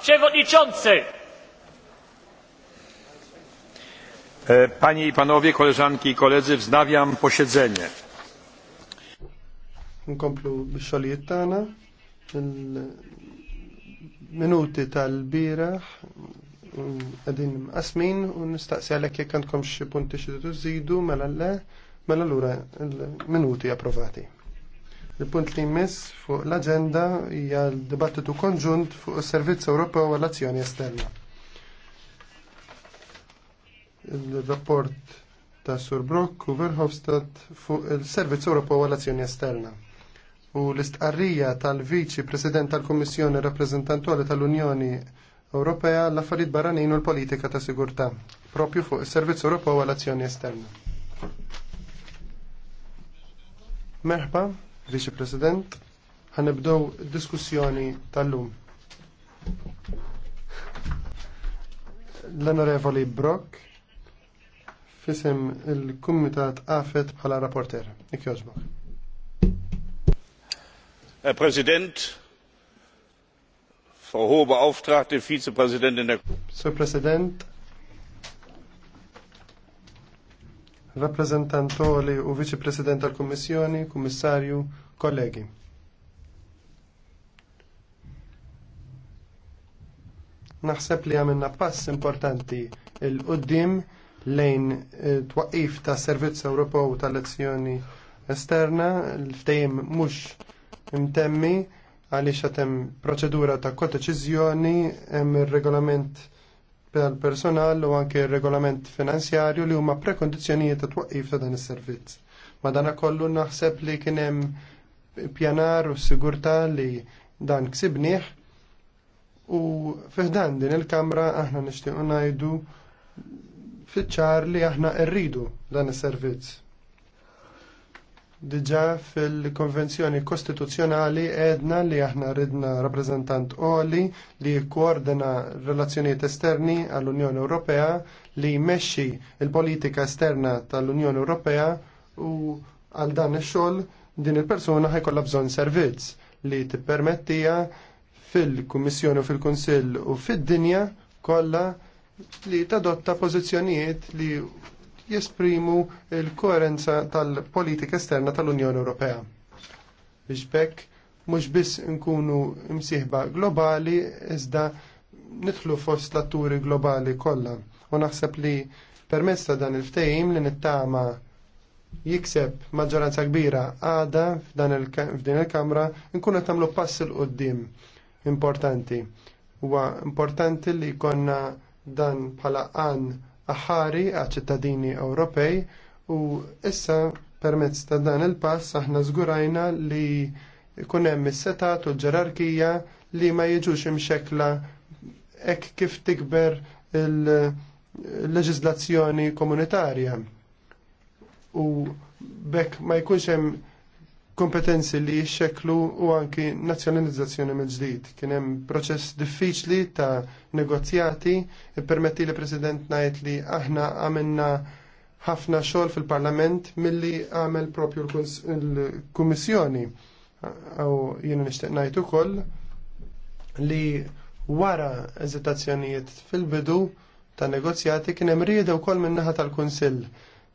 Przewodniczący! E, panie i Panowie, koleżanki i koledzy, wznawiam posiedzenie. Nkomplu bix-xogħlijiet tagħna. Minuti tal-bieraħ mm, qegħdin mqasmin u nistaqsi għalhekk jekk għandkom xi punti xi tiżidu mela le, mela lura l-minuti approvati. Il-punt li jmiss fuq l-agenda hija l-dibattitu konġunt fuq is-Servizz Ewropew għall-Azzjoni Esterna. Il-rapport ta' Sur Brock u Verhofstadt fuq il-Servizz Ewropew għall-Azzjoni Esterna. U l-istqarrija tal-Viċi President tal-Kummissjoni Rappreżentantuali tal-Unjoni Ewropea l-affarijiet barranin u l-politika ta' sigurtà, propju fuq is-Servizz Ewropew għall-Azzjoni Esterna. Merħba, Vice President, ħanibdow diskussjoni tal-lum. L-Onorevoli Brock, fisem il-Kumitat Afet bħala rapporter. Ik Herr Präsident, Frau Hohe Beauftragte, Vizepräsidentin der Kommission. rappresentantoli u viċi president tal-Kummissjoni, kummissarju, kollegi. Naħseb li għamilna pass importanti il-qoddim lejn eh, twaqif ta' Servizz Ewropew tal lezzjoni Esterna, l ftejim mhux imtemmi għaliex hemm proċedura ta' kodeċiżjoni hemm ir-regolament tal personal u anke regolament finanzjarju li huma prekondizzjonijiet ta' twaqqif ta' dan is-servizz. Madana kollu naħseb li kien hemm pjanar u sigurtà li dan ksibnieh u fiħdan din il-kamra aħna nixtiequ ngħidu fiċ-ċar li aħna rridu dan is-servizz Diġa fil-konvenzjoni kostituzzjonali edna li aħna ridna rappresentant oli li koordina relazzjonijiet esterni għall-Unjoni Ewropea li jmexxi il-politika esterna tal-Unjoni Ewropea u għal dan ix-xogħol din il-persuna ħajkollha bżonn servizz li tippermettija fil-Kummissjoni u fil-Kunsill u fid-dinja kollha li tadotta pożizzjonijiet li jesprimu l-koerenza tal-politika esterna tal-Unjoni Ewropea. Biex bekk mhux biss nkunu msieħba globali iżda nidħlu fost l-atturi globali kollha. U naħseb li permezz ta' dan il-ftehim li nittama jikseb maġġoranza kbira għada f'din il-Kamra nkunu tagħmlu pass il qoddim importanti. Huwa importanti li jkollna dan bħala għan aħari għaċ-ċittadini Ewropej u issa permezz ta' dan il-pass aħna żgurajna li jkun hemm is-setat u l-ġerarkija li ma jiġux imxekla hekk kif tikber il-leġiżlazzjoni komunitarja. U bekk ma jkunx hemm kompetenzi li jxeklu u anki nazzjonalizzazzjoni mill-ġdid. Kien hemm proċess diffiċli ta' negozjati, e permetti li President ngħid li aħna għamilna ħafna xogħol fil-Parlament milli għamel propju l-Kummissjoni. Aw jiena nixtieq ngħid ukoll li wara eżitazzjonijiet fil-bidu ta' negozjati kien hemm rieda wkoll min-naħa tal-Kunsill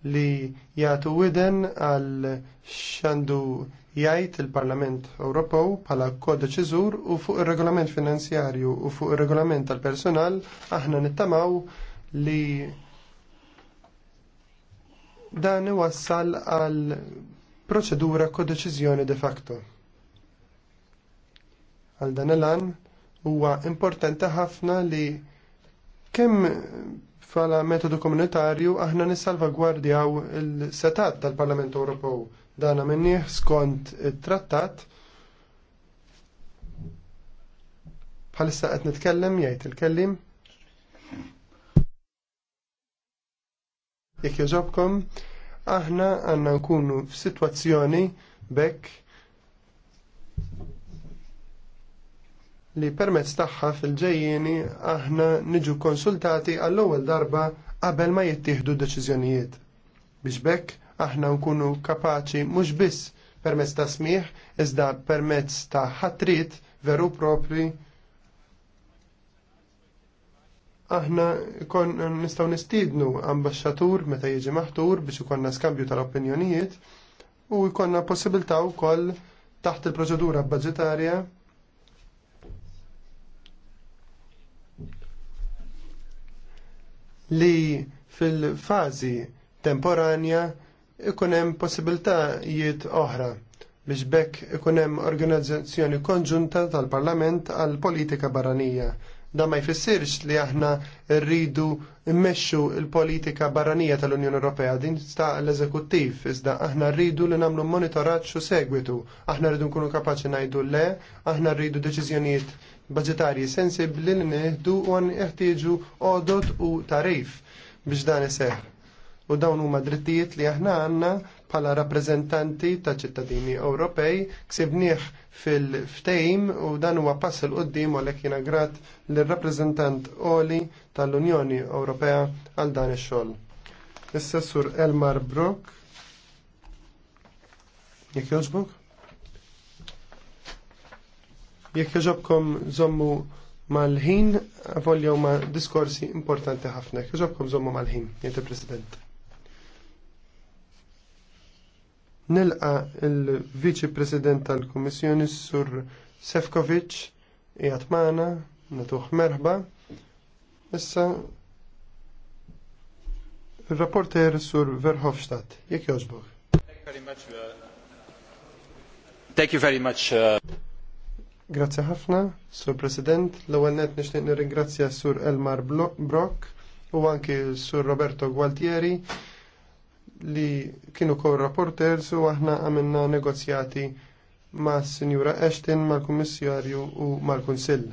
li jagħtu widen għal xandu jgħid il-Parlament Ewropew bħala ċiżur u fuq ir-regolament finanzjarju u fuq ir-regolament tal-personal aħna nittamaw li dan iwassal għal proċedura kodeċiżjoni de facto. Għal dan il-an huwa importanti ħafna li kemm fala metodu komunitarju aħna nissalvagwardjaw il-setat tal-Parlament Ewropew. Dana minniħ skont il-trattat bħalissa qed nitkellem jgħid il-kellim. Jekk jogħġobkom, aħna għandna nkunu f'sitwazzjoni bekk li permezz tagħha fil-ġejjieni aħna niġu konsultati għall-ewwel darba qabel ma jittieħdu deċiżjonijiet. Biex bekk aħna nkunu kapaċi mhux biss permezz ta' smieħ iżda permezz ta' ħatrit veru propri aħna kon nistgħu nistidnu ambaxxatur meta jiġi maħtur biex ikonna skambju tal-opinjonijiet u jkollna possibilità wkoll taħt il-proċedura budgetarja li fil-fazi temporanja ikun hemm possibiltajiet oħra biex bekk ikun hemm organizzazzjoni konġunta tal-Parlament għal politika barranija. Da ma jfissirx li aħna rridu mmexxu l-politika barranija tal-Unjoni Ewropea din sta l-eżekuttiv, iżda aħna rridu li nagħmlu monitoraġġ u segwitu. Aħna rridu nkunu kapaċi ngħidu le, aħna rridu deċiżjonijiet budgetarji sensibli li neħdu u għan iħtieġu odot u tarif biex dan iseħ. U dawn huma drittijiet li aħna għandna bħala rappreżentanti ta' ċittadini Ewropej ksibnieh fil-ftejm u dan huwa pass il qudiem għalhekk jiena grat lir-rappreżentant Oli tal-Unjoni Ewropea għal dan ix-xogħol. Is-sessur Elmar Brock. Jekk jogħġbok? Jekk joġobkom żommu mal-ħin, voljaw ma' diskorsi importanti ħafna. Jekk joġobkom żommu mal-ħin, jente President nilqa il vice president tal kummissjoni Sur Sefkovic jgħat maħna, natuħ merħba. Issa il-rapporter Sur Verhofstadt, jek joġbog. Thank you very much. Uh... Grazzi ħafna, Sur President. L-ewwel net nixtieq nirringrazzja Sur Elmar Brock u anki Sur Roberto Gualtieri li kienu kol rapporters u aħna għamilna negozjati ma' Sinjura Ashton, mal-Kummissarju u mal-Kunsill.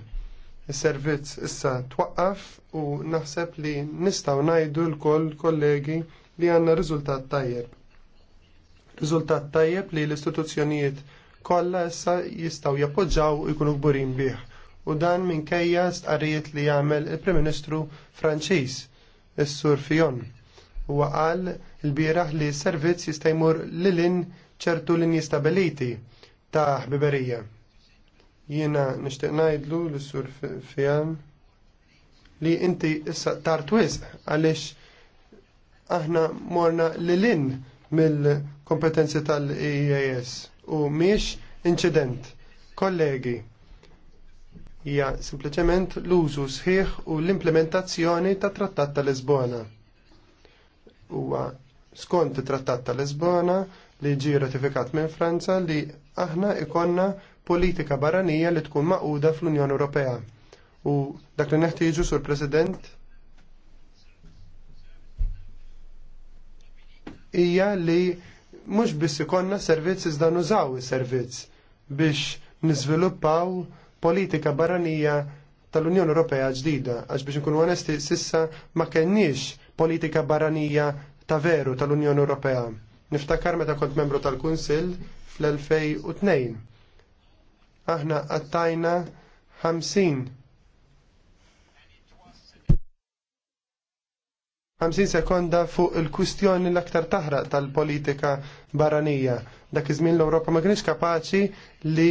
Is-servizz issa twaqqaf u naħseb li nistgħu ngħidu lkoll kollegi li għandna riżultat tajjeb. Riżultat tajjeb li l-istituzzjonijiet kollha issa jistgħu jappoġġaw ikunu gburin bih. U dan minkejja stqarrijiet li jagħmel il-Prim Ministru Franċiż, is-Sur Fion. Huwa qal il-bieraħ li s-servizz jista' jmur lilin ċertu linji stabiliti ta' ħbiberija. Jiena nixtieq ngħidlu l-Sur Fion li inti issa tar wisq għaliex aħna morna lilin mill-kompetenzi tal-EAS. E u miex incident. Kollegi, hija sempliċement l-użu sħiħ u l-implementazzjoni ta' Trattat ta' Lisbona. Huwa skont it-Trattat ta' Lisbona li ġi ratifikat minn Franza li aħna ikonna politika barranija li tkun maquda fl-Unjoni Ewropea. U dak li neħtieġu sur President hija li mhux biss ikonna servizz iżda nużaw is-servizz biex niżviluppaw politika barranija tal-Unjoni Ewropea ġdida għax biex nkunu onesti sissa ma kenniex politika barranija ta' veru tal-Unjoni Ewropea. Niftakar meta kont membru tal-Kunsill fl-2002. Aħna għattajna 50 50 sekonda fuq il-kustjoni l-aktar taħraq tal-politika barranija. Dak iż l-Ewropa ma kienx kapaċi li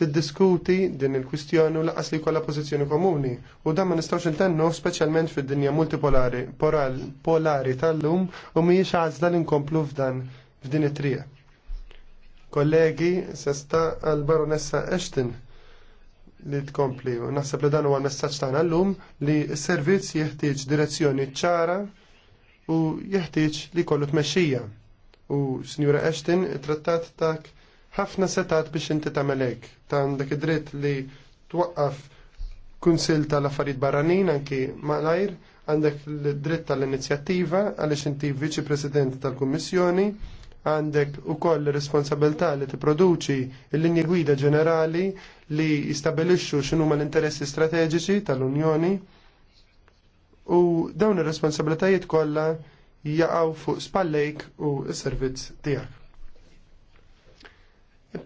tiddiskuti din il-kwistjoni u laqas li kollha pożizzjoni komuni. U dan ma nistgħux intennu speċjalment fid-dinja multipolari polari tal-lum u mhijiex għazda li nkomplu f'dan f'din it trija Kollegi, sesta għal-Baronessa Ashton li tkompli. u Naħseb li dan huwa messaġġ tagħna llum li s-servizz jeħtieġ direzzjoni ċara u jeħtieġ li kollu tmexxija. U Sinjura Ashton, trattat tak ħafna setat biex inti tagħmel hekk. Ta' għandek id-dritt li twaqqaf kunsil tal-affarijiet barranin anki malajr, għandek id dritt tal-inizjattiva għaliex inti viċi president tal-Kummissjoni, għandek ukoll responsabilità li tipproduċi l-linji gwida ġenerali li jistabilixxu x'inhuma l-interessi strateġiċi tal-Unjoni u dawn ir-responsabilitajiet kollha jaqgħu fuq spallejk u s-servizz tiegħek.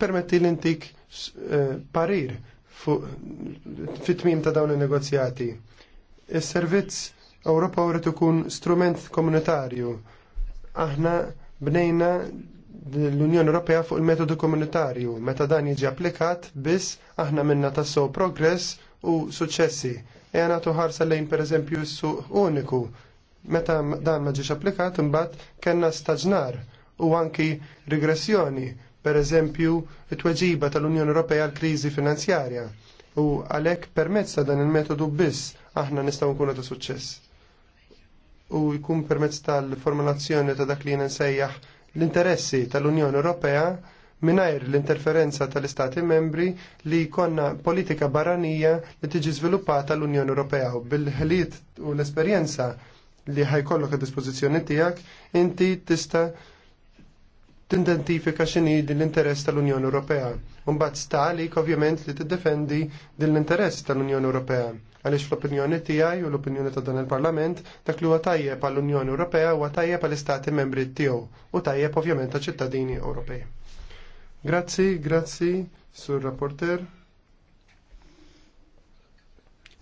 Permetti l intik eh, parir fuq fit-tmim ta' dawn in-negozjati. Is-servizz Ewropa wrid ikun strument komunitarju. Aħna bnejna l-Unjoni Ewropea fuq il-metodu komunitarju. Meta dan jiġi applikat biss aħna minna tassew progress u suċċessi e għanatu ħarsa lejn per eżempju s-suq uniku. Meta dan ma applikat imbagħad kellna staġnar u anki regressjoni, per eżempju it-tweġiba tal-Unjoni Ewropea għal kriżi finanzjarja. U għalhekk permezz ta' dan il-metodu biss aħna nistgħu nkunu ta' suċċess. U jkun permezz tal-formulazzjoni ta' dak li jiena nsejjaħ l-interessi tal-Unjoni Ewropea minajr l-interferenza tal-Istati membri li jkollna politika barranija li tiġi żviluppata l-Unjoni Ewropea u bil-ħeliet u l-esperjenza li ħajkollok a dispożizzjoni tiegħek inti tista' tindentifika x'inhi din l-interess tal-Unjoni Ewropea. Mbagħad stalik ovvjament li tiddefendi din l-interess tal-Unjoni Ewropea għaliex fl-opinjoni tiegħi u l-opinjoni ta' dan il-Parlament dak li huwa tajjeb għall unjoni Ewropea huwa tajjeb għall istati membri tiegħu u tajjeb ovvjament ta' ċittadini Ewropej. Grazzi, grazzi, sur rapporter.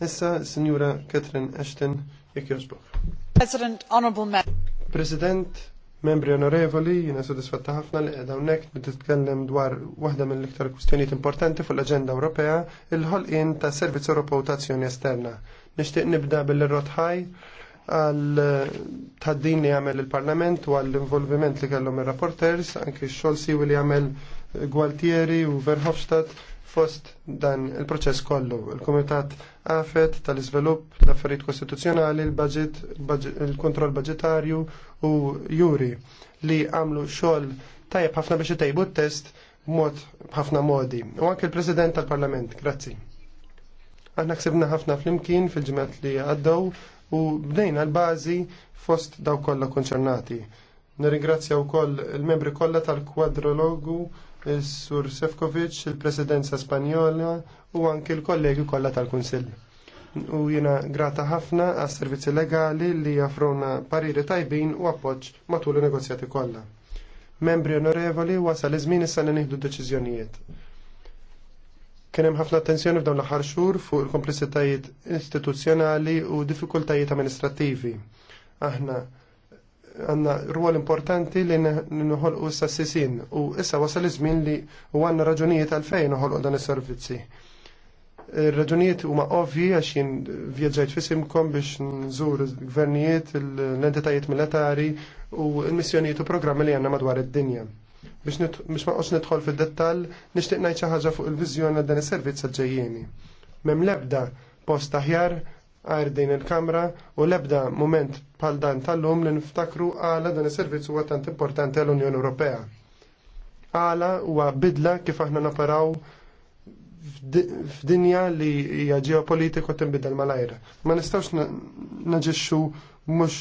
Issa, signora Catherine Ashton, jek jozbok. President, honorable men. President, membri onorevoli, jina soddisfatta ħafna li edha unnek nitkellem dwar waħda mill-iktar kwistjonijiet importanti fuq l-agenda Ewropea, il-ħolqien ta' servizz Ewropew u Tazzjoni esterna. Nixtieq nibda bil-rotħaj għal taddin li għamel il-Parlament u għall involviment li kellhom ir rapporters anke x-xogħol siwi li għamel Gualtieri u Verhofstadt fost dan il-proċess kollu. Il-Komitat għafet tal izvelup l-affarijiet kostituzzjonali, il il-kontroll budgetarju u juri li għamlu xogħol tajjeb ħafna biex itejbu t-test mod ħafna modi. U anke il-President tal-Parlament, grazzi. Aħna ksibna ħafna flimkien fil-ġimgħat li għaddew u bdejna l-bażi fost daw kollha konċernati. Nirringrazzja wkoll il-membri kollha tal-kwadrologu sur Sefkovic, il-Presidenza Spanjola u anki l-kollegi kollha tal-Kunsill. U jiena grata ħafna għas servizzi legali li jafrona pariri tajbin u appoġġ matul il-negozjati kollha. Membri onorevoli wasal iż-żmien issa nieħdu deċiżjonijiet. Kien hemm ħafna attenzjoni f'dawn l-aħħar xhur fuq il-komplessitajiet istituzzjonali u diffikultajiet amministrattivi. Aħna għanna rwol importanti li nħol u s-sassisin u issa wasal iż-żmien li u għanna raġunijiet għalfejn nħol dan is-servizzi. Il-raġunijiet huma ovvi għax jien vjaġġajt fisimkom biex nżur gvernijiet, l-entitajiet militari u l-missjonijiet u programmi li għanna madwar id-dinja. Biex ma qox nidħol fid-dettall, nixtieq ngħid xi ħaġa fuq il-viżjon għal dan is servizzi għal ġejjieni. Mem lebda post aħjar għar din il-kamra u l-ebda mument bħal dan tal-lum li niftakru għala dan is-servizz huwa tant importanti għall unjoni Ewropea. Għala huwa bidla kif aħna naparaw f'dinja li hija ġeopolitika tinbidel malajra. Ma nistgħux naġixxu mhux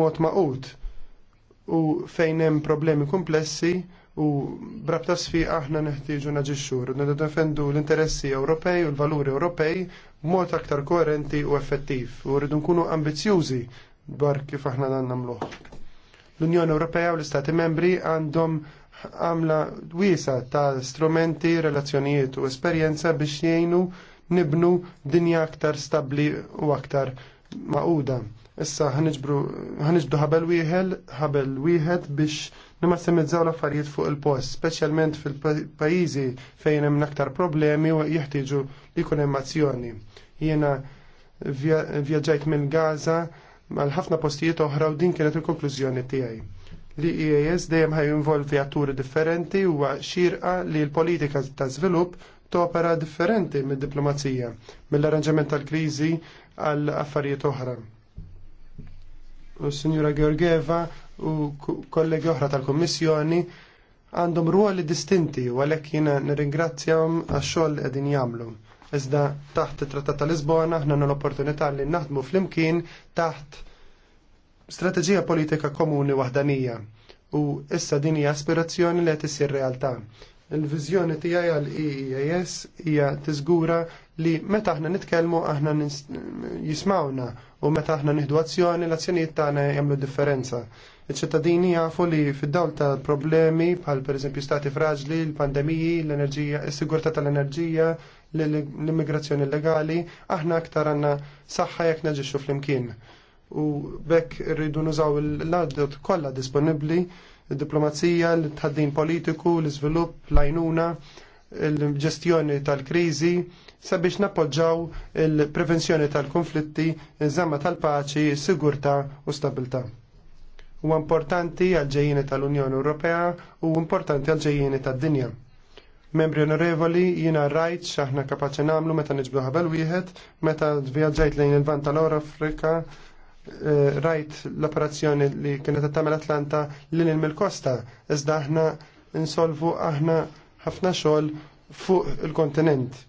mod maqut u fejn hemm problemi komplessi u brabta sfiq aħna neħtieġu naġixxu rridu defendu l-interessi Ewropej u l-valuri Ewropej b'mod aktar koerenti u effettiv u rridu nkunu ambizjużi dwar kif aħna dan nagħmluh. L-Unjoni Ewropea u l-Istati Membri għandhom għamla wiesa ta' strumenti, relazzjonijiet u esperjenza biex jgħinu nibnu dinja aktar stabli u aktar maquda. Issa ħanġbdu ħabel wieħed ħabel wieħed biex nimassimizzaw l-affarijiet fuq il-post, speċjalment fil-pajjiżi fejn hemm aktar problemi u jeħtieġu li jkun hemm azzjoni. Jiena vjaġġajt minn Gaza mal ħafna postijiet oħra u din kienet il-konklużjoni tiegħi. Li IAS e dejjem ħaj involvi atturi differenti u xirqa li l-politika ta' żvilupp topera differenti mid-diplomazija, mill-arranġament tal-kriżi għal affarijiet oħra. U Signora Georgieva u kollegi oħra tal-Kommissjoni għandhom ruoli distinti u għalhekk jiena nirringrazzjahom għax-xogħol li qegħdin jagħmlu. Iżda taħt it-Trattat ta' Lisbona aħna l-opportunità li naħdmu flimkien taħt strateġija politika komuni waħdanija u issa din hija aspirazzjoni li qed issir realtà. Il-vizjoni tiegħi għal EEAS hija tiżgura li meta aħna nitkellmu aħna jismawna u meta aħna nieħdu azzjoni l-azzjonijiet tagħna jagħmlu differenza. Iċ-ċittadini jafu li fid-dawl ta' problemi bħal pereżempju stati fraġli, l-pandemiji, l-enerġija, is-sigurtà tal-enerġija, l-immigrazzjoni illegali, aħna aktar għandna saħħa jekk naġixxu flimkien. U bekk rridu nużaw l-għaddot kollha disponibbli id-diplomazija, l-tħaddin politiku, l-iżvilupp, l ajnuna l-ġestjoni tal-kriżi sabiex nappoġġaw il-prevenzjoni tal-konflitti, iż-żamma tal-paċi, sigurtà u stabilità. U importanti għal-ġejjini tal-Unjoni Ewropea u importanti għal-ġejjini tad-dinja. Membri onorevoli, jina rajt xaħna kapaċi namlu meta nġbduħa bel wieħed, meta vjaġġajt lejn il-van tal Afrika, Eh, rajt l-operazzjoni li kienet tagħmel Atlanta lil il-Kosta, iżda aħna insolvu aħna ħafna xogħol fuq il-kontinent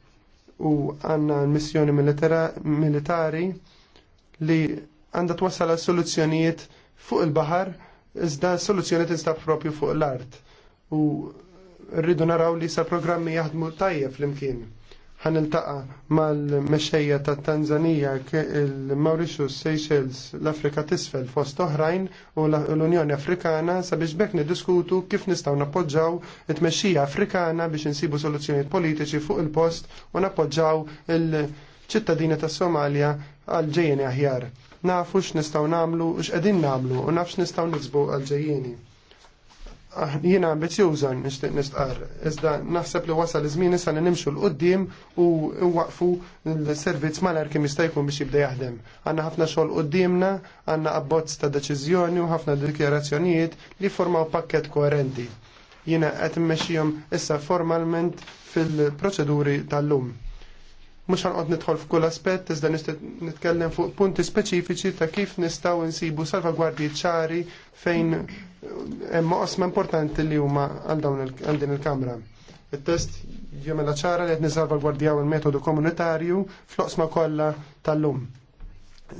u għanna missjoni militari li għandha twassal għal soluzzjonijiet fuq il-bahar iżda soluzzjoni tinstab propju fuq l-art u rridu naraw li sa programmi jaħdmu tajjeb fl-imkien ħan mal-mexxejja ta' Tanzania, il-Mauritius, Seychelles, l-Afrika tisfel fost oħrajn u l-Unjoni Afrikana sabiex bekk niddiskutu kif nistgħu nappoġġaw it-mexxija Afrikana biex insibu soluzzjonijiet politiċi fuq il-post u nappoġġaw il-ċittadini tas Somalia għal ġejjeni aħjar. Nafu x'nistgħu nagħmlu u x'qegħdin nagħmlu u nafx nistgħu niksbu għal ġejjeni. Ah, jiena ambizjuża nixtieq nistqar, iżda naħseb li wasal iż-żmien issa li nimxu l qudiem u waqfu l-servizz malar kim jista' jkun biex jibda jaħdem. Għandna ħafna xogħol qudiemna, għandna abbozz ta' deċiżjoni u ħafna dikjarazzjonijiet li formaw pakkett koerenti. Jiena qed immexxihom issa formalment fil-proċeduri tal-lum. Mhux ħanqod nidħol f'kull aspett iżda nitkellem fuq punti speċifiċi ta' kif nistgħu nsibu salvagwardji ċari fejn hemm osma importanti li huma għal din il-Kamra. Il-test jemela ċara li qed nisalvagwardjaw il-metodu komunitarju fl osma kollha tal-lum.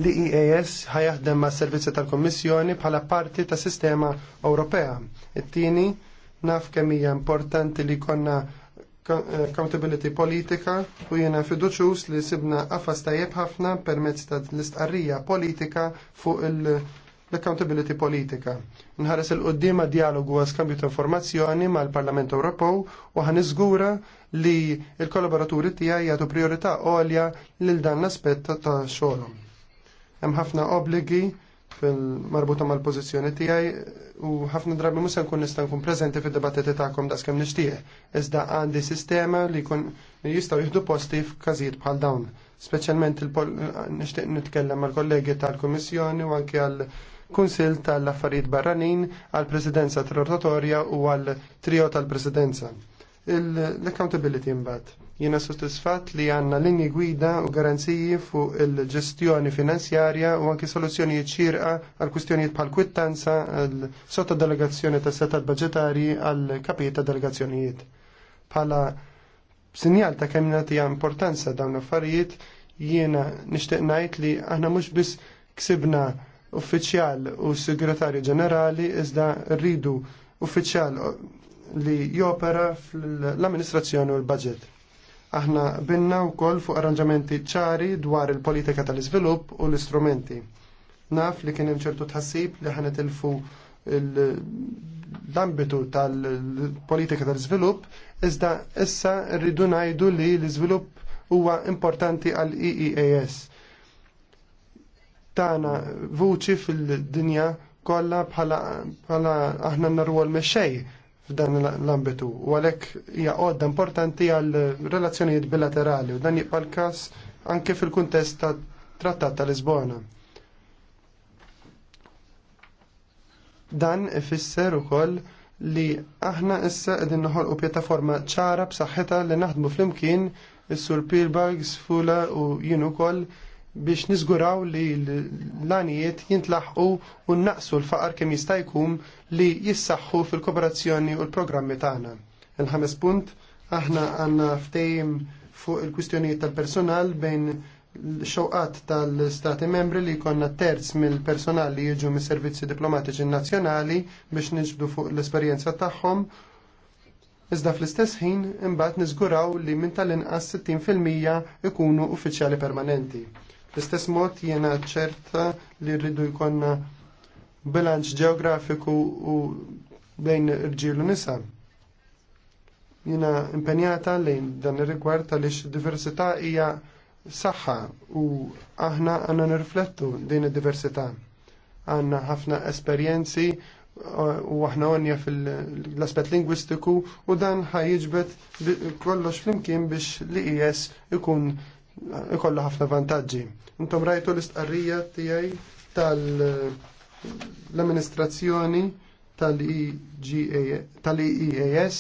l ias ħajaħdem ma' servizzi tal-Kommissjoni bħala parti ta' sistema Ewropea. It-tieni naf kemm hija importanti li konna eh, accountability politika u jiena fiduċus li sibna qafas tajjeb ħafna permezz ta' l-istqarrija politika fuq il- l-accountability politika. Nħares il-qoddima dialogu għaskambju ta' informazzjoni mal-Parlament Ewropew u għan iżgura li il-kollaboraturi tiegħi jagħtu priorita' għolja lil dan l-aspett ta' xogħolhom. Hemm ħafna obligi fil-marbuta mal-pożizzjoni tiegħi u ħafna drabi mhux se nkun nista' nkun preżenti fid-dibattiti tagħkom daqskemm nixtieq, iżda għandi sistema li jkun jistgħu jieħdu posti f'każijiet bħal dawn. Speċjalment nishtiq nitkellem mal-kollegi tal-Kummissjoni u anke għal Kunsil tal-Affarijiet Barranin għal Presidenza Rotatorja u għal Trio tal-Presidenza. L-accountability imbagħad. Jiena sostisfatt li għandna linji gwida u garanziji fuq il-ġestjoni finanzjarja u anki soluzzjoni ċirqa għal kwistjonijiet bħal kwittanza għal sotta delegazzjoni ta' setat budgetari għal kapijiet ta' delegazzjonijiet. Bħala sinjal ta' kemm nagħtiha importanza dawn l affarijiet jiena nixtieq ngħid li aħna mhux biss ksibna uffiċjal u segretarju ġenerali iżda rridu uffiċjal li jopera fl-amministrazzjoni u l-budget. Aħna binna wkoll fuq arranġamenti ċari dwar il-politika tal-iżvilupp u l-istrumenti. Naf li kien hemm ċertu tħassib li ħanet ilfu l-ambitu tal-politika tal-iżvilupp, iżda issa rridu ngħidu li l-iżvilupp huwa importanti għal EEAS Tana vuċi fil-dinja kollha bħala aħna għal mexxej f'dan l-ambitu u għalhekk hija għodda importanti għal relazzjonijiet bilaterali u dan jibqa' kas każ anke fil-kuntest ta' Trattat ta' Lisbona. Dan ifisser ukoll li aħna issa qegħdin noħolqu pjattaforma ċara b'saħħitha li naħdmu flimkien is-Sur Pilbags, Fula u jien ukoll biex nizguraw li l-lanijiet jintlaħqu u naqsu l-faqar kem jistajkum li jissaxħu fil-kooperazzjoni u l-programmi tagħna. Il-ħames punt, aħna għanna ftejim fuq il-kwistjonijiet tal-personal bejn xoqat tal-stati membri li konna terz mill-personal li jiġu mis-servizzi diplomatiċi nazzjonali biex niġbdu fuq l-esperjenza tagħhom iżda fl-istess ħin imbagħad niżguraw li minn tal-inqas 60% ikunu uffiċjali permanenti. L-istess mod jiena ċerta li rridu jkollna bilanċ ġeografiku u bejn irġiel u nisa. Jiena impenjata lejn dan ir-rigward għaliex diversità hija saħħa u aħna għandna nirriflettu din id-diversità. Għandna ħafna esperjenzi u aħna għonja fil-aspet lingwistiku u dan ħajġbet kollox flimkien biex li ies ikun ikollu ħafna vantaġġi. Intom rajtu l-istqarrija tiegħi tal-amministrazzjoni tal-EAS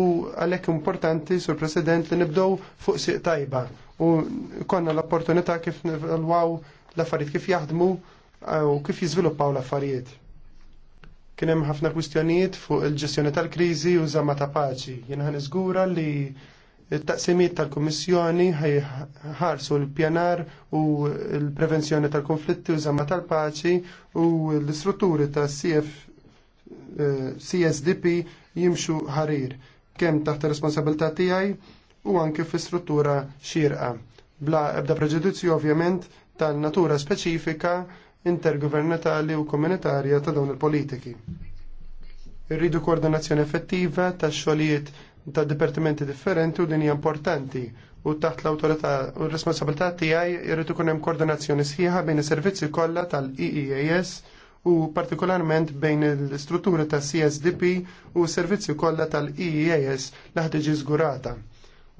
u għalhekk importanti sur President li nibdow fuq siq tajba u konna l-opportunità kif nivalwaw l-affarijiet kif jaħdmu eh, u kif jiżviluppaw l-affarijiet. Kien hemm ħafna kwistjonijiet fuq il-ġestjoni tal-kriżi u żamma ta' paċi. Jien ħan li Il-taqsimiet tal-Kummissjoni ħarsu l-pjanar u l-prevenzjoni tal-konflitti u zamma tal-paċi u l-istrutturi ta' cf eh, CSDP jimxu ħarir kemm taħt responsabilità tiegħi u anke fi struttura xirqa. Bla ebda preġudizzju ovvjament tal-natura speċifika intergovernatali u komunitarja ta' dawn il-politiki. Irridu koordinazzjoni effettiva tax xogħlijiet ta' dipartimenti differenti u din hija importanti u taħt l-autorità u r-responsabilità tiegħi jrid ikun hemm koordinazzjoni sħiħa bejn is-servizzi kollha tal-EEAS u partikolarment bejn l-istrutturi ta' CSDP u s-servizzi kollha tal-EEAS li ħad żgurata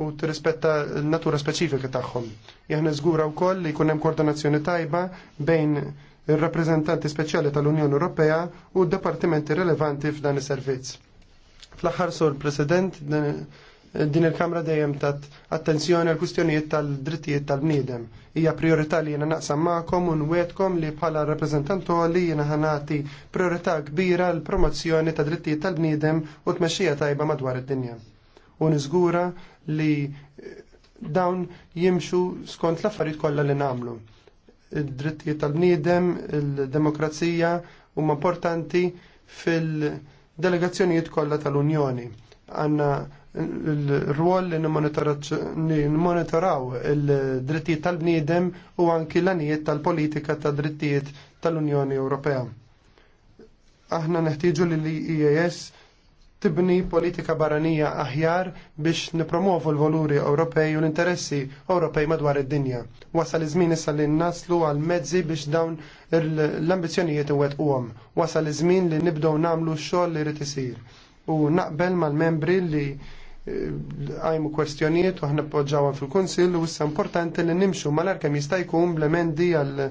u tirrispetta l-natura speċifika tagħhom. Jaħna żgura wkoll li jkun hemm koordinazzjoni tajba bejn ir rappreżentanti speċjali tal-Unjoni Ewropea u d-dipartimenti rilevanti f'dan is-servizz. Fl-aħħar sur President, din il-Kamra dejjem tat attenzjoni għal kwistjonijiet tal-drittijiet tal-bniedem. Hija priorità li jiena naqsam magħkom u nwedkom li bħala rappreżentantu li jiena ħanati priorità kbira l promozzjoni ta' drittijiet tal-bniedem u tmexxija tajba madwar id-dinja. U niżgura li eh, dawn jimxu skont l-affarijiet kollha li nagħmlu. Id-drittijiet tal-bniedem, il-demokrazija huma importanti fil- delegazzjonijiet kollha tal-Unjoni. Għanna l-rwol li n-monitoraw il-drittijiet tal-bniedem u anki l-anijiet tal-politika ta' drittijiet tal-Unjoni Ewropea. Aħna neħtieġu li l-IAS tibni politika barranija aħjar biex nipromovu l-voluri Ewropej u l-interessi Ewropej madwar id-dinja. Wasal iż-żmien issa li naslu għal mezzi biex dawn l-ambizzjonijiet iwettquhom. Wasal iż-żmien li nibdow nagħmlu x-xogħol li rid isir. U naqbel mal-membri li eh, għajmu kwestjonijiet u ħna poġġawan fil konsil u issa importanti li nimxu mal-arkem jista' jkun blemendi għal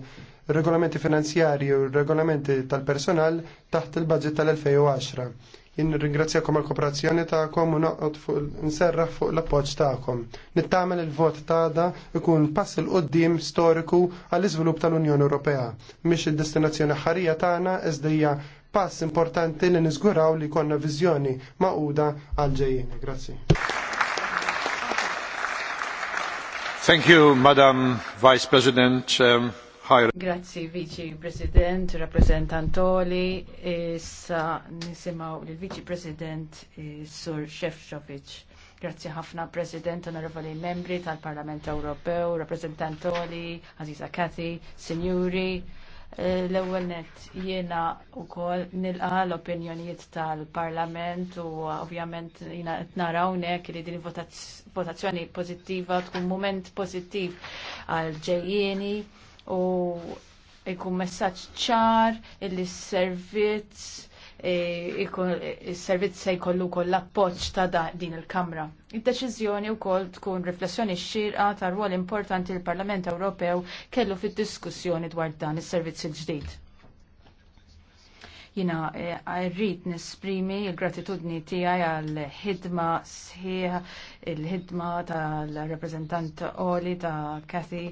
regolamenti finanzjari u regolamenti tal-personal taħt il-budget tal-2010. Jien ringrazzjakom għal kooperazzjoni tagħkom u noqgħod fuq nserraħ fuq l-appoġġ tagħkom. Nittamel il-vot da ikun pass il qoddim storiku għall iżvilupp tal-Unjoni Ewropea. Mhix id-destinazzjoni ħarija tagħna iżda hija pass importanti li niżguraw li konna viżjoni maquda għal ġejjin. Grazzi. Thank you, Madam Vice President. Um... Grazzi Viċi President, rappresentantoli, issa nisimaw il-Viċi President eh, Sur Shefcovic. Grazzi ħafna President, onorevoli membri tal-Parlament Ewropew, rappresentantoli, Aziza Kati, Signuri. Eh, l-ewwel net jiena wkoll nilqa l-opinjonijiet tal-Parlament u ovvjament jiena qed nara hawnhekk li din votazzjoni pożittiva tkun mument pożittiv għal ġejjieni u jkun messaġġ ċar illi s-servizz e, il-servizz e, se jkollu koll l-appoċ ta' din il-Kamra. Id-deċiżjoni wkoll tkun riflessjoni xxirqa ta' rwol importanti l-Parlament Ewropew kellu fid-diskussjoni dwar dan is-servizz il-ġdid. Jina eh, rrid nisprimi il-gratitudni tiegħi għall-ħidma sħiħ, il-ħidma tal reprezentant Oli ta' Kathy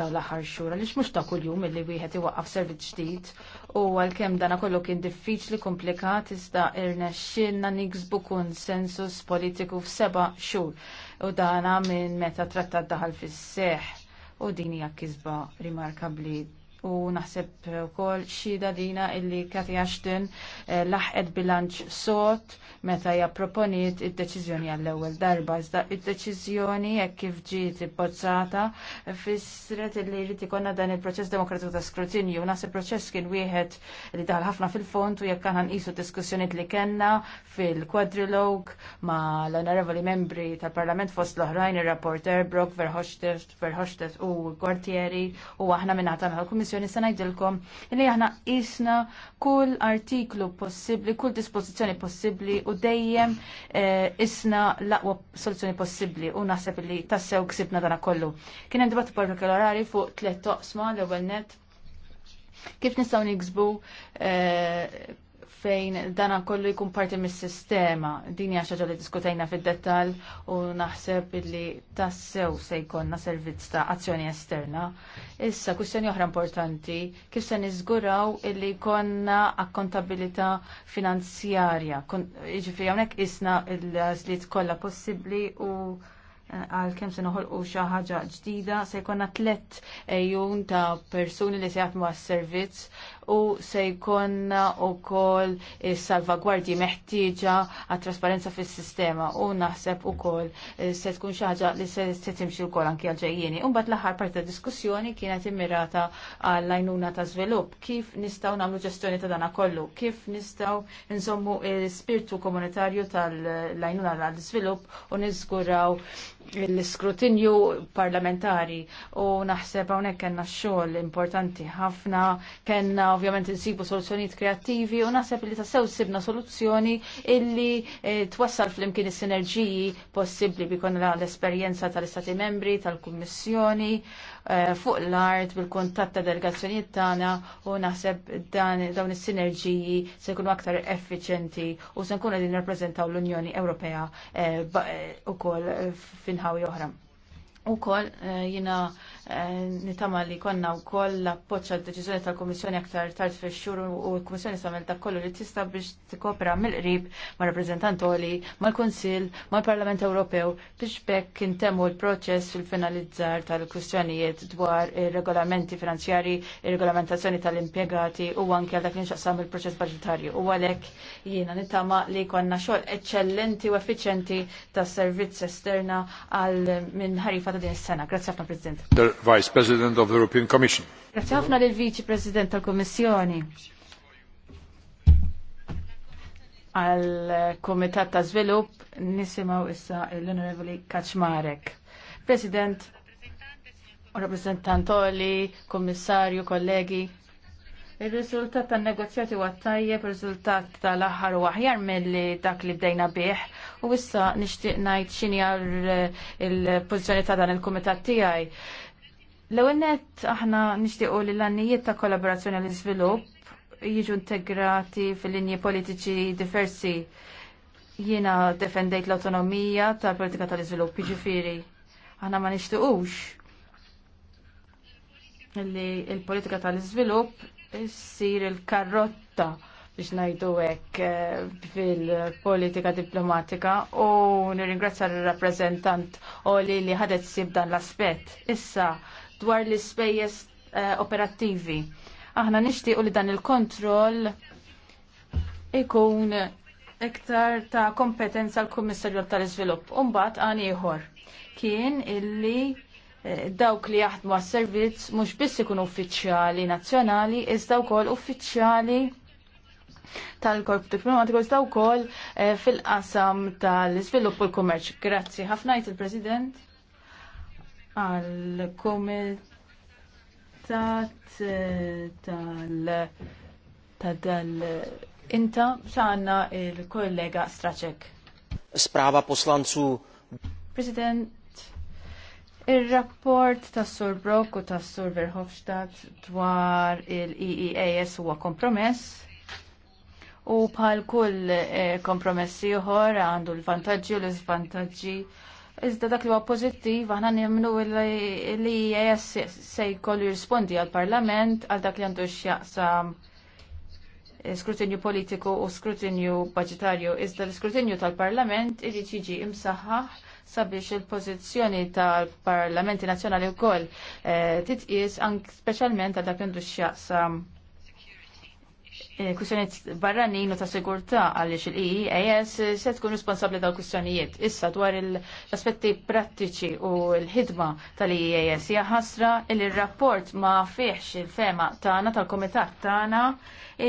daw l-aħħar xhur għaliex mhux ta' kuljum illi wieħed iwaqqaf servit ġdid u għalkemm dana kollu kien diffiċli komplikat iżda irnexxinna niksbu konsensus politiku f'seba' xhur u dana minn meta trattat daħal fis-seħħ u din hija kisba rimarkabbli u naħseb kol xida dina illi Kathy Ashton eh, laħed bilanċ sot meta japproponiet proponiet id-deċiżjoni għall-ewwel darba. Iżda id-deċiżjoni hekk kif ġiet ibbozzata fissret illi jrid ikollna dan il-proċess demokratiku ta' skrutinju. Naħseb proċess kien wieħed li daħal ħafna fil-fond u jekk aħna nqisu diskussjonijiet li kellna fil-quadrilog ma' l-onorevoli membri tal-Parlament fost l-oħrajn ir-rapporter Brock Verhofstadt u Gortieri u aħna minn ħatan l tal se ngħidilkom li aħna qisna kull artiklu possibbli, kull dispożizzjoni possibbli u dejjem eh, isna l-aqwa soluzzjoni possibbli u naħseb li tassew ksibna dana kollu. Kien hemm dibattit partikolari fuq tliet toqsma l-ewwel net kif nistgħu niksbu eh, fejn dana kollu jkun parti mis-sistema. Din hija xaġa li diskutejna fid-dettall u naħseb li tassew se jkollna servizz ta' azzjoni esterna. Issa kwistjoni oħra importanti kif se niżguraw illi jkollna akkontabilità finanzjarja. Jiġifieri hawnhekk isna l żliet kollha possibbli u eh, għal kem se noħolqu xi ħaġa ġdida se jkollna tlett ejjun ta' persuni li se jaħdmu għas-servizz u se jkonna wkoll is-salvagwardji meħtieġa għat trasparenza fis-sistema u naħseb ukoll eh, se tkun xi ħaġa li se, timxi wkoll anke għal ġejjieni. Imbagħad l-aħħar parti ta' diskussjoni kienet immirata għall lajnuna ta' żvilupp, kif nistgħu nagħmlu ġestjoni ta' dana kollu, kif nistgħu nżommu l-spirtu komunitarju tal lajnuna tal-iżvilupp u niżguraw l-iskrutinju parlamentari u naħseb hawnhekk kellna xogħol importanti ħafna, kellna ovvjament insibu soluzzjonijiet kreattivi u naħseb li tassew sibna soluzzjoni illi eh, twassal flimkien is-sinerġiji possibbli bikon l-esperjenza tal-Istati membri, tal-Kummissjoni Eh, fuq l-art bil-kuntatt ta' delegazzjonijiet tagħna u naħseb dawn is-sinerġiji se jkunu aktar effiċenti u se nkunu din rappreżentaw l-Unjoni Ewropea eh, eh, ukoll finħawi oħra. Ukoll jiena Eh, nitama li konna u koll appoċa d-deċizjoni tal-Komissjoni aktar tard fil xur u l-Komissjoni samel ta' kollu li tista biex tikopera mill-qrib ma' rappresentantoli, mal-Konsil, mal-Parlament Ewropew biex bekk intemmu l-proċess fil-finalizzar tal-kwistjonijiet dwar ir-regolamenti finanzjari, ir-regolamentazzjoni tal-impiegati u anke għal dak li nxaqsam il-proċess budgetarju. U għalek jiena nitama li konna xogħol eċċellenti u effiċenti ta' servizz esterna għal minn ħarifa ta' din is-sena. Grazzi ħafna President. Vice President of the European Commission. Grazie ħafna lil Viċi President tal-Kommissjoni. Għal Komitat ta' Zvilupp nisimaw issa l-Onorevoli Kaczmarek. President, Oli, kommissarju, kollegi, Il-rizultat tan negozjati huwa tajjeb, il-rizultat tal-aħħar u aħjar milli dak li bdejna bih. U issa nixtieq ngħid x'inhi eh, il-pożizzjoni ta' dan il-kumitat tiegħi. L-ewwel nett aħna nixtiequ li l-għannijiet ta' kollaborazzjoni għall iżvilupp jiġu integrati fil-linji politiċi diversi. Jiena defendejt l-autonomija tal-politika tal-iżvilupp, jiġifieri. Aħna ma nixtiequx li l-politika tal-iżvilupp sir il-karrotta biex ngħidu hekk eh, fil-politika diplomatika u nirringrazzja r rappreżentant Oli li ħadet sib dan l-aspett. Issa, dwar l-ispejjeż uh, operattivi. Aħna nixtiequ li dan il-kontroll ikun iktar ta' kompetenza l-Kummissarju tal-Iżvilupp. Umbagħad għan ieħor kien illi eh, dawk li jaħdmu għas-servizz mhux biss ikun uffiċjali nazzjonali, iżda wkoll uffiċjali tal-korp diplomatiku iżda wkoll eh, fil-qasam tal-iżvilupp u l-kummerċ. Grazzi ħafna il-President għal komitat eh, tal tal inta xanna il-kollega Straċek. Sprava poslanzu. President, il-rapport ta' Sur Brok u ta' Sur Verhofstadt dwar il-EEAS huwa kompromess u bħal kull eh, kompromessi ieħor għandu l-vantaġġi u l-iżvantaġġi Iżda dak li huwa pożittiv aħna nimnu li EAS se jkollu jirrispondi għall parlament għal dak li għandu x'jaqsam skrutinju politiku u skrutinju budgetarju. Iżda l-skrutinju tal-parlament irid jiġi imsaħħaħ sabiex il-pożizzjoni tal-parlamenti nazzjonali wkoll eh, titqies anke speċjalment għal dak li għandu x'jaqsam Eh, kwistjoniet barranin u ta' sigurtà għaliex il eas se tkun responsabbli dal kwistjonijiet. Issa dwar l-aspetti prattiċi u l-ħidma tal eas hija ħasra li r-rapport ma fiex il-fema tagħna tal-kumitat tagħna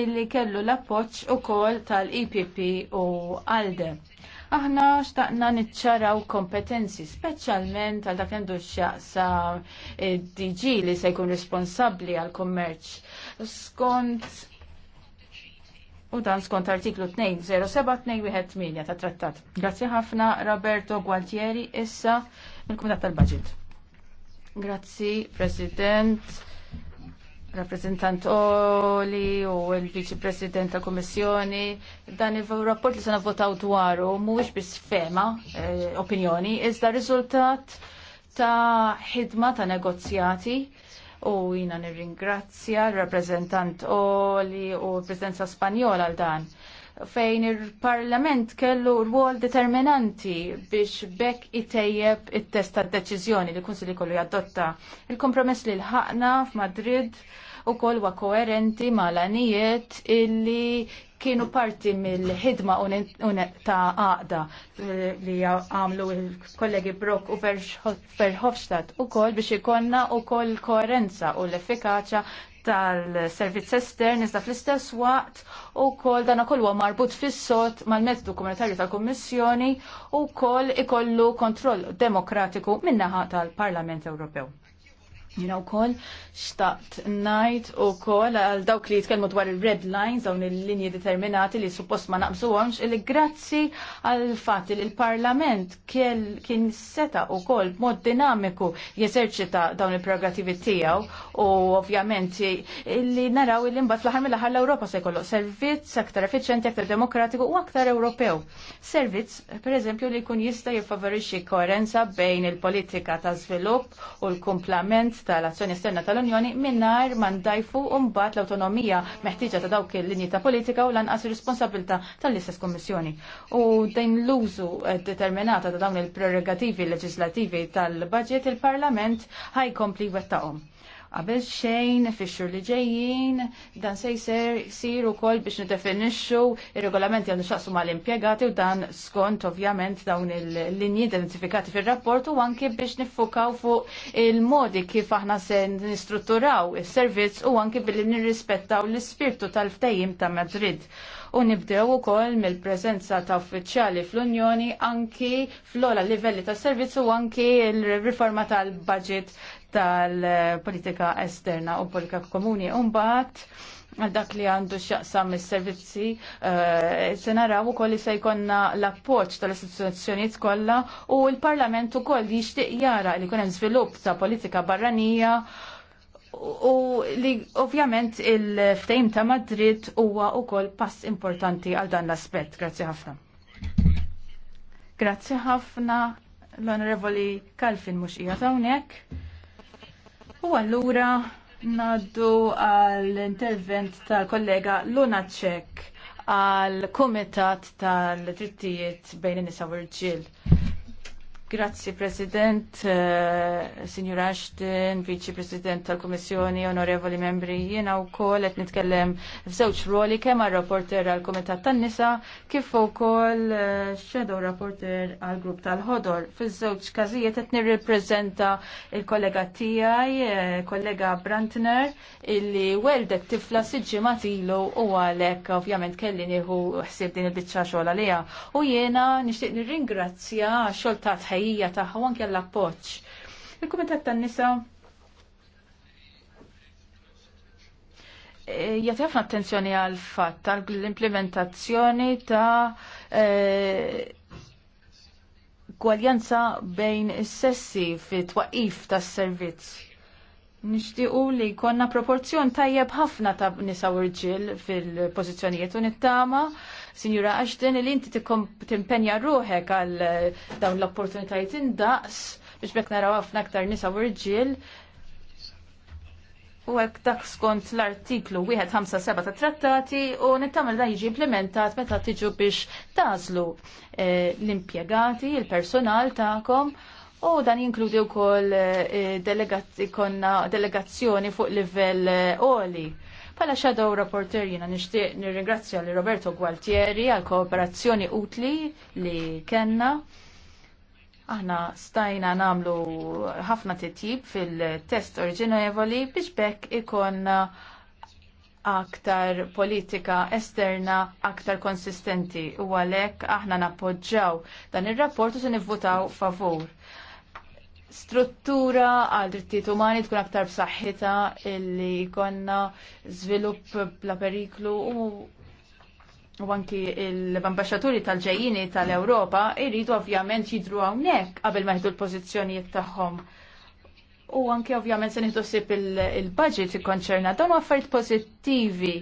illi kellu l-appoġġ ukoll tal-EPP u ALDE. Aħna xtaqna niċċaraw kompetenzi, speċjalment għal dak għandu xaqsa eh, DG li se jkun responsabbli għal kummerċ. Skont u dan skont artiklu 207-218 ta' trattat. Grazzi ħafna Roberto Gualtieri issa mill-Kumitat tal-Budget. Grazzi, President, rappresentant Oli u l-Viċi President tal Kommissjoni. Dan il-rapport li sena votaw dwaru mhuwiex bis fema eh, opinjoni, iżda riżultat ta' ħidma ta' negozjati u jina nirringrazzja l-rappresentant Oli u l-Presidenza Spanjola għal dan fejn il-Parlament kellu rwol determinanti biex bekk itejjeb it testa d-deċizjoni li li kollu jadotta. Il-kompromess li l-ħaqna f'Madrid u kol wa koerenti ma l-anijiet illi kienu parti mill-ħidma ta' għaqda eh, li għamlu il-kollegi Brock u Verhofstadt u kol biex ikonna u kol koerenza u l-effikaċa tal-servizz estern iżda fl-istess waqt u kol dan ukoll marbut fis-sot mal-metodu komunitarju tal-Kummissjoni u kol ikollu kontroll demokratiku min-naħa tal-Parlament Ewropew. Jina u koll, xtaqt najt u koll għal dawk li jitkelmu dwar il-red lines, dawn il-linji determinati li suppost ma naqbsuhomx għomx, li grazzi għal fat li il-parlament kien seta u koll mod dinamiku jeserċita dawn il-prerogativi tijaw u ovvjament li naraw il imbat fl-ħar mill-ħar l-Europa se kollu servizz aktar effiċenti, aktar demokratiku u aktar Ewropew. Servizz, per eżempju, li kun jista jiffavorixxi koerenza bejn il-politika ta' żvilupp u l kumplament tal-azzjoni esterna tal-Unjoni minnar ma ndajfu mbagħad l-autonomija meħtieġa ta' dawk il-linji ta' politika u lanqas ir-responsabilità tal-istess Kommissjoni. U dejn l-użu determinata ta' dawn il-prerogativi leġislativi tal-budget il-Parlament ħajkompli wettaqhom qabel xejn fix li ġejjin dan se jsir jsir ukoll biex nidefinixxu ir-regolamenti għandu xaqsu mal-impjegati u dan skont ovvjament dawn il-linji identifikati fir-rapport u anke biex niffukaw fuq il-modi kif aħna se nistrutturaw is-servizz u anke billi nirrispettaw l-ispirtu tal-ftehim ta' Madrid. U nibdew ukoll mill-preżenza ta' uffiċjali fl-Unjoni anki fl-ola livelli ta' servizz u anki l-riforma tal-budget tal-politika esterna u politika komuni. Umbat, għal dak li għandu xaqsam il-servizzi, eh, se naraw u koll se jkonna l-appoċ tal-istituzzjoniet kollha u l-Parlament ukoll jixtieq jara li jkun hemm żvilupp ta' politika barranija u li ovvjament il-ftejm ta' Madrid huwa ukoll pass importanti għal dan l-aspett. Grazzi ħafna. Grazzi ħafna l-Onorevoli Kalfin mhux hija hawnhekk. U allura naddu għall-intervent tal-kollega Luna Ċek għal-Kumitat tal-Trittijiet bejn in-nisa u l-ġil. Grazzi President, uh, Signor Ashton, Vice President tal-Komissjoni, Onorevoli Membri, jiena u kol et nitkellem f'żewġ ruoli kemm għal rapporter għal Komitat tan-Nisa kif ukoll uh, shadow rapporter għal grupp tal-ħodor. Fiż-żewġ każijiet qed il-kollega tiegħi, eh, kollega Brantner, illi weldek tifla siġġimat ilu u għalhekk ovvjament kelli nieħu ħsieb din il-biċċa xogħol għaliha. U jiena nixtieq nirringrazzja xogħol ta' l ħajja tagħha u anke l-appoġġ. Il-Kumitat tan-nisa eh, jagħti ħafna attenzjoni għal fatt tal-implementazzjoni ta' eh, gwaljanza bejn is-sessi fit twaqif tas-servizz. Nishtiqu li konna proporzjon tajjeb ħafna ta' nisa u rġil fil-pozizjonijiet u nittama Sinjura Ashton, li inti timpenja ruħek għal eh, dawn l-opportunitajiet indaqs biex bekk naraw ħafna aktar nisa u rġil. U għek dak skont l-artiklu 157 ta' trattati u nittamil dan jiġi implementat meta tiġu biex tażlu eh, l-impjegati, il-personal ta'kom. U dan jinkludi u eh, kol delegazzjoni fuq livell oli. Pala Shadow Rapporter jina nishtiq nirringrazzja li Roberto Gualtieri għal kooperazzjoni utli li kenna. Aħna stajna namlu ħafna titjib fil-test oriġinevoli biex bekk ikon aktar politika esterna aktar konsistenti u għalek aħna nappoġġaw dan il-rapport u se nivvutaw favur struttura għal drittijiet umani tkun aktar b'saħħitha illi konna żvilupp bla periklu u u anki l-ambasċaturi tal-ġejjini tal-Ewropa jridu ovvjament jidru hawnhekk qabel ma jħidu l-pożizzjonijiet tagħhom. U anki ovvjament se nieħdu sib il-budget ikkonċerna dawn affarijiet pożittivi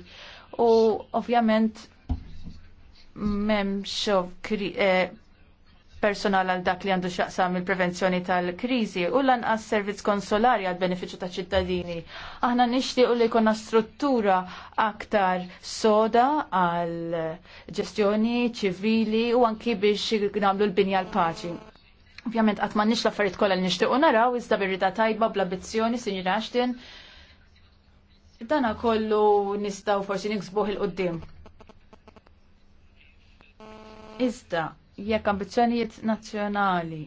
u ovvjament m'hemmx personal għal dak li għandu xaqsam il-prevenzjoni tal-krizi u lanqas servizz konsolari għal beneficju ta' ċittadini. Aħna nixtiequ li jkollna struttura aktar soda għal ġestjoni ċivili u anki biex nagħmlu l-binja l-paċi. Ovvjament qatt m'għandniex l-affarijiet kollha li nixtiequ naraw iżda birrida tajba bl-ambizzjoni Sinjur Ashton. Dana kollu nistgħu forsi niksbuh il-qudiem. Iżda, jekk ambizzjonijiet nazzjonali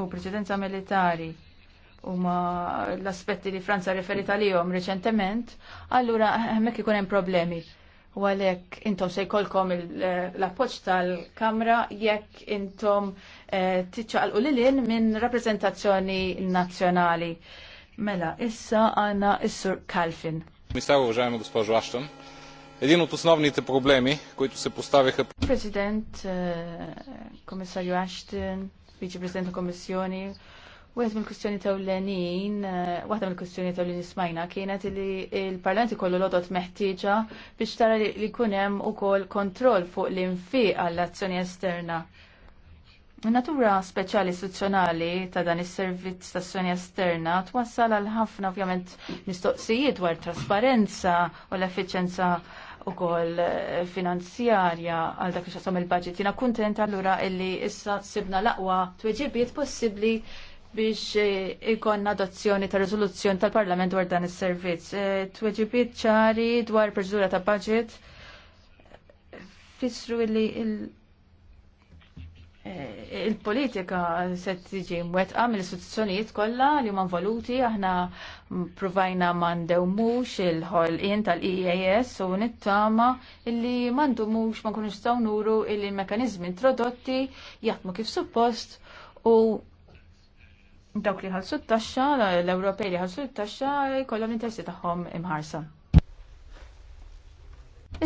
u preċedenza militari huma l-aspetti li Franza referit għalihom reċentement, allura hemmhekk ikun hemm problemi. U intom se jkollkom eh, l-appoġġ tal-Kamra jekk intom eh, tiċċaqalqu lilin minn rappreżentazzjoni nazzjonali. Mela, issa għandna is-Sur Kalfin. Mistaw ġajmu gospoġu Ashton. Един от основните проблеми, които се поставяха... Президент, комисар Ashton, viċi-president ta' kommissjoni, u għed mill-kustjoni ta' l-lenin, għahda mill-kustjoni ta' l-lenin smajna, kienet li il-parlament kollu l-odot meħtieġa biex tara li kunem u kol kontrol fuq l-infiq għall-azzjoni esterna. Natura speċjali istituzzjonali ta' dan is-servizz ta' azzjoni esterna twassal għal ħafna ovvjament mistoqsijiet dwar trasparenza u l-effiċenza u kol eh, finanzjarja għal dak xasom il-budget. Jina kontent allura illi issa sibna laqwa tweġibiet possibli biex eh, ikon adozzjoni ta' rezoluzzjoni tal-Parlament dwar dan is-servizz. Eh, tweġibiet ċari dwar proċedura ta' budget fissru illi il- Eh, il-politika se tiġi mwetqa mill-istituzzjonijiet kollha li huma involuti aħna provajna m'għandewmux il-ħolqien tal-EAS u nittama illi mhux ma nkunux staw nuru illi l-mekkaniżmi introdotti jaħdmu kif suppost u dawk li ħalsu t-taxxa, l-Ewropej li ħalsu t-taxxa jkollhom l-interessi tagħhom imħarsa.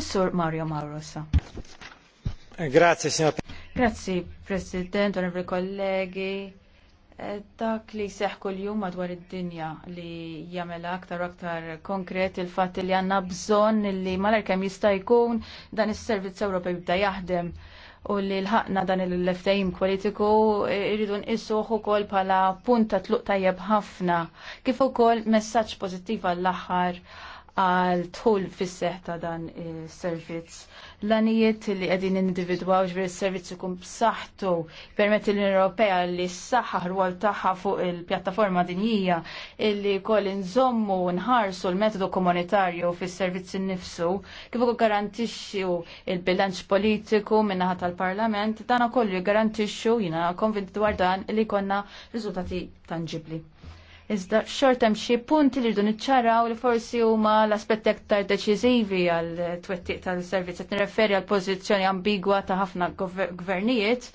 Is-sur Mario Maurosa. Grazie, signor Grazzi, President, onorevoli kollegi. Eh, dak li seħ kull-jum madwar id-dinja li jamela aktar aktar konkret il-fat li għanna bżon li malar kemm jista' jkun dan is-servizz Ewropej bda jaħdem u li l-ħakna dan il-leftajim politiku eh, irridu nqisuħ ukoll bħala punta tluq tajjeb ħafna kif ukoll messaġġ pożittiv għall-aħħar għal tħul fis ta' dan is-servizz. l għanijiet li qegħdin individwaw ġveri s-servizz ikun b'saħħtu permetti l Ewropea li s-saħħa rwal tagħha fuq il-pjattaforma dinjija illi kol nżommu nħarsu l-metodu komunitarju fis-servizz nifsu kif ukoll garantixxu il-bilanċ politiku min-naħa tal-Parlament dan kollu garantixxu jiena konvinti dwar dan li jkollna riżultati tangibbli. Iżda xort hemm xi punti li rridu niċċaraw li forsi huma l aspett aktar deċiżivi għal twettiq tal-servizz qed nirreferi għal pożizzjoni ambigwa ta' ħafna gvernijiet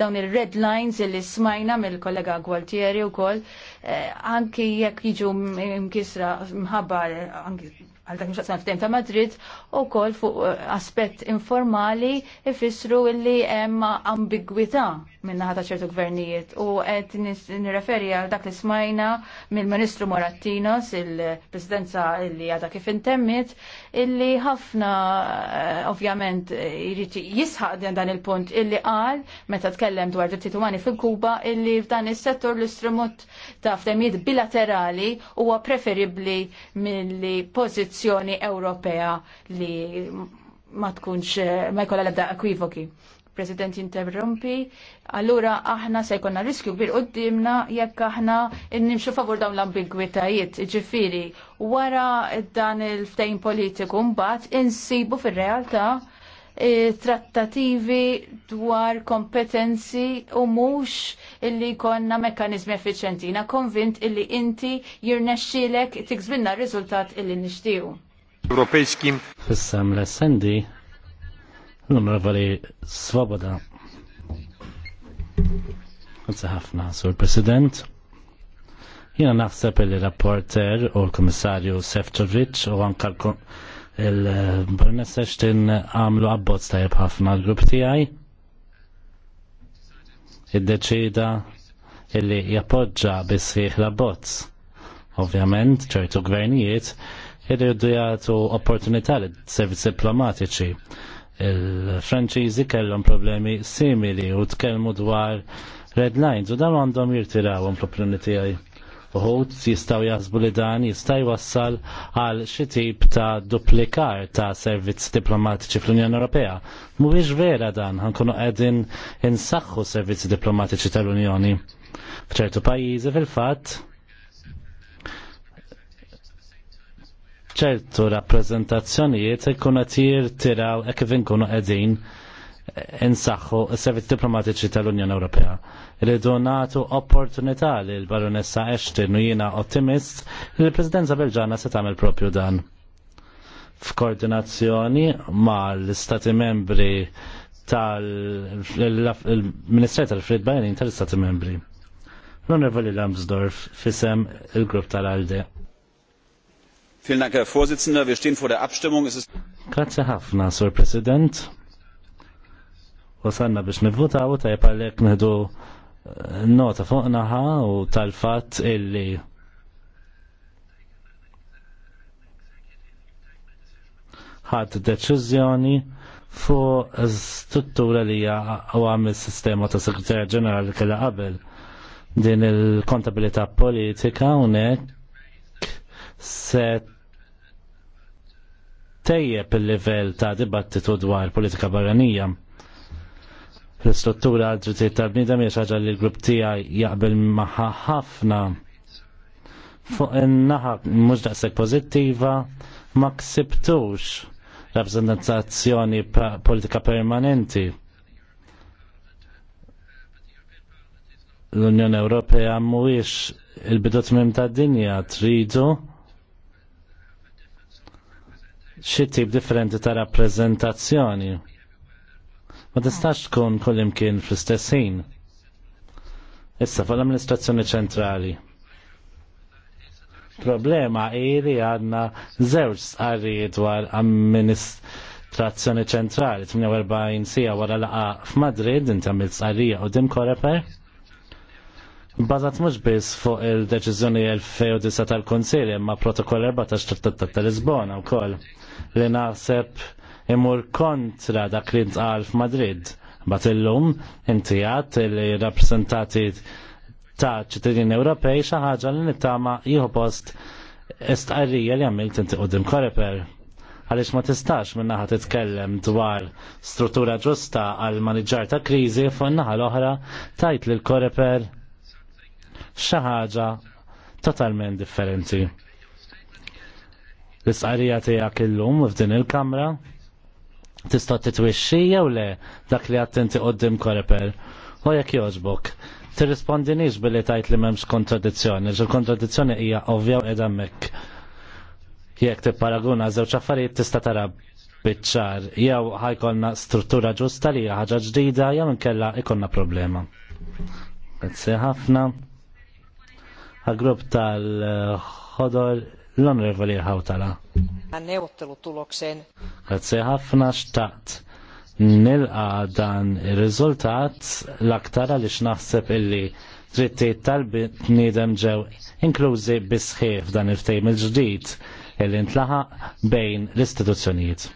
dawn il-red lines li smajna mill-kollega Gualtieri wkoll eh, anki jekk jiġu mkisra mħabba għal dak nixaqsan f'dejn ta' Madrid u kol fuq eh, aspett informali ifissru illi hemm ambigwità naħa ta' ċertu gvernijiet u qed nirreferi għal dak li smajna mill-Ministru Morattinos il-Presidenza illi għadha kif intemmit illi ħafna eh, ovvjament jrid jisħaq dan il-punt illi qal meta tkellem dwar drittijiet umani fil-Kuba illi f'dan is-settur l-istrumut ta' ftemijiet bilaterali huwa preferibbli milli pożizzjoni pożizzjoni Ewropea li ma tkunx ma jkollha l-ebda ekwivoki. President interrompi, allura aħna se jkollna riskju kbir qudiemna jekk aħna nimxu favur dawn l-ambigwitajiet, ġifiri, wara dan il-ftejn politiku mbagħad insibu fir-realtà E, trattativi dwar kompetenzi u mux illi konna mekanizmi effiċenti. Na konvint illi inti jirnexxilek tiksbinna r-riżultat illi nishtiju. Europejski. Fissam l-essendi l-onorvali Svoboda. Għazza ħafna, Sur President. Jena naħseb il-rapporter u l-Komissarju Sefcovic u anka l il-Baronessa tin għamlu abbozz tajab ħafna l-grupp tijaj id-deċida illi jappoġġa bisħiħ l-abbozz. Ovvjament, ċertu gvernijiet irridu jgħatu opportunità li servizzi diplomatiċi. Il-Franċiżi kellhom problemi simili u tkellmu dwar red lines u dan għandhom jirtirawhom fl-opinjoni tiegħi. Uħut jistaw jasbu li dan jista' jwassal għal xi tip ta' duplikar ta' servizz diplomatiċi fl-Unjoni Ewropea. Mhuwiex vera dan, ħankunu qegħdin insaħħu servizzi diplomatiċi tal-Unjoni. F'ċertu pajjiżi fil-fatt ċertu rappreżentazzjonijiet ikun qed jirtiraw hekk kif inkunu qegħdin insaħħu s-servizz diplomatiċi tal-Unjoni Ewropea. Rridu natu opportunità li l-Baronessa Ashton u jiena ottimist li l-Presidenza Belġana se tagħmel propju dan. F'koordinazzjoni mal istati membri tal-Ministeri tal-Frid Bajnin tal-Istati membri. L-Onorevoli Lambsdorf fisem il-grupp tal-Alde. Vielen Dank, Herr Vorsitzender. Wir stehen vor der Abstimmung. Grazie ħafna, Sur President wasanna biex nivvutaw u tajb għalek nħedu eh, nota fuq naħa u tal-fat illi ħad deċiżjoni fuq struttura li u il sistema ta' sekretarja ġenerali kella qabel din il-kontabilità politika unek set tejjeb il-level ta' dibattitu dwar politika barranija l istruttura drittijiet tal-bnidem hija ħaġa li l-grupp tijaj jaqbel maħħa ħafna fuq in-naħa mhux daqshekk pożittiva ma ksibtux rappresentazzjoni politika permanenti. L-Unjoni Ewropea mhuwiex il-bidot mim ta' dinja tridu xi tip differenti ta' rappreżentazzjoni Ma tistax tkun kullimkien fl-istess ħin. Issa fl-amministrazzjoni ċentrali. Problema iri għadna għandna żewġ dwar amministrazzjoni ċentrali 48 sija wara laqa f'Madrid inti għamilt sqarrija u dim koreper. Bazat mux biss fuq il-deċizjoni 2009 tal-Konsil imma protokoll 14 trattat tal-Lisbona u koll li naħseb imur kontra dak li ntqal f'Madrid. Bat illum inti għat li rappresentati ta' ċittadini Ewropej xi ħaġa li nittama jieħu post estqarrija li għamilt inti qudiem koreper għalix ma tistax minnaħat titkellem dwar struttura ġusta għal maniġġar ta' krizi naħa l-oħra tajt li l-koreper xaħġa totalment differenti. l isqarrija tijak illum f'din il-kamra tista' titwixxija u le dak li attenti qoddim koreper. U jekk jogħġbok, tirrispondinix billi tajt li m'hemmx kontradizzjoni, ġil kontradizzjoni hija ovvja u qiegħda hemmhekk. Jekk tipparaguna żewġ affarijiet tista' tara biċċar jew ħajkolna struttura ġusta li hija ħaġa ġdida jew inkella ikolna problema. Grazzi ħafna. Għal grupp tal-ħodor l-onorevoli ħawtala neuvottelutulokseen. Grazie ħafna xtaqt. Nilqa dan ir-riżultat l-aktar għaliex naħseb illi drittijiet tal-bniedem ġew inklużi bisħief dan il-ftejm il-ġdid illi intlaħa bejn l-istituzzjonijiet.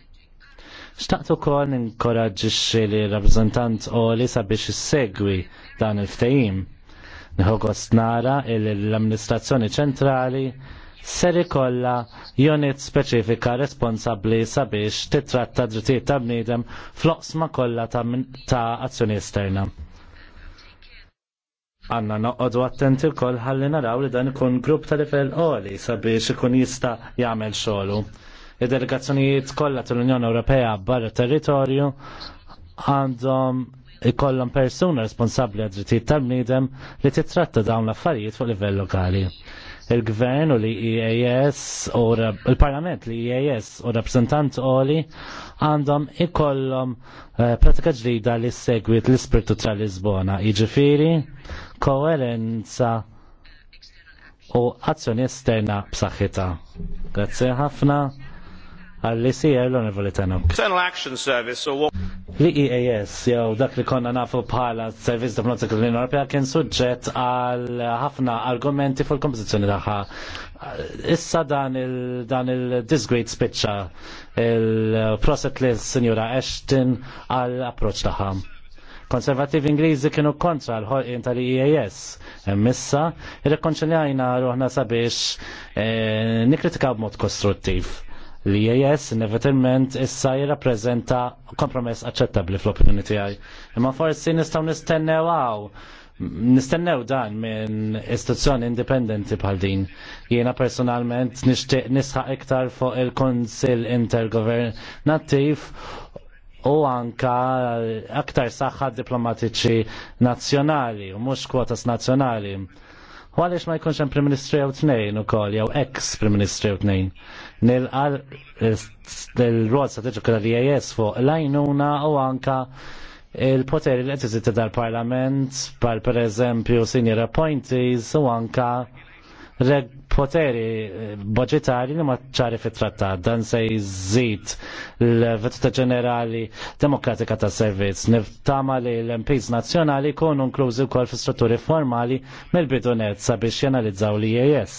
Xtaqt ukoll ninkoraġġixxi li rappreżentant li sabiex segwi dan il-ftehim. Nħogost nara illi l-amministrazzjoni ċentrali ser ikolla unit speċifika responsabbli sabiex titratta drittijiet ta' bniedem floqsma kollha ta', azzjoni esterna. Għanna noqodu attenti wkoll ħalli naraw li dan ikun grupp ta' livell qoli sabiex ikun jista' jagħmel xogħlu. Id-delegazzjonijiet kollha tal-Unjoni Ewropea barra territorju għandhom ikollhom persuna responsabbli għad drittijiet tal-bniedem li titratta dawn l-affarijiet fuq livell lokali il-gvern u li IAS u il-parlament li IAS u rappresentant oli għandhom ikollhom eh, pratika ġdida li segwit l-ispirtu tra Lisbona. Jiġifieri koerenza u azzjoni esterna b'saħħitha. Grazie ħafna għalli sija l-onorevoli Tanok. External Action Service so what? L-EAS, jow, dak li konna nafu bħala Servizz Diplomatik l-Unjoni Ewropea kien suġġett għal ħafna argumenti fuq il-kompożizzjoni tagħha. Issa dan il dan il-disgrade spiċċa il-proset li s-Sinjura Ashton għal approċċ tagħha. Konservativi Ingliżi kienu kontra l-ħolqien tal-EAS. Missa, irrekonċiljajna ruħna sabiex eh, nikritikaw b'mod kostruttiv li jes inevitament issa jirrappreżenta kompromess aċċettabbli fl-opinjoni tiegħi. Imma forsi nistgħu nistennew għaw nistennew dan minn istituzzjoni indipendenti bħal din. Jiena personalment nixtieq nisħaq iktar fuq il-Konsil Intergovernattiv u anka aktar saħħa diplomatiċi nazzjonali u mhux kwotas nazzjonali. Għalix ma jkunx hemm Prim Ministru jew tnejn ukoll jew ex Prim Ministru jew tnejn nil-qal eh, l-rol strateġiku tal-IAS e fuq lajnuna u anka il-poteri li qed dal-Parlament, par per eżempju senior appointees u anka poteri eh, budgetari li ma ċari fit-trattat dan se jżid l-vetuta ġenerali demokratika ta' servizz. Niftama li l-MPs nazzjonali jkunu inklużi wkoll fi strutturi formali mill-bidunet sabiex jenalizzaw li jes.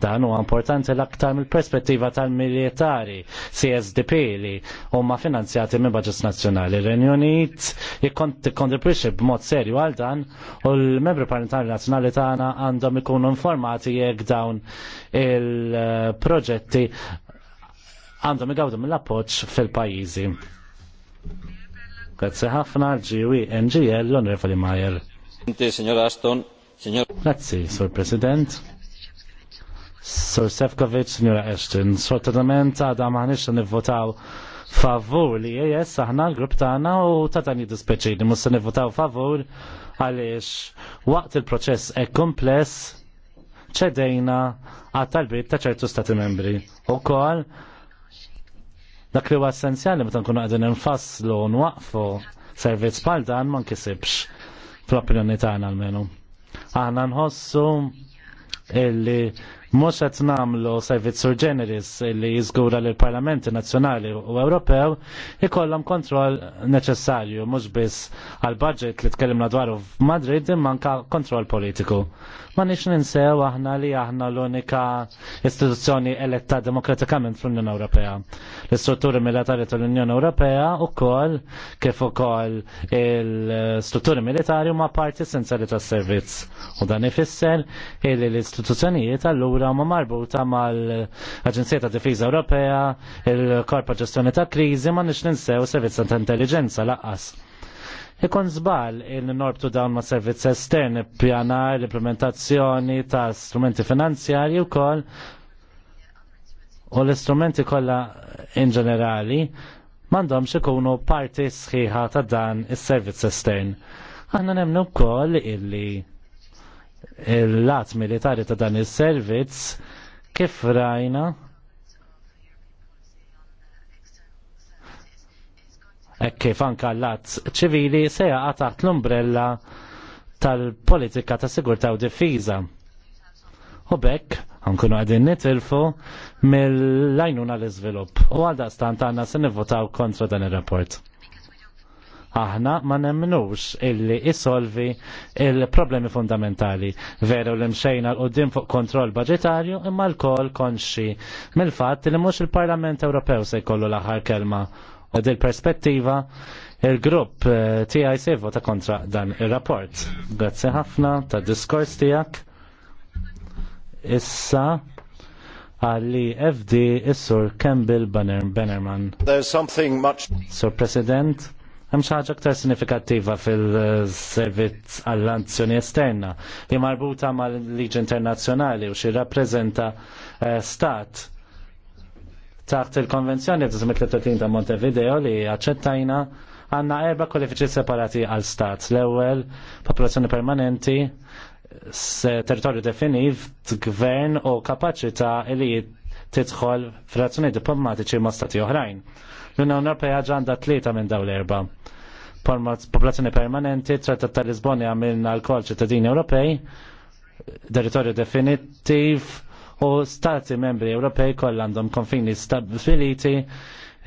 Dan huwa importanti l-aktar mill-perspettiva tal-militari CSDP li huma finanzjati minn budgets nazzjonali. Renjonit jikkontribwixxi b'mod serju għal dan u l-membri parlamentari nazzjonali tagħna għandhom ikunu informati jekk dawn il-proġetti għandhom igawdu mill-appoċ fil-pajizi. Grazie ħafna ġiwi NGL l-Onorevoli Majer. Grazie, Sur President. Sur Sefkovic, Signora Ashton. Sortatament għadha maħniex nivvotaw favur li jes aħna l-grupp tagħna u ta' tani dispeċini mus se nivvotaw favur għaliex waqt il-proċess e kompless ċedejna għat talbiet ta' ċertu stati membri. U kol, dak li huwa essenzjali meta nkunu qegħdin nfasslu nwaqfu servizz bħal dan ma nkisibx fl-opinjoni tagħna almenu. Aħna nħossu illi Mhux qed nagħmlu servizz generis li jiżgura lill l-Parlamenti Nazzjonali u Ewropew ikollhom kontroll neċessarju mhux biss għall budget li tkellimna dwaru f'Madrid imma anke kontroll politiku. Ma nix ninsew aħna li aħna l-unika istituzzjoni eletta demokratikament fl-Unjoni Ewropea. L-istrutturi militari tal-Unjoni Ewropea wkoll kif ukoll il-strutturi militari ma parti li tas-servizz. U dan ifisser li l-istituzzjonijiet allura allura huma marbuta mal-Aġenzija ta' Difiża Ewropea, il-Korpa Ġestjoni ta' Kriżi ma nix ninsew servizza ta' intelligenza laqqas. Ikon zbal il-norbtu dawn ma' servizz estern, pjanar, l-implementazzjoni ta' strumenti finanzjarji u koll u l-istrumenti kollha in ġenerali m'għandhomx ikunu parti sħiħa ta' dan is-servizz estern. Aħna nemmnu wkoll illi il-lat militari ta' dan is-servizz kif rajna e kif anka l-lat ċivili se jaqa' taħt l-umbrella tal-politika ta' sigurtà u diffiża. U bekk nkunu għadin nitilfu mill-lajnuna l-izvilup. U għalda stant għanna se nivvotaw kontra dan ir rapport Aħna ma nemmnux illi isolvi il-problemi fundamentali. Veru li mxejna l-qoddim fuq kontroll budgetarju imma l-kol konxi mill-fatt li mux il-Parlament Ewropew se jkollu l-aħħar kelma. U dil-perspettiva il-grupp eh, tiegħi se vota kontra dan ir-rapport. Grazzi ħafna ta' diskors tiegħek. Issa għalli FD is-sur Campbell Bannerman. There's something much Sur President, Hemm xi ħaġa aktar sinifikattiva fil-servizz għall anzjoni esterna li marbuta mal-liġi internazzjonali u xi rappreżenta eh, stat taħt il-konvenzjoni ta' 33 ta' Montevideo li aċċettajna għanna erba kwalifiċi separati għal stat. L-ewwel popolazzjoni permanenti, territorju definiv, gvern u kapaċità li tidħol f'razzjoni diplomatiċi ma' stati oħrajn. L-Unjoni Ewropea għandha tlieta minn dawn l-erba. Popolazzjoni permanenti, trattat ta' Lisboni għamilna l-kol ċittadini Ewropej, territorju definitiv u stati membri Ewropej koll għandhom konfini stabiliti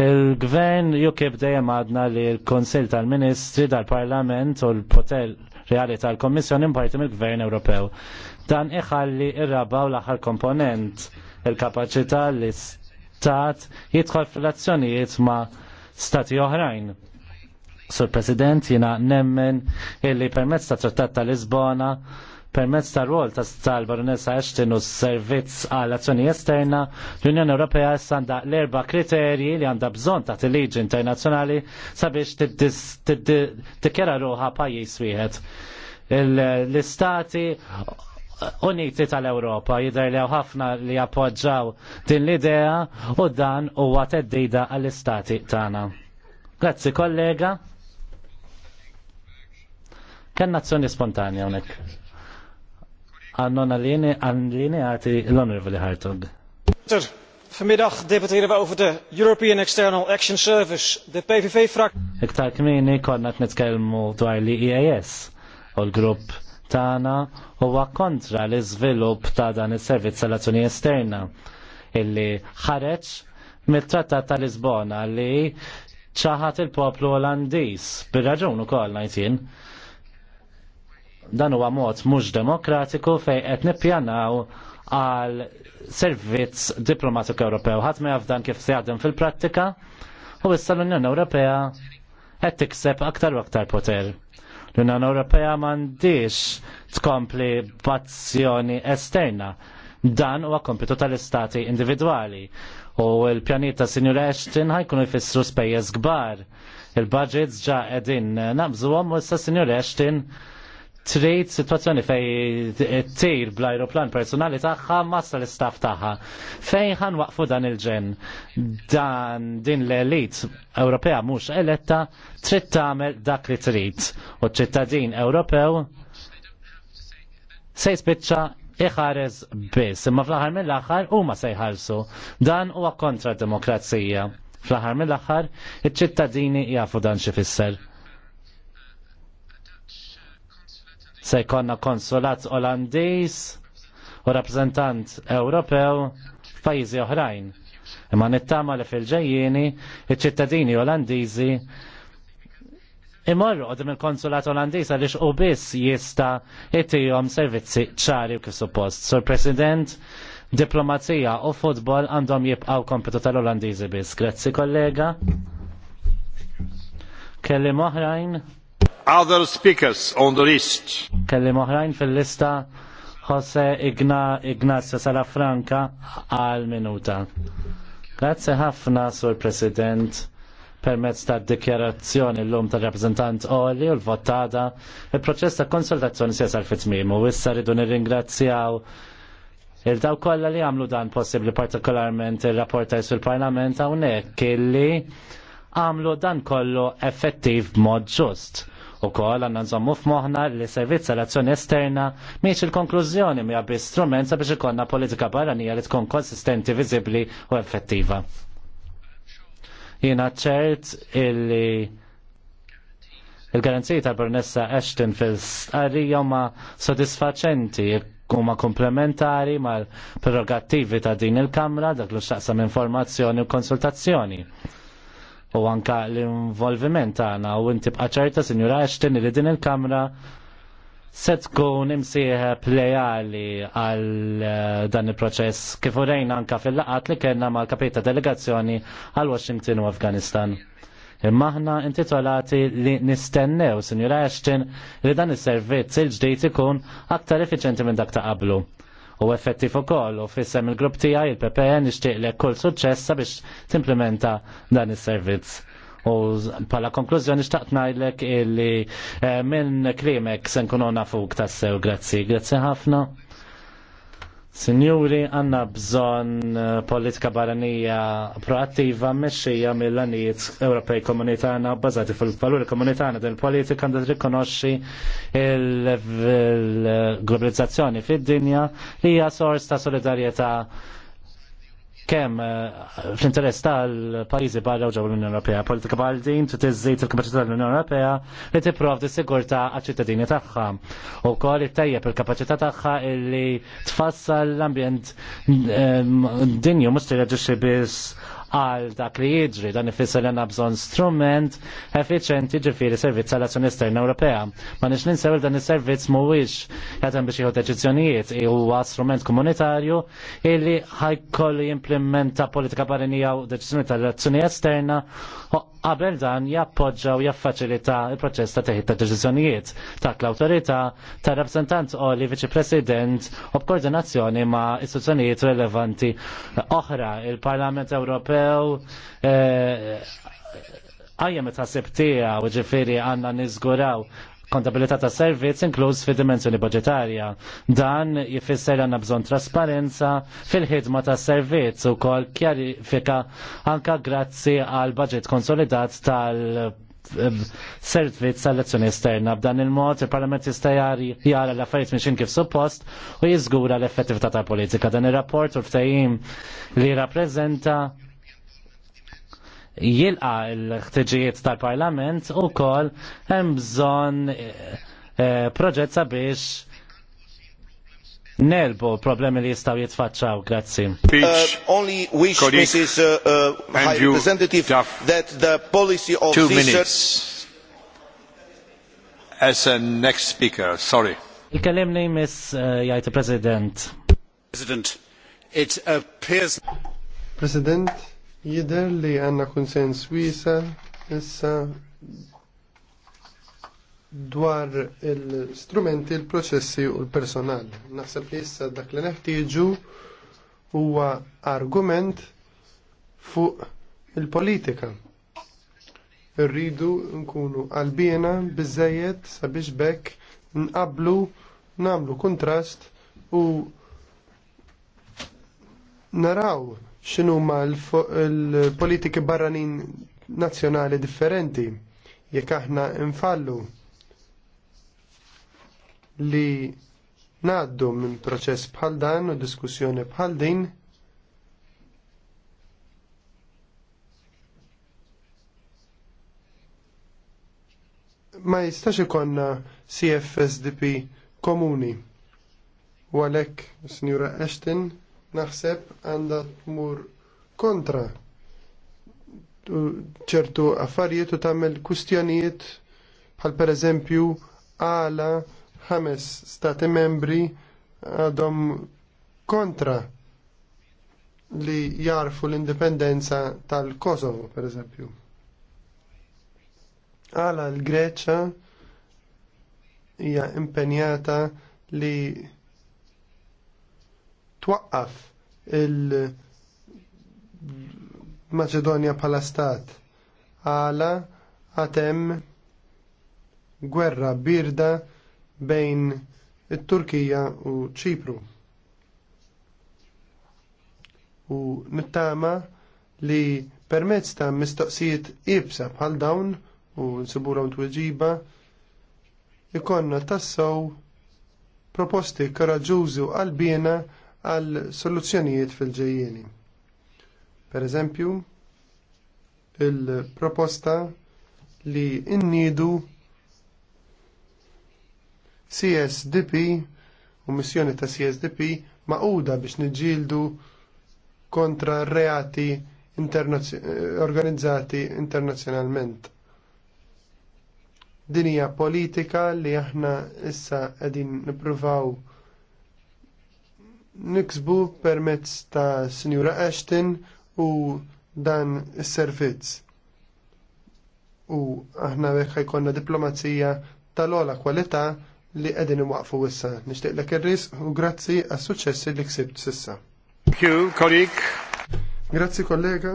il-gvern UKIP dejjem għadna li l-Konsil tal-Ministri tal-Parlament u l-Potel Reali tal-Kommissjoni imparti mill-Gvern Ewropew. Dan iħalli ir-raba u l-aħħar komponent il-kapaċità li tat jitħol fil-azzjonijiet ma' stati oħrajn. Sur President jina nemmen illi permezz ta' trattat ta' Lisbona, permezz ta' rol ta' tal-Baronessa Ashton u s-servizz għal azzjoni esterna, l-Unjoni Ewropea għandha l-erba kriterji li għandha bżonn ta' liġi internazzjonali sabiex t-dikjera ruħa pajjiż wieħed. L-istati Uniti tal-Europa li ħafna li appoġġaw din l-idea u dan huwa teddida għall-istati tagħna. Grazzi kollega. Kenna azzjoni spontanja hawnhekk. Għannon għallini għati l-Honorable Hartog. Vanmiddag debatteren we over de European External Action Service, de pvv frak. Iktar kmini konna t-netkelmu dwar li EAS u l-grupp Tana huwa kontra l-iżvilupp ta' dan is-servizz tal-azzjoni esterna illi ħareġ mit-Trattat ta' Lisbona li ċaħat il-poplu Olandiż bir-raġun ukoll ngħidin. Dan huwa mod mhux demokratiku fejn qed nippjanaw għal servizz diplomatiku Ewropew. Ħadd ma jaf dan kif se jaħdem fil-prattika u issa l-Unjoni Ewropea qed tikseb aktar u aktar poter. L-Unjoni Ewropea m'għandix tkompli b'azzjoni esterna. Dan huwa kompitu tal-istati individwali. U l-pjanita Sinjur Ashton ħajkunu jfissru spejjeż kbar. Il-budgets ġa qegħdin nabżuhom u issa Sinjur Ashton trid situazzjoni fej tir bl-ajroplan personali tagħha massa l-istaff tagħha. Fejn ħan waqfu dan il-ġen dan din l-elit Ewropea mhux eletta trid tagħmel dak li trid u ċittadin Ewropew se jispiċċa iħares biss, imma fl-aħħar mill-aħħar huma se jħarsu. Dan huwa kontra d demokrazija. Fl-aħħar mill-aħħar iċ-ċittadini jafu dan xi fisser. Se jkollna konsulat Olandiż u rappreżentant Ewropew f'pajjiżi oħrajn. Imma nittama li fil-ġejjieni iċ-ċittadini Olandiżi imorru għodim il-konsulat Olandiż għalix u biss jista jittijom servizzi ċari u kif suppost. Sur President, diplomazija u futbol għandhom jibqaw kompetu tal olandiżi biss. Grazzi kollega. Kelli moħrajn other speakers on the list. Kellim oħrajn fil-lista Jose Igna Ignacio Salafranca għal minuta. Grazie ħafna, Sur President, permezz ta' dikjarazzjoni l-lum ta' rappresentant Oli u l-votada, il-proċess ta' konsultazzjoni se jasal fit-tmim u issa ridu nirringrazzjaw il-daw kolla li għamlu dan possibli partikolarment il rapportaj sul parlament għawnek illi għamlu dan kollu effettiv mod ġust. U kol għanna nżommu f'moħna li servizz tal-azzjoni esterna miex il-konklużjoni mi għabbi strument sabiex ikonna politika barranija li tkun konsistenti, viżibli u effettiva. Jina ċert illi il-garanziji tal Bernessa Ashton fil-sqarrija ma sodisfaċenti huma komplementari mal prerogattivi ta' din il-Kamra dak li xaqsam informazzjoni u konsultazzjoni u anka l-involviment tagħna u inti ċerta sinjura Ashton li din il-kamra se tkun imsieħeb lejali għal eh, dan il-proċess kif urejn anka fil-laqat li kellna mal kapita delegazzjoni għal Washington u Afganistan. Imma aħna intitolati li nistennew, Sinjura Ashton, li dan is-servizz il-ġdejt ikun aktar effiċenti minn dak ta' qablu u effettiv ukoll u fissem il-grupp tiegħi il-PPN nixtieqlek kull suċċess sabiex timplementa dan is-servizz. U pala konklużjoni xtaqt ngħidlek illi eh, minn klimek se nkunu nafuk tassew, grazzi, grazzi ħafna. Signori, għanna bżon eh, politika barranija proattiva mexxija mill-għanijiet Ewropej komunitana bazzati fil-valuri komunitana din politika għandha rikonoxxi il-globalizzazzjoni fid-dinja li hija sors ta' solidarieta' kemm eh, fl-interess tal-pajjiżi barra u ġewwa l-Unjoni Ewropea. Politika bħal din titiżżid il-kapaċità tal-Unjoni Ewropea li tipprovdi sigurtà għaċ-ċittadini tagħha. Ukoll ittejjeb il-kapaċità tagħha li tfassal l-ambjent eh, dinju mhux tirreġixxi biss għal dak li jiġri dan ifis li għanna bżonn strument efficienti ġifieri servizz tal azzjoni esterna Ewropea. Ma nix ninsew dan is-servizz mhuwiex jagħtem biex jieħu deċiżjonijiet huwa strument komunitarju illi ħajkoll jimplementa politika barranija u deċizjoni tal-azzjoni esterna u qabel dan jappoġġa u jaffaċilita il-proċess ta' teħid ta' deċiżjonijiet ta' l-awtorità ta' rappresentant u li viċi president u b'koordinazzjoni ma' istituzjonijiet relevanti oħra il-Parlament Ewropea tassew għajja eh, me tasib tija u ġifiri għanna nizguraw kontabilità ta' servizz inkluż fi dimensjoni budgetarja. Dan jifisser għanna bżon trasparenza fil-ħidma ta' servizz u kol kjarifika anka grazzi għal budget konsolidat tal servizz tal-lezzjoni esterna. B'dan il-mod il-Parlament jista' jara l-affarijiet minn kif suppost u jiżgura l-effettività tal-politika. Dan ir-rapport u ftehim li rappreżenta jilqa l-ħtiġijiet tal-Parlament u kol hemm bżonn eh, eh, proġett sabiex nelbu problemi li jistaw jitfaċċaw, grazzi. Uh, only wish, Mrs. Uh, uh, High Representative, Duff. that the policy of Two minutes. As a next speaker, sorry. Ikellimni miss uh, eh, jajti President. President, it appears... President, Jider li għanna konsens wisa issa dwar il-strumenti, il-proċessi u l-personal. Naħseb li issa dak li neħtieġu huwa argument fuq il-politika. Irridu nkunu qalbina biżejjed sabiex bekk nqablu namlu kontrast u naraw X'inhuma l-politiki barranin nazzjonali differenti jekk aħna nfallu li ngħaddu minn proċess bħal dan u diskussjoni bħal din ma jistax ikonna CFSDP komuni. U għalhekk, Signora Ashton, naħseb għanda tmur kontra ċertu affarijiet u tagħmel kustjonijiet bħal pereżempju għala ħames stati membri għadhom kontra li jarfu l-indipendenza tal-Kosovo, pereżempju. Għala l-Greċa hija impenjata li twaqqaf il-Maċedonja Palastat stat għala għatem gwerra birda bejn it-Turkija u ċipru. U nittama li permezz ta' mistoqsijiet ibsa bħal dawn u nsibura tweġiba ikonna tassow proposti karaġużu għalbina għal soluzzjonijiet fil-ġejjieni. Per eżempju, il-proposta li innidu CSDP u missjoni ta' CSDP maquda biex nġildu kontra reati eh, organizzati internazzjonalment. Din hija politika li aħna issa qegħdin nippruvaw niksbu permezz ta' Sinjura Ashton u dan is-servizz. U aħna bekk ħajkonna diplomazija tal-ola kwalità li qegħdin imwaqfu issa. Nixtieqlek ir-ris u grazzi għas-suċċessi li ksibt sissa. Grazzi kollega.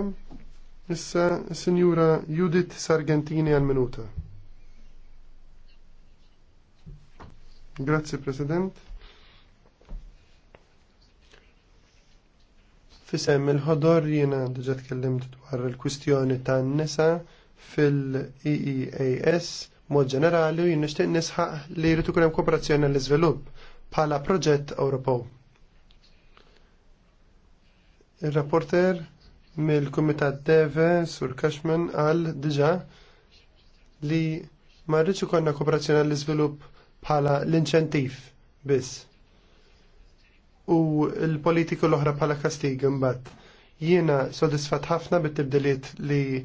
Issa Sinjura Judith Sargentini għal minuta. Grazzi President. Fisem il-ħodor jiena diġa tkellimt dwar il-kwistjoni tan-nisa fil-EEAS mod ġenerali u xtiq nisħaq li jrid ikun hemm kooperazzjoni għall iżvilupp bħala proġett Ewropew. Ir-rapporter mill-Kumitat Deve Sur Cashman qal diġa' li ma rridx kooperazzjoni għall iżvilupp bħala l-inċentiv biss u l-politiku l-oħra bħala kastig imbagħad. Jiena sodisfat ħafna bit-tibdiliet li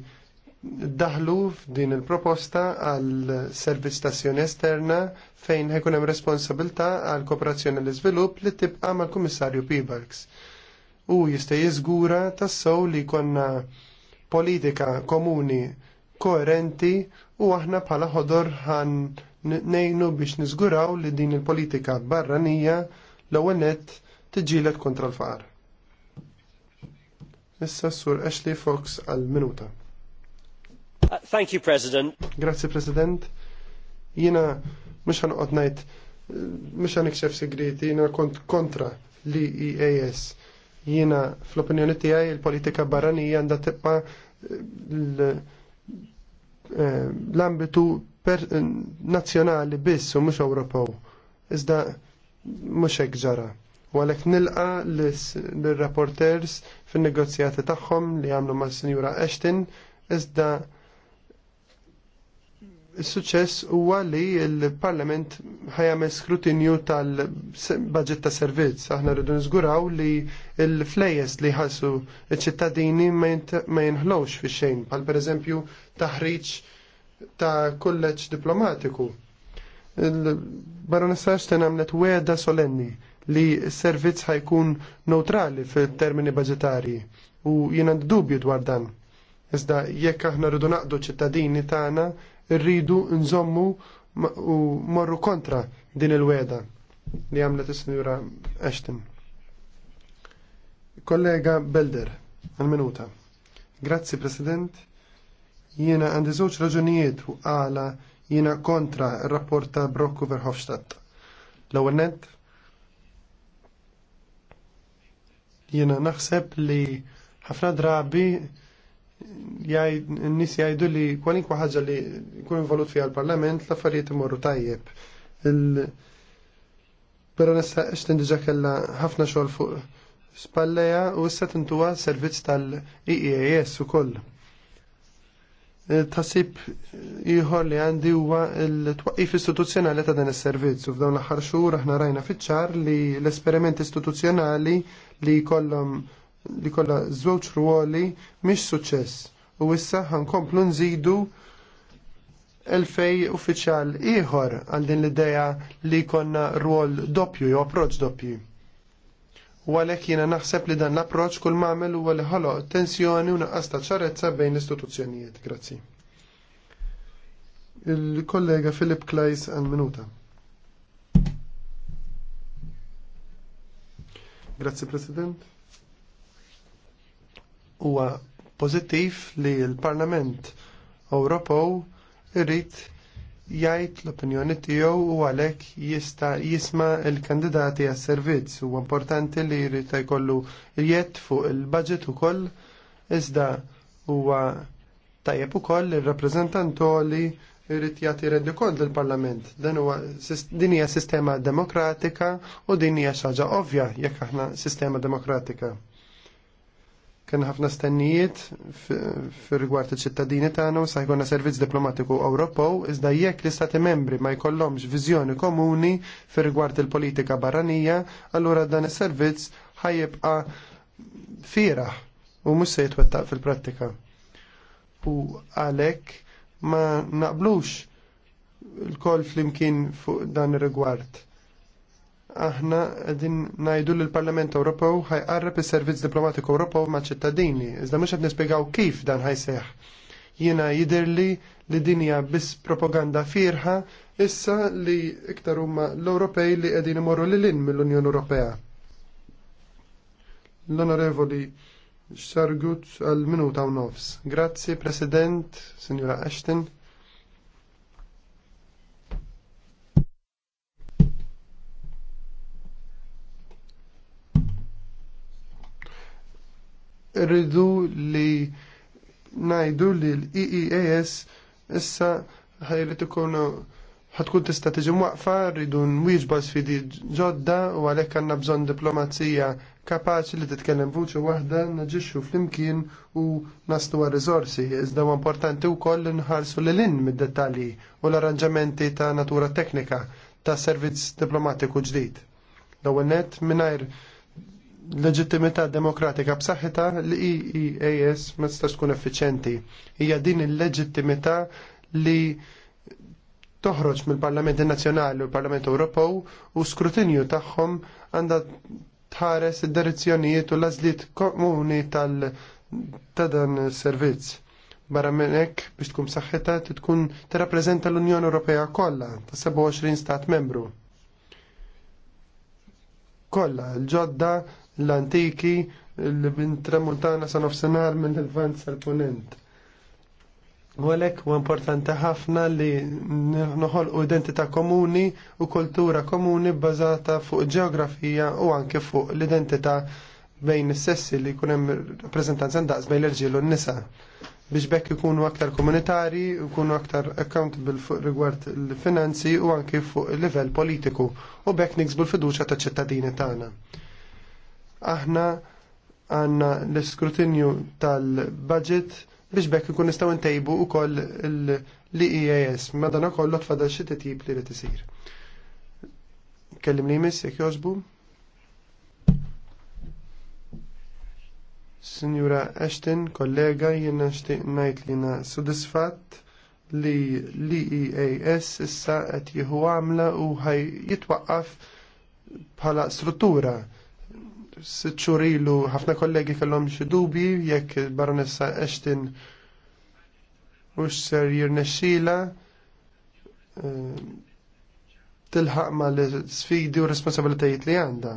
daħlu f'din il-proposta għal servizz tazzjoni esterna fejn ħekun hemm responsabilta għal kooperazzjoni l iżvilupp li tibqa' mal-Kummissarju Pibalks. U jista' jiżgura tassow li konna politika komuni koerenti u aħna bħala ħodor ħan nejnu biex nizguraw li din il-politika barranija l-ewwel nett tiġilet kontra l-faqar. Issa sur Ashley Fox għal minuta. Uh, thank you, President. Grazie, President. Jina mux għan najt, mux ikxef segreti, jina kont kontra li EAS. Jina fl-opinjoni tijaj il-politika barranija għanda tibqa eh, l-ambitu eh, nazjonali biss u mux Ewropew. Iżda mux ġara Walek nilqa l-rapporters fin-negozjati tagħhom li għamlu mas-Sinjura Ashton iżda Is-suċċess huwa li l-Parlament ħajamel skrutinju tal-budget ta' servizz. Aħna rridu nżguraw li l-flejes li ħassu ċ-ċittadini ma jinħlowx fi xejn, bħal pereżempju taħriġ ta' kulleġġ diplomatiku. Il-Baronessa Ashton għamlet weda solenni li s-servizz ħajkun neutrali fil-termini budgetari u jiena dubju dwar dan. Iżda jekk aħna rridu naqdu ċittadini tagħna rridu nżommu u morru kontra din il-weda li għamlet is-Sinjura Ashton. Kollega Belder, għal-minuta. Grazzi, President. Jiena għandi żewġ raġunijiet u għala jiena kontra r-rapport ta' Brokku Verhofstadt. L-ewwel nett, Jiena naħseb li ħafna drabi n-nis jgħidu li kwalinkwa ħaġa li jkun involut fija l-parlament l-affarijiet imorru tajjeb. Pero nista xtin diġa kella ħafna xogħol fuq spalleja u issa tintuwa servizz tal-EEAS u koll. E, Tasib ieħor li għandi huwa l-twaqqif istituzzjonali ta' dan is-servizz u f'dawn l-aħħar xhur aħna rajna fiċ-ċar li l-esperiment istituzzjonali li jkollhom li kollha żewġ ruoli mhix suċċess u issa ħankomplu nżidu elfej uffiċjal ieħor għal din l-idea li jkollna rwol doppju jew approċċ doppju. U għalhekk jiena naħseb li dan l-approċċ kull mamel huwa li ħoloq tensjoni u naqqas ta' ċarezza bejn l-istituzzjonijiet. Grazzi. Il-kollega Filip Klajs għal minuta. Grazzi President. Huwa pożittiv li l-Parlament Ewropew irrid jgħid l-opinjoni tiegħu u għalhekk jista' jisma' l-kandidati għas-servizz. Huwa importanti li jrid jkollu riet fuq il-budget ukoll iżda huwa tajjeb ukoll ir-rappreżentant li irrid jagħti rendi kont l parlament huwa din hija sistema demokratika u din hija xi ħaġa ovvja jekk aħna sistema demokratika. Kien ħafna stennijiet fir-rigward iċ-ċittadini tagħna u sa jkollna servizz diplomatiku Ewropew iżda jekk l-Istati membri ma jkollhomx viżjoni komuni fir-rigward il-politika barranija, allura dan is-servizz ħajjibqa' firaħ u mhux se jitwettaq fil-prattika. U għalhekk ma naqblux l-koll flimkien fuq dan ir-rigward aħna għedin najdu l-Parlament Ewropew ħajqarreb is-Servizz Diplomatiku Ewropew ma' ċittadini, iżda mhux qed nispjegaw kif dan ħajseħ. Jiena jidirli li din hija biss propaganda fierħa issa li iktar huma l-Ewropej li qegħdin imorru lil mill-Unjoni Ewropea. L-Onorevoli xargut għal minuta u nofs. Grazzi, President, Signora Ashton. Rridu li najdu li l-EEAS issa ħajrit ikun ħatkun tista tiġi waqfa, rridu nwieġba sfidi ġodda u għalhekk għandna bżonn diplomazija kapaċi li titkellem vuċi waħda naġixxu flimkien u nastu għal rizorsi. Iżda huwa importanti wkoll koll nħarsu l-lin mid-dettalji u l-arranġamenti ta' natura teknika ta' servizz diplomatiku ġdid. L-ewwel nett mingħajr leġittimità demokratika b'saħħitha li EEAS ma tistax tkun effiċenti. Hija din il-leġittimità li toħroġ mill parlamenti Nazzjonali u l-Parlament Ewropew u skrutinju tagħhom għandha tħares id-direzzjonijiet u l komuni tal ta' dan servizz. Barra minn hekk biex tkun saħħitha tkun tirrappreżenta l-Unjoni Ewropea kollha ta' 27 stat membru. Kollha l-ġodda, l-antiki, l-bintremuntana sa' nofsinhar mill vant sal-Punent U għalek u importanti ħafna li noħolqu identità komuni u kultura komuni bbażata fuq ġeografija u anke fuq l-identità bejn is-sessi li jkun hemm rappreżentanza ndaqs bejn l-irġiel u n-nisa. Biex bekk ikunu aktar komunitari, ikunu aktar accountable fuq rigward l-finanzi u anke fuq il-livell politiku u bekk niksbu l-fiduċa ta' ċittadini tagħna. Aħna għandna l-iskrutinju tal-budget biex bekk ikun nistaw ntejbu wkoll l-EAS madana kollu tfadal xi titjib li t isir. Kellim li jmiss jekk jogħġbu. Sinjura Ashton, kollega, jenna nixtieq ngħid li na sudisfatt li l-EAS issa qed jieħu għamla u għaj jitwaqqaf bħala struttura sitxur ilu ħafna kollegi kellhom xi dubi jekk baronessa Ashton u ser jirnexxila eh, tilħaq ma l-sfidi u responsabilitajiet li għandha.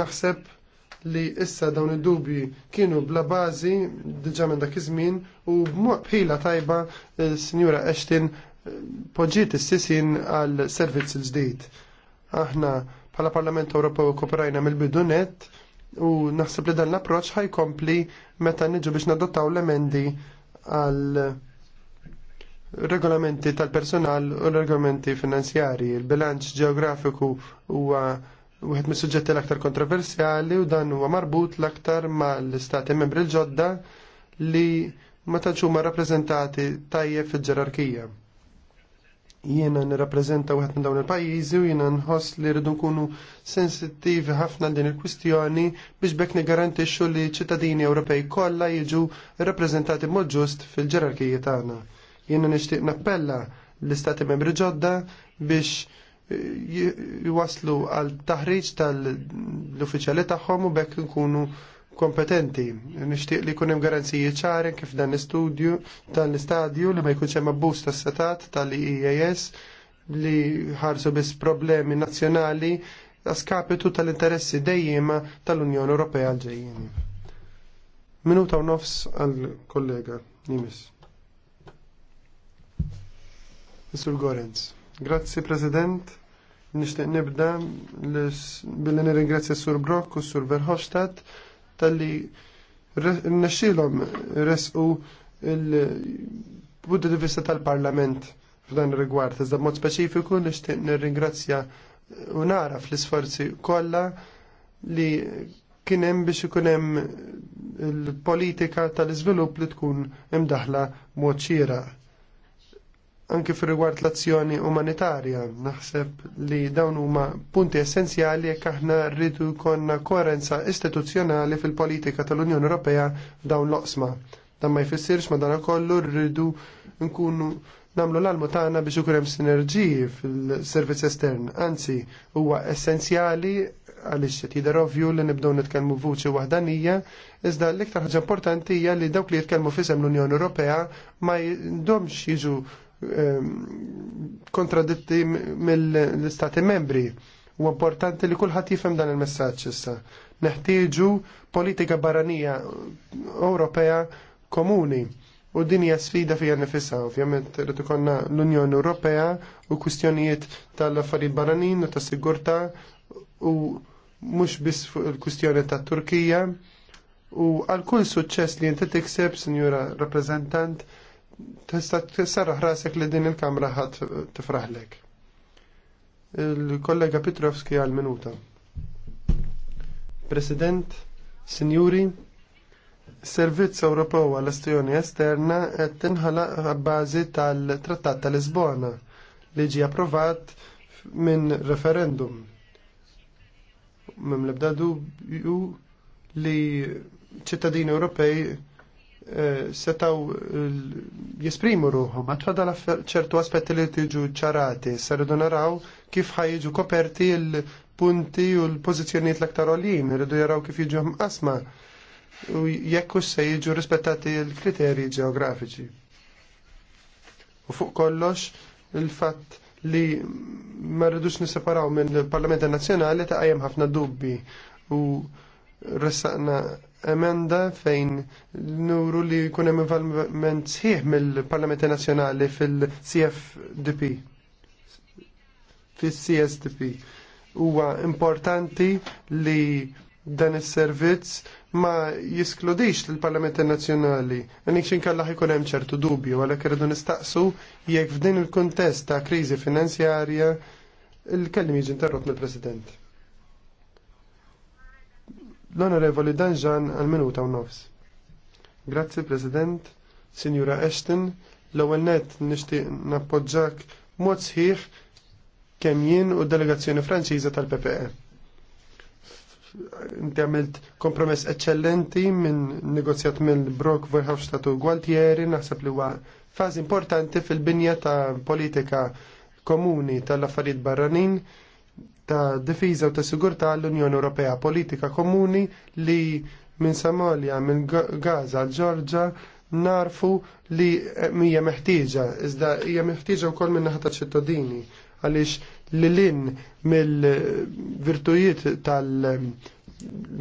Naħseb li issa dawn id-dubi kienu bla bażi diġà minn dak iż-żmien u bħila tajba sinjura Ashton eh, poġġiet is-sisin għal servizz il-ġdid. Aħna bħala Parlament Ewropew kooperajna mill-bidunet u naħseb li dan l-approċ ħajkompli meta niġu biex nadottaw l-emendi għal regolamenti tal-personal u regolamenti finanzjari. Il-bilanċ ġeografiku huwa wieħed mis-suġġetti l-aktar kontroversjali u dan huwa marbut l-aktar mal-istati membri l-ġodda li ma tantx huma rappreżentati tajjeb fil-ġerarkija jiena nirrappreżenta wieħed minn dawn il-pajjiżi u jiena nħoss li rridu nkunu sensittivi ħafna din il-kwistjoni biex bekk nigarantixxu li ċittadini Ewropej kollha jiġu rrappreżentati mod ġust fil ġerarkiji tagħna. Jiena nixtieq nappella l-Istati Membri ġodda biex jwaslu għal taħriġ tal-uffiċjali tagħhom u bekk nkunu kompetenti. Nixtieq li jkun hemm garanziji ċari kif dan l-istudju tal-istadju li ma jkunx hemm abbuż tas-setat tal-IAS li ħarsu biss problemi nazzjonali skapitu tal-interessi dejjema tal-Unjoni Ewropea ġejjin. Minuta u nofs għal-kollega Nimis. Mr. Gorenz. Grazzi, President. Nishtiq nibda billi nirringrazzja Sur Brock u Sur Verhofstadt tal-li n-naxxilom resqu il-budda di tal-parlament f'dan rigward. Iżda mod speċifiku nixtieq nirringrazzja u nara fl-isforzi kollha li kien hemm biex ikun hemm il-politika tal-iżvilupp li tkun imdaħla mod xieraq Anki fir rigward l-azzjoni umanitarja. Naħseb li dawn huma punti essenzjali jekk aħna rridu jkollna koerenza istituzzjonali fil-politika tal-Unjoni Ewropea f'dawn l-oqsma. Dan ma jfissirx madanakollu rridu nkunu namlu l-almu tagħna biex ikun hemm sinerġiji fil-servizz estern. Anzi, huwa essenzjali għaliex qed jidher ovvju li nibdew nitkellmu vuċi waħdanija, iżda l-iktar ħaġa importanti hija li dawk li jitkellmu fisem l-Unjoni Ewropea ma jindomx jiġu Ehm, kontraditti mill-istati membri. U importanti li kulħadd jifhem dan il-messaġġ issa. Neħtieġu politika barranija Ewropea komuni. U din hija sfida fija nifisha, ovvjament rid ikollna l-Unjoni Ewropea u kwistjonijiet tal-affarijiet barranin u tas-sigurtà u mhux biss fuq il-kwistjoni tat-Turkija. U għal kull suċċess li inti tikseb, Sinjura Rappreżentant, tista' tisserraħ rasek li din il-kamra ħadd tifraħlek. Il-kollega Petrovski għal minuta. President, Signuri, Servizz Ewropew għall-Estjoni Esterna qed tinħalaq bażi tal-Trattat tal-Lisbona li ġie approvat minn referendum. Mim l-ebda li ċittadini Ewropej Eh, setaw eh, jesprimu ruħom, la ċertu aspetti li tiġu ċarati, sarridu naraw kif ħajġu koperti l-punti u l-pozizjoniet l-aktar olim, rridu jaraw kif jiġu asma u jekku se jiġu rispettati l-kriteri ġeografiċi. U fuq kollox il-fatt li ma rridux niseparaw minn il parlamenta Nazzjonali ta' għajem ħafna dubbi u ressaqna emenda fejn nuru li jkun hemm involvement sħiħ mill-Parlamenti Nazzjonali fil-CFDP fil-CSDP. Huwa importanti li dan is-servizz ma jiskludix lill-Parlamenti Nazzjonali. Għanik xin kalla ħikun hemm ċertu dubju, għalhekk irridu nistaqsu jekk f'din il-kuntest ta' kriżi finanzjarja il-kellim jiġi interrott mill-President. L-Onorevoli Danġan għal-minuta u nofs. Grazzi, President, Sinjura Ashton, l-ewwel net nixtieq nappoġġak mod sħiħ kemm jien u delegazzjoni Franċiża tal-PPE. Inti għamilt kompromess eccellenti minn negozjat mill Brock Verhofstadt u Gualtieri, naħseb li huwa fażi importanti fil-binja ta' politika komuni tal-affarijiet barranin ta' difiża u ta' sigurtà l-Unjoni Ewropea, politika komuni li minn Somalia, minn Gaza, ġorġa narfu li hija meħtieġa, iżda hija meħtieġa wkoll minn naħa ċittadini għaliex lilin mill-virtujiet tal-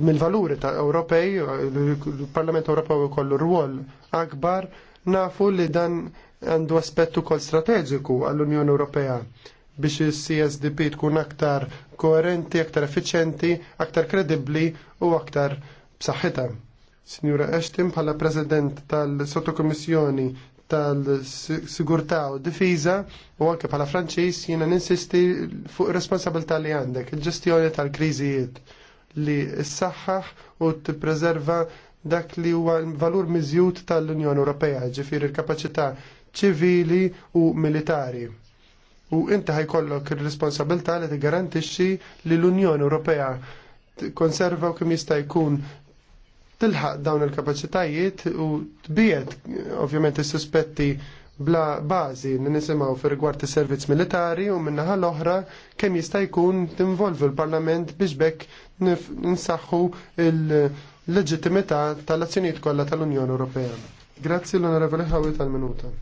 mill-valuri ta' Ewropej, il-Parlament Ewropew ikollu rwol akbar, nafu li dan għandu aspettu kol strateġiku għall-Unjoni Ewropea biex il-CSDP tkun aktar koerenti, aktar efficienti, aktar kredibbli u aktar b'saħħitha. Sinjura Ashton bħala President tal-Sottokommissjoni tal-Sigurtà u Difiża u anke bħala Franċiż jiena ninsisti fuq responsabilità li għandek, il-ġestjoni tal-kriżijiet li s-saħħaħ u t-preserva dak li huwa valur miżjud tal-Unjoni Ewropea, ġifieri l-kapaċità ċivili u militari u inti ħajkollok ir-responsabilità li tigarantixxi li l-Unjoni Ewropea konserva u kemm jista' jkun tilħaq dawn il-kapaċitajiet u tbiet ovvjament is-suspetti bla bażi li nisimgħu fir rigward is-servizz militari u minnaħa l-oħra kemm jista' jkun tinvolvi l-Parlament biex bekk nsaħħu l-leġittimità tal-azzjonijiet kollha tal-Unjoni Ewropea. Grazzi l-Onorevoli Ħawi tal-Minuta.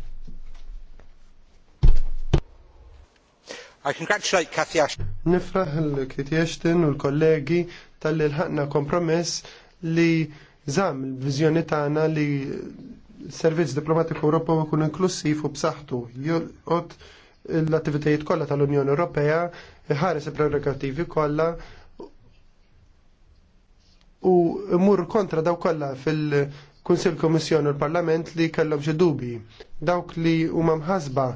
I congratulate Cathy Ashton. Nifraħ l-Kitty Ashton u l-kollegi tal-li l-ħakna kompromess li zam l-vizjoni tagħna li servizz diplomatiku Ewropew ikun inklusiv u b'saħħtu. Jolqot l-attivitajiet kollha tal-Unjoni Ewropea, ħares il-prerogativi kollha u mur kontra daw kollha fil- Kunsil Kommissjoni u l-Parlament li kellhom xi dubi. Dawk li huma mħasba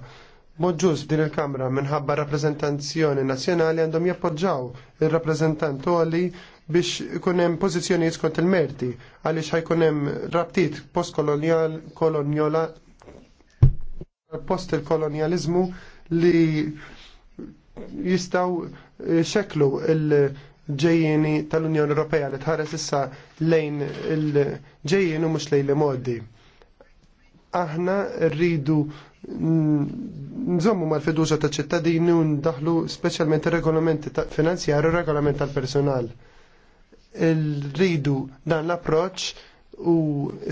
Mod din il-Kamra minħabba rappresentazzjoni nazzjonali għandhom jappoġġaw il-rappresentant li biex ikunem pozizjoni jiskont il-merti għaliex ħajkunem rabtit post-kolonial koloniola post il-kolonializmu li jistaw xeklu il-ġejjini tal-Unjoni Ewropea li tħares issa lejn il ġejjeni u mux lejn li modi. Aħna rridu nżommu mal-fiduċa ta' ċittadini u ndaħlu specialment il-regolamenti finanzjari u regolament tal-personal. Il-ridu dan l-approċ u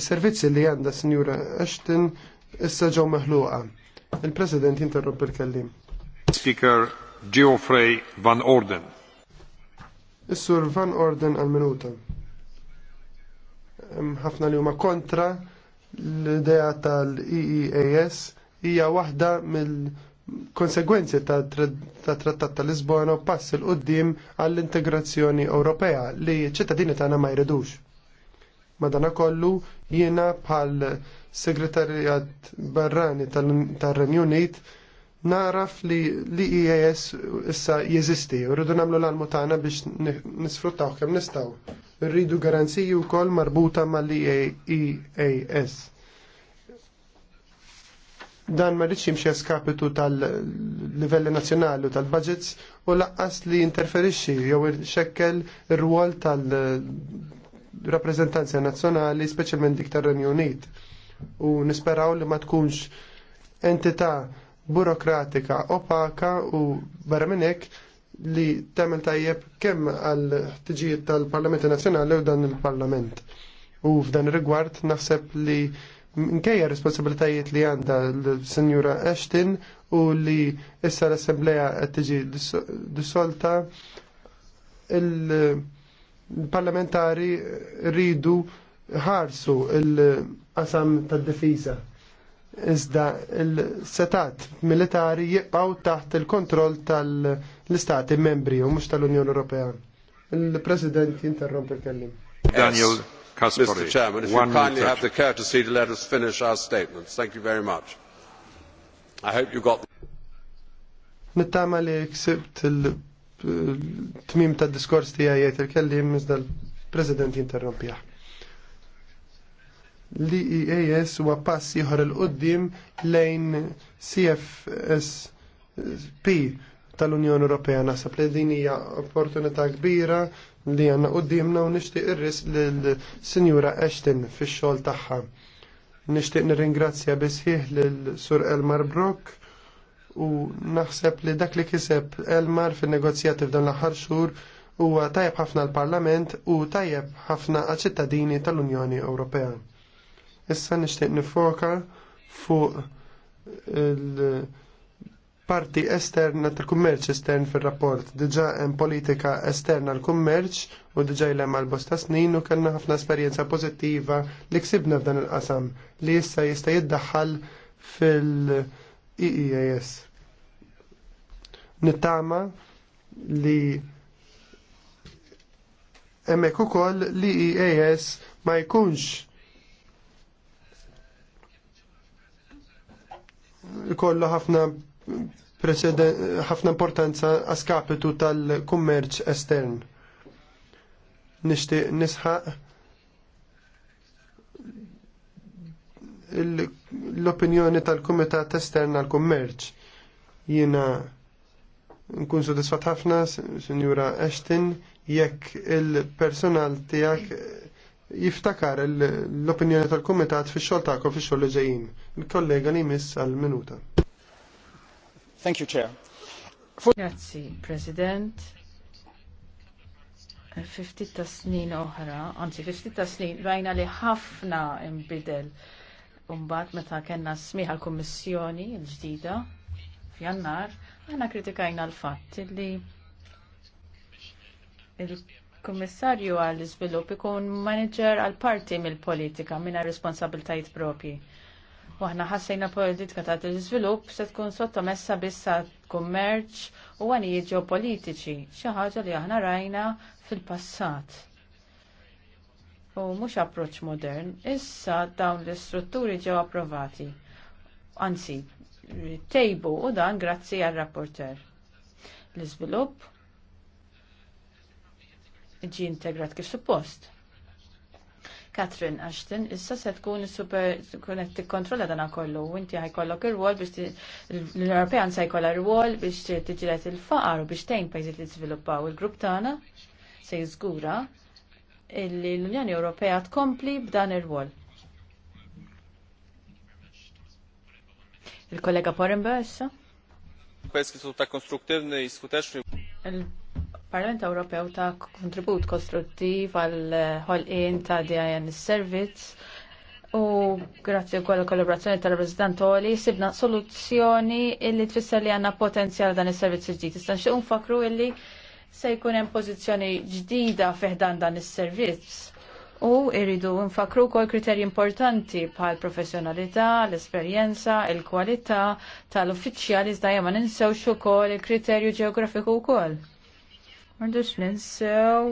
servizzi li għanda s-njura Ashton issa ġew meħluqa. Il-President jinterromp il-kellim. Speaker Geoffrey Van Orden. Is-Sur Van Orden għal-minuta. ħafna li huma kontra l-idea tal-EEAS hija waħda mill-konsegwenzi ta' trattat ta' Lisbona u pass il qoddim għall-integrazzjoni Ewropea li ċittadini tagħna ma jridux. Madanakollu jiena bħal segretarjat barrani tal-Renju Unit naraf li l-IAS issa jeżisti u rridu nagħmlu l-almu tagħna biex nisfruttaw kemm nistgħu. Rridu garanziji wkoll marbuta mal-IAS Dan ma rridx jimxi skapitu tal-livelli nazzjonali u tal-budgets u laqqas li interferixxi jew xekkel ir-rwol tal-rappreżentanza nazzjonali, speċjalment dik tar-Renju Unit. U nisperaw li ma tkunx entità burokratika opaka u barra minn hekk li tagħmel tajjeb kemm għal ħtiġijiet tal-Parlamenti Nazzjonali u dan il-Parlament. U f'dan ir-rigward naħseb li minkejja responsabilitajiet li għandha l senjura Ashton u li issa l-Assembleja qed tiġi dissolta il-parlamentari rridu ħarsu il-qasam tad-difiża. Iżda il-setat militari jibqaw taħt il-kontroll tal-istati membri u mhux tal-Unjoni Ewropea. Il-President jinterrompi il-kellim. Daniel. Mr. Chairman, if you kindly have the courtesy to let us finish our statements. Thank you very much. I hope you got... Nittama li ksibt il-tmim ta' diskors għajet il kelli mizda l-President jinterrompjaħ. Li eas huwa pass jħor il-qoddim lejn CFSP tal-Unjoni Ewropea. Nasab li din hija opportunità kbira li għanna qoddimna u nishtiq irris l-Sinjura Ashton fi xol taħħa. Nishtiq nirringrazzja bisħiħ l-Sur Elmar Brock u naħseb li dak li kiseb Elmar fin negozjati f'dan l-aħħar xhur huwa tajjeb ħafna l-Parlament u tajjeb ħafna għal ċittadini tal-Unjoni Ewropea. Issa nixtieq nifoka fuq il- parti esterna tal-kummerċ estern fil-rapport. Diġa hemm politika esterna l-kummerċ u diġa jlem għal bosta snin u kellna ħafna esperjenza pożittiva li ksibna f'dan il-qasam li issa jista' jiddaħħal fil-EEAS. Nittama li hemmhekk ukoll li EAS e ma jkunx kollu ħafna ħafna importanza għaskapitu tal-kummerċ estern. Nishtiq nisħaq l-opinjoni tal-Kumitat Estern għal-Kummerċ. Jiena nkun sodisfat ħafna, Sinjura Ashton, jekk il-personal tijak jiftakar l-opinjoni tal-Kumitat fi xol takom fi xol li ġejjin. Il-kollega li miss għal-minuta. Thank you, Chair. Grazzi, President. 50 ta' snin oħra, anzi 50 ta' snin, rajna li ħafna imbidel. Umbat meta kena smiħa l-Kommissjoni l-ġdida f'jannar, għana kritikajna l-fatt li il-Kommissarju għall-Iżvilupp ikun manager għal parti mill-politika minna responsabiltajiet propji. U aħna ħassejna politika ta' l-iżvilupp se tkun sottomessa biss kummerċ u għanijiet ġeopolitiċi, xi ħaġa li aħna rajna fil-passat. U mhux approċ modern, issa dawn l-istrutturi ġew approvati. Anzi, tejbu u dan grazzi għal rapporter. L-iżvilupp ġi integrat kif suppost. Catherine Ashton, issa se tkun super kunet tikkontrolla dan kollu, u inti ħajkollok ir-rwol biex l european se jkollha rwol biex tiġilet il-faqar u biex tgħin pajjiżiet li żviluppaw il-grupp tagħna se jiżgura illi l-Unjoni Ewropea tkompli b'dan ir-rwol. Il-kollega Poremba issa? Kwestki ta' konstruktywny i skuteczny. Parlament Ewropew ta' kontribut kostruttiv għal ħolqien ta' DIN Service u grazzi wkoll kollaborazzjoni tal-President Oli sibna soluzzjoni illi tfisser li għandna potenzjal dan is-servizz ġdijt. Tista' nxtieq nfakru illi se jkun hemm pożizzjoni ġdida feħdan dan is-servizz. U irridu nfakru kol kriterji importanti bħal professjonalità, l-esperjenza, il-kwalità tal-uffiċjali iżda ma ninsewx ukoll il-kriterju ġeografiku wkoll. Mardux ninsew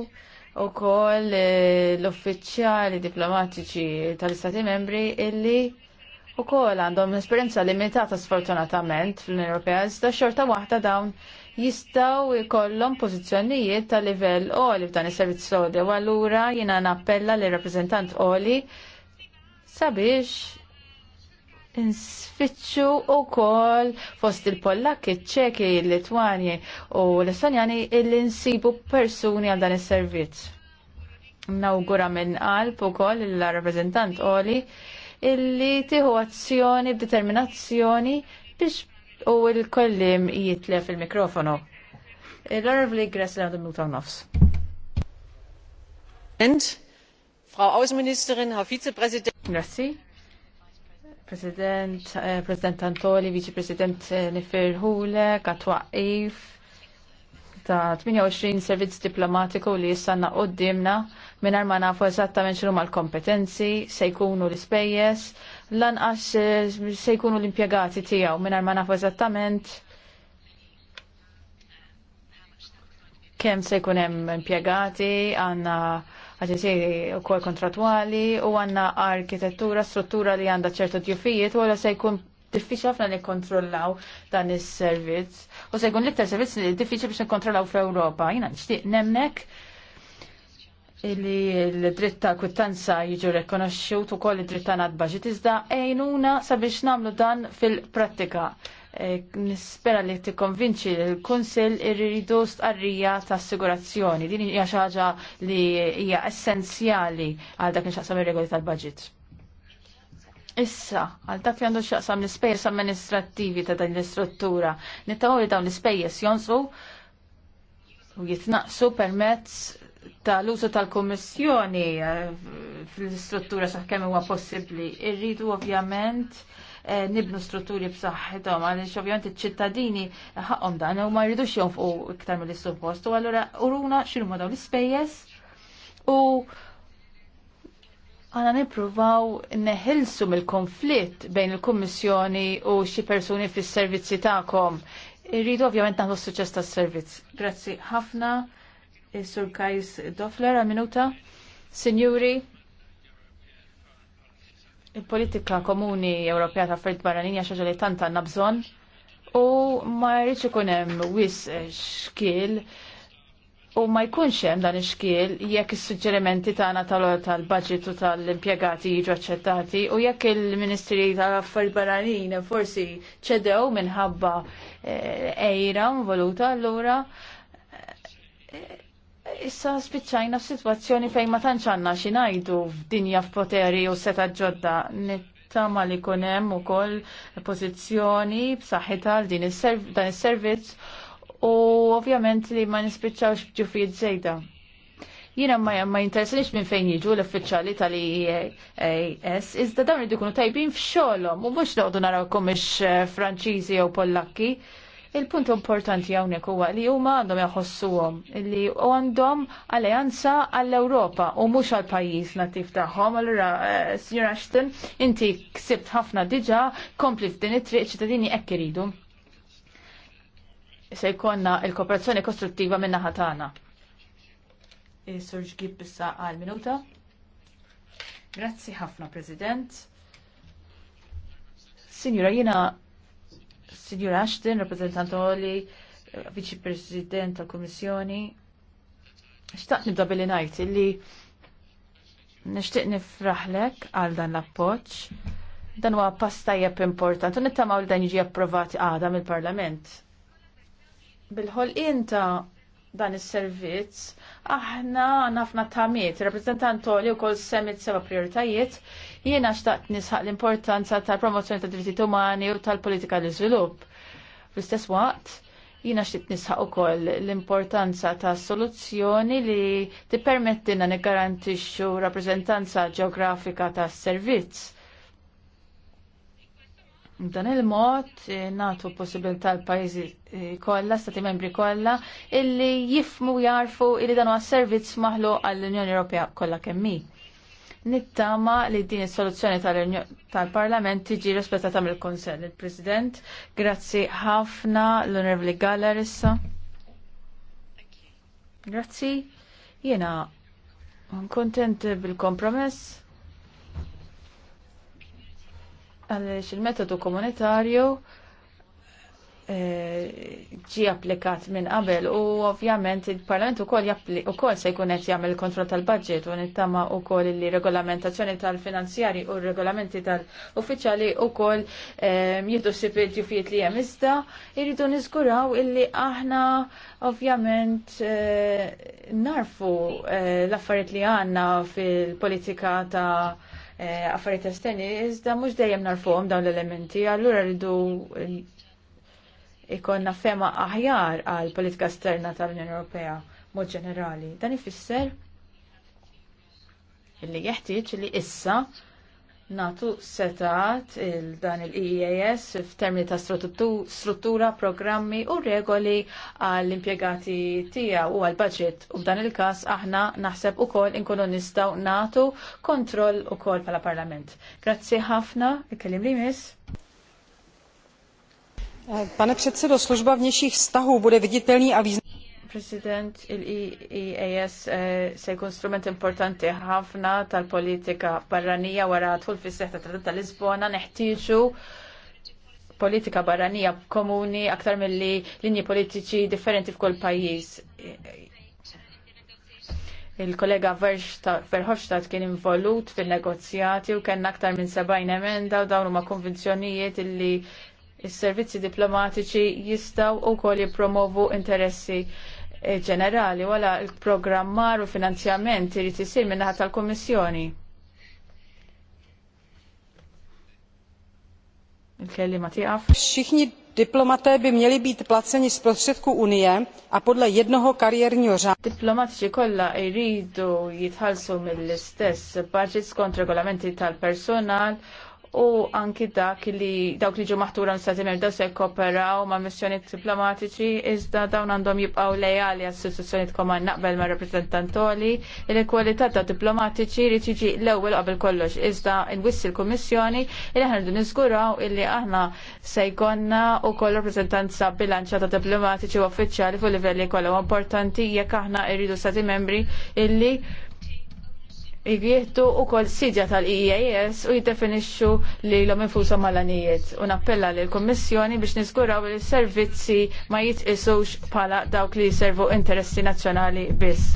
u koll eh, l-uffiċjali diplomatiċi tal-Istati membri illi u koll għandhom esperienza limitata sfortunatament fl-Unjoni Ewropea, iżda xorta waħda dawn jistaw ikollhom pożizzjonijiet ta' livell oli f'dan is-servizz sodi. u allura jiena nappella lir rappreżentant oli sabiex Nsfittxu u kol fost il pollak il ċeki, il-Litwani u l-Estonjani il-insibu persuni għal dan il-servizz. Nawgura minn qalb u kol il-rappresentant Oli illi tiħu azzjoni b'determinazzjoni biex u il-kollim jitlef il-mikrofonu. Il-Honorable Gressler għadu minuta nofs. Frau Außenministerin, Herr Vizepräsident. Grazie. President, eh, President Antoli, Vice President eh, Nifir Hule, Eif, ta' 28 servizz diplomatiku li jissanna d-dimna minar ma nafu eżattament xinu mal-kompetenzi, se jkunu l-ispejjes, lanqas eh, se jkunu l-impiegati tijaw minar ma nafu eżattament kem se jkun hemm impjegati, għanna aġenziji u kol kontratwali u għanna arkitettura, struttura li għanda ċertu djufijiet u għala se jkun diffiċi ħafna li kontrollaw dan is-servizz. U se jkun l-iktar servizz li diffiċa biex nikontrollaw fl-Ewropa. Jina nixtieq nemnek li l-dritt ta' kwittanza jiġu rekonoxxut ukoll id-dritt ta' nadbaġit iżda ejnuna sabiex nagħmlu dan fil-prattika. Eh, nispera li tikkonvinċi l kunsel irridu stqarrija ta' assigurazzjoni. Din hija xi ħaġa li hija essenzjali għal dak nixaqsam ir-regoli tal-budget. Issa, għal dak li għandu xaqsam l-ispejjeż amministrattivi ta' din l-istruttura, nittaw li dawn l-ispejjeż jonsu u jitnaqsu permezz tal-użu tal kummissjoni eh, fl-istruttura kemm huwa possibbli. Irridu ovvjament Eh, nibnu strutturi b'saħħithom għaliex ovvjament iċ-ċittadini ħaqhom dan u ma jridux jonfqu iktar mill-suppost u allura uruna x'inhuma dawn l-ispejjeż u Għana nipruvaw neħilsu mill-konflitt bejn il-Kommissjoni u xi persuni fis-servizzi tagħkom. Irridu ovvjament naħdu s-suċċess tas-servizz. Grazzi ħafna, Sur Kajs Dofler, għal minuta. Signori, Il-politika komuni Ewropea ta' fred barranin hija li tant għanna bżonn u ma jridx ikun hemm wis xkiel u ma jkunx hemm dan ix-xkiel jekk is-suġġerimenti tagħna tal-budget u tal-impjegati jiġu aċċettati u jekk il-Ministri tal-Affarijiet Barranin forsi ċedew minħabba eh, ejra involuta allura eh, Issa spiċċajna f'sitwazzjoni fejn ma tantx għandna xi ngħidu f'dinja f'poteri u seta' ġodda nittama li jkun hemm ukoll pożizzjoni b'saħħitha għal din dan is-servizz u ovvjament li ma nispiċċawx b'ġufijiet żejda. Jiena ma, ma jinteressanix minn fejn jiġu l-uffiċjali tal ias iżda dawn jkunu tajbin f'xogħolhom u mhux noqogħdu naraw komix Franċiżi jew Pollakki. Il-punt importanti hawnhekk huwa li huma għandhom jaħossuhom li għandhom alleanza għall-Ewropa u mhux għall-pajjiż nattiv tagħhom. Allura, eh, Sir Ashton, inti ksibt ħafna diġà, kompli f'din it-triq ċittadini hekk iridu. Se jkollna l-kooperazzjoni kostruttiva minn naħa tagħna. Sur ġgib bissa għal minuta. Grazzi ħafna, President. Signora, jina Signor Ashton, rappresentant Oli, Viċi President tal-Kommissjoni. Xtaqt nibda billi najt illi nishtiq nifraħlek għal dan l-appoċ. Dan huwa pastajjeb importanti u nittamaw li dan jiġi approvat għada mill-Parlament. Bil-ħolqien ta' dan is-servizz Aħna nafna tamiet, rappresentantoli u kol semmit seba prioritajiet, jiena xtaqt nisħaq l-importanza tal-promozzjoni ta' diritti umani u tal-politika l-iżvilupp. Fl-istess waqt, jiena xtaqt nisħaq u kol l-importanza ta' soluzzjoni li ti permettina negarantixxu rappresentanza ġeografika ta' servizz. Dan il-mod eh, natu possibilità l-pajzi eh, kolla, stati membri kolla, illi jifmu jarfu illi danu għas-servizz maħlu għall-Unjoni Ewropea kolla kemmi. Nittama li din is-soluzzjoni tal-Parlament tiġi rispettata mill-Konsell. Il-President, grazzi ħafna l-Onorevoli Galler issa. Grazzi. Jena, kontent bil-kompromess għaliex il-metodu komunitarju eh, ġi applikat minn qabel u ovvjament il-Parlament ukoll koll se jkun qed jagħmel kontroll tal-budget u nittama koll li regolamentazzjoni tal-finanzjari u regolamenti tal uffiċali ukoll eh, jieħdu sib il-ġufijiet li hemm iżda jridu niżguraw illi aħna ovvjament eh, narfu l-affarijiet li għandna fil-politika ta' Eh, affarijiet esterni, iżda mhux dejjem narfuhom dawn l-elementi, allura rridu ikonna fema aħjar għal politika esterna tal-Unjoni Ewropea mod ġenerali. Dan ifisser illi jeħtieġ li issa natu setat il dan il-EAS f'termini ta' struttura, programmi u regoli għall-impjegati tiegħu u għall-budget. U f'dan il-każ aħna naħseb ukoll inkunu nistgħu natu kontroll ukoll bħala Parlament. Grazzi ħafna, ikkellim li miss. Pane předsedo, služba vnějších vztahů bude viditelný a významný. President, il-EAS e eh, se jkun strument importanti ħafna tal-politika barranija wara tħul fis seħta tal ta' tal-Lisbona neħtieġu politika barranija komuni aktar mill-li linji politiċi differenti f'kull pajjiż. Il-kollega Verhofstadt kien involut fil-negozjati u kien aktar minn 70 emenda u dawn huma konvinzjonijiet illi is-servizzi diplomatiċi jistgħu wkoll jippromovu interessi ġenerali wala l-programmar u finanzjament irid isir minnaħa tal komissjoni Il-kellima tiqaf. Všichni diplomaté by měli být placeni z prostředku Unie a podle jednoho kariérního řádu. Diplomatiċi kollha jridu jitħallsu mill-istess budget skont regolamenti tal-personal u anki dak li dawk li ġu maħtura l-Stati Membri daw se kooperaw ma' missjoni diplomatiċi iżda dawn għandhom jibqaw lejali għas istituzzjoni koman naqbel ma' rappresentantoli il-kwalità ta' diplomatiċi li tiġi l-ewwel qabel kollox iżda nwiss l-Kummissjoni li aħna rridu niżguraw illi aħna se jkollna wkoll rappreżentanza bilanċa ta' diplomatiċi u uffiċjali fuq livelli kollha importanti jekk aħna rridu Stati Membri illi jgħietu u kol sidja tal-IAS u jiddefinixxu li l-om infusa mal-anijiet. U nappella li l-Kommissjoni biex niżguraw li s-servizzi ma jitqisux pala dawk li jiservu interessi nazzjonali biss.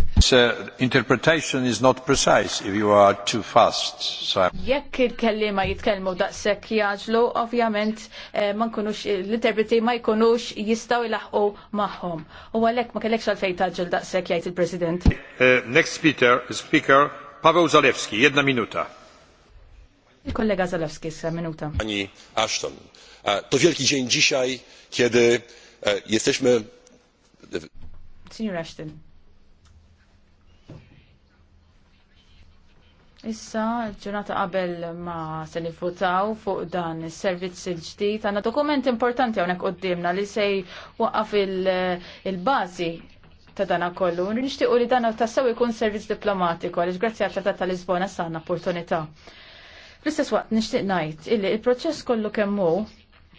interpretation is not precise if you are too fast. So... Jekk il ma jitkellmu daqshekk jaġlu, ovvjament eh, ma nkunux l-interpreti ma jkunux jistaw ilaħqu magħhom. U għalhekk ma kellekx għalfejn taġġel daqshekk jgħid il-President. Uh, next speaker, speaker Paweł Zalewski, jedna minuta. Kolega Zalewski, jedna minuta. Pani Ashton, e, to wielki dzień dzisiaj, kiedy e, jesteśmy... Signor Ashton. Issa, ġurnata qabel ma se nifutaw fuq dan is-servizz il-ġdid, għandna dokument importanti hawnhekk qudiemna li se waqaf il-bażi il bażi ta' dana kollu. Nixtiequ li dan tassew ikun servizz diplomatiku għalix grazzi għal Tratat tal Lisbona sanna opportunità. Fl-istess waqt nixtieq ngħid illi il-proċess kollu kemm hu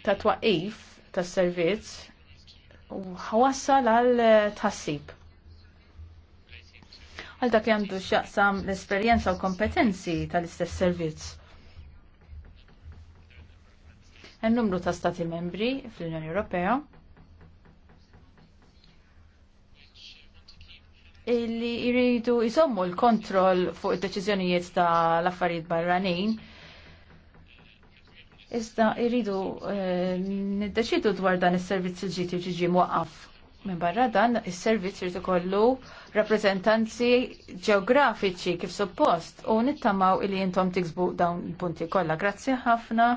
ta' twaqif tas servizz ħawassal għal tħassib għal dak li għandu xaqsam l-esperienza u kompetenzi tal-istess servizz. Il-numru ta' stati membri fl-Unjoni Ewropea illi jridu jżommu l-kontroll fuq id-deċiżjonijiet tal affarijiet barranin. Iżda jridu eh, niddeċidu dwar dan is-servizz il-ġiti ġiġi muqqaf. Minn barra dan, is-servizz jrid ikollu rappreżentanzi ġeografiċi kif suppost u nittamaw illi intom tiksbu dawn il-punti kollha. Grazzi ħafna.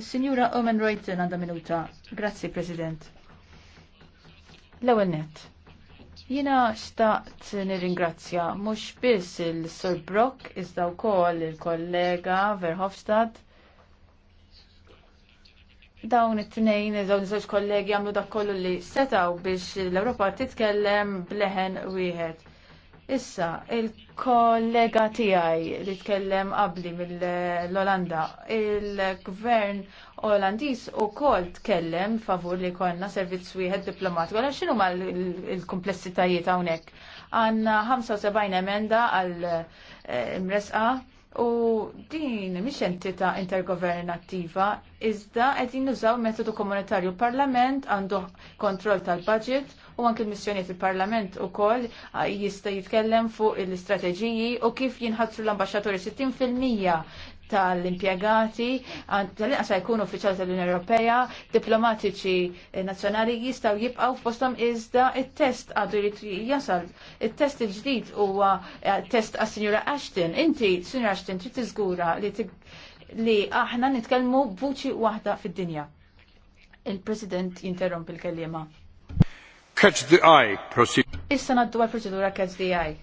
Is-Sinjura Omen Reuten għandha minuta. Grazzi, President. L-ewwel nett Jina xtaqt nir-ingrazzja mux biss il sur Brock iżda wkoll il-kollega Verhofstadt. Dawn it-tnejn, dawn iż-żewġ kollegi għamlu dak kollu li setaw biex l-Ewropa titkellem bleħen wieħed. Issa, il-kollega tiegħi li tkellem qabli mill-Olanda, il-gvern Olandis u kol tkellem favur li konna servizz wieħed diplomatiku. għal xinu ma l-komplessitajiet għawnek? Għanna 75 emenda għal eh, mresqa u din mhix entità intergovernattiva iżda qed jinnużaw metodu komunitarju. Parlament għandu kontroll tal-budget u anke l-missjoniet il-Parlament ukoll ah, jista' jitkellem fuq l-istrateġiji u kif jinħatsu l-ambaxxatori 60% tal-impjegati, tal-inqas jkunu tal-Unjoni Ewropea, diplomatiċi eh, nazzjonali jistgħu jibqgħu f'posthom iżda t test għadu jrid jasal. It-test il-ġdid huwa eh, test għas-Sinjura Ashton. Inti, Sinjura Ashton, trid tiżgura li li aħna nitkellmu b'vuċi waħda fid-dinja. Il-President jinterromp il kelliema Catch the eye, proceed. Issa naddu għal-proċedura catch the eye.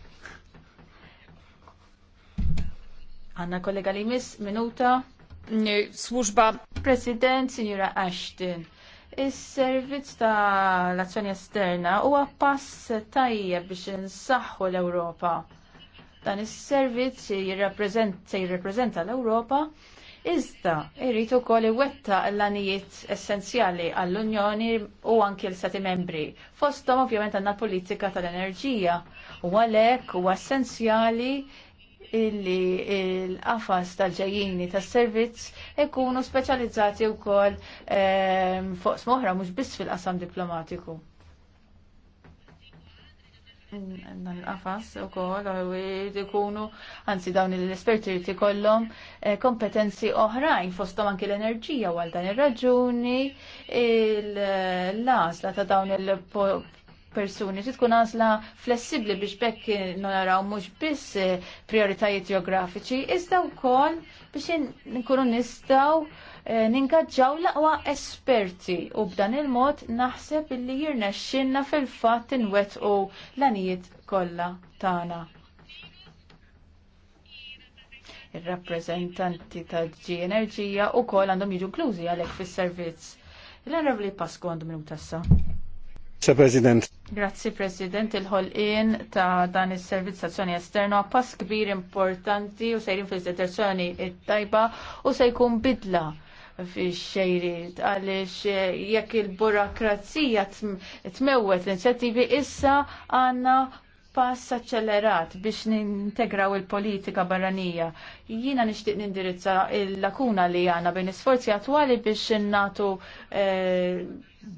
Għanna kollega li mis minuta. Służba. President, Signora Ashton. Is-servizz ta' l-azzjoni esterna huwa pass tajjeb biex insaħħu l-Ewropa. Dan is-servizz se jirrappreżenta l-Ewropa Iżda, jrid ukoll iwetta l-anijiet essenzjali għall-Unjoni u anke l-Stati membri. Fostom ovvjament għandna politika tal-enerġija u għalhekk huwa essenzjali illi l-qafas tal-ġajjini tas-servizz ikunu speċjalizzati wkoll ehm, fuq smoħra mhux biss fil-qasam diplomatiku. Dan il-qafas ukoll ikunu anzi dawn l-esperti jrid ikollhom eh, kompetenzi oħrajn fosthom anki l-enerġija għal dan ir-raġuni l-għażla ta' dawn il persuni, trid tkun għażla flessibbli biex bekk naraw mhux biss eh, prioritajiet geografiċi iżda wkoll biex nkunu nistgħu eh, ningaġġaw laqwa esperti u b'dan il-mod naħseb illi jirna xinna fil-fat tinwet u l-anijiet kolla tana. Il-rappresentanti ta' ġi enerġija u kol għandhom jiġu kluzi għalek fis-servizz. l li Pasku għandhom minuta sa'. Sir President. Grazzi President, il-ħolqien ta' dan is servizzazzjoni esterna pass kbir importanti u sejrin fil-deterzjoni it-tajba u se jkun bidla fix xejrit għalix eh, jekk il-burokrazija tmewwet l-inċettivi issa għanna pass accelerat biex nintegraw il-politika barranija. Jina nishtiq nindirizza il-lakuna li għana bejn isforzi attuali biex natu eh,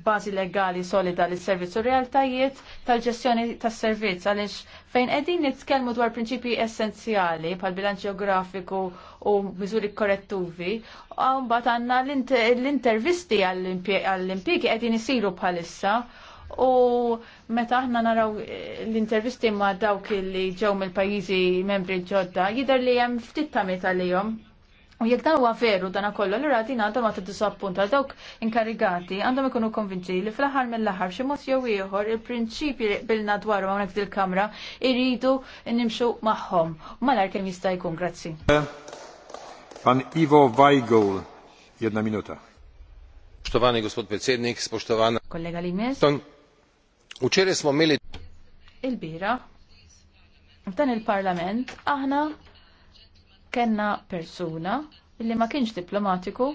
bazi legali solida li servizz u realtajiet tal-ġestjoni tas servizz għaliex fejn qegħdin nitkellmu dwar prinċipji essenzjali pal bilanċ geografiku u miżuri korrettuvi, mbagħad għandna l-intervisti għall-impjiegi qegħdin isiru bħalissa U meta aħna naraw l-intervisti ma' dawk li ġew mill-pajjiżi membri ġodda, jidher li hemm ftit tamiet għalihom. U jekk dan huwa veru dan kollu, allura din għandhom ma għal dawk inkarigati għandhom ikunu konvinċi li fl-aħħar mill-aħħar xi mod jew ieħor il-prinċipji li qbilna dwarhom hawnhekk il kamra jridu nimxu magħhom. Malar kemm jista' jkun, grazzi. Pan Ivo Weigl, jedna minuta. Poštovani gospod predsednik, spoštovana. Kolega Limes. U ċeres mamili. Il-bira, f'dan il-parlament, aħna kenna persuna illi ma kienx diplomatiku,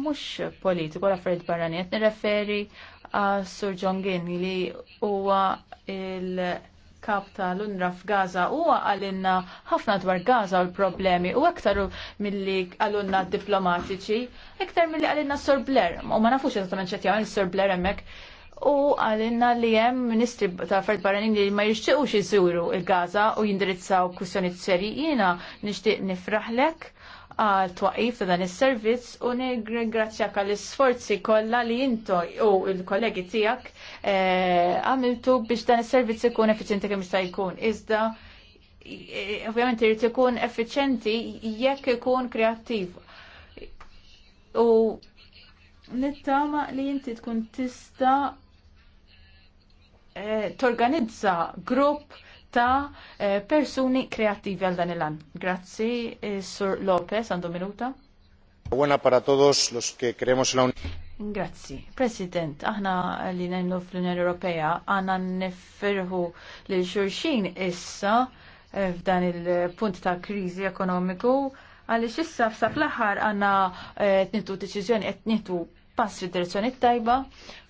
mux politiku la Fred Barraniet, nirreferi Sur John Ginn li huwa il-kap tal-UNRWA f'Gaza huwa għalinna ħafna dwar Gaza u l-problemi u aktar milli għalunna diplomatiċi, aktar milli għalinna Sur Blair, u ma nafux eżattament ċetjaw il Sur Blair hemmhekk u għalinna li hemm ministri ta' fred barranin li ma jixtiequx iżuru il-Gaza u jindirizzaw t-seri jina nixtieq nifraħlek għal twaqif ta' dan is-servizz u għal l isforzi kollha li jinto u l-kollegi tiegħek eh, għamiltu biex dan is-servizz ikun effiċenti kemm jista' jkun. Iżda eh, ovvjament irid ikun effiċenti jekk ikun kreattiv. U nittama li inti tkun tista' Eh, torganizza grupp ta' eh, persuni kreativi għal dan il-an. Grazzi, eh, Sur Lopez, għandu minuta. Buona para todos los que creemos en la Unión. Grazzi. President, aħna li nennu fl-Unjoni Ewropea għanna nifferħu li xurxin issa f'dan il-punt ta' krizi ekonomiku għaliex issa f'sa fl-aħħar għanna t tnitu deċiżjoni qed pass fi direzzjoni tajba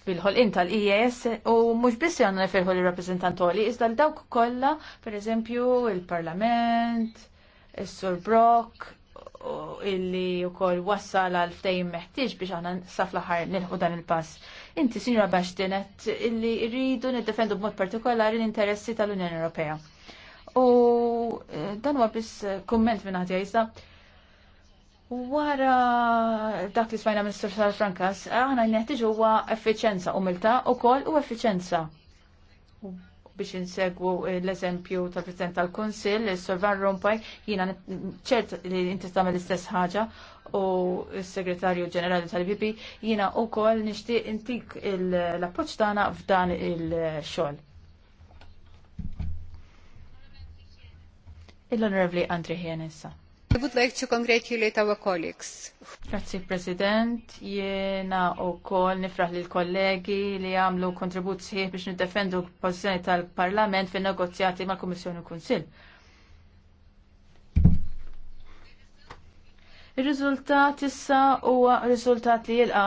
fil-ħolqin tal-IES u mhux biss għandna nifirħu l-rappresentantoli, iżda l-dawk kollha, pereżempju il-Parlament, il sur Brock, illi u koll wassal għal ftejn meħtieġ biex għanna saflaħar laħar nilħu dan il-pass. Inti, Sinjora Baxtinet, illi rridu niddefendu b'mod partikolari l-interessi tal-Unjoni Ewropea. U eh, dan huwa biss kumment minn ħati għajsa, Wara dak li smajna minn Sur Frankas, aħna neħtieġu huwa effiċenza, umilta u kol u effiċenza. Biex insegwu l-eżempju tal President tal-Konsil, Sur Van Rompuy, jina ċert li inti tagħmel l-istess ħaġa u s-Segretarju Ġenerali tal-BP, jina u kol nixtieq intik l-appoġġ tagħna f'dan il-xogħol. Il-Onorevli Andri Hienessa. I would like to congratulate our colleagues. Grazie President, jena u nifraħ li l-kollegi li għamlu kontribuzzji biex nidefendu pozizjoni tal-Parlament fin negozjati mal kummissjoni u Kunsill. Il-rizultat issa huwa riżultat li jilqa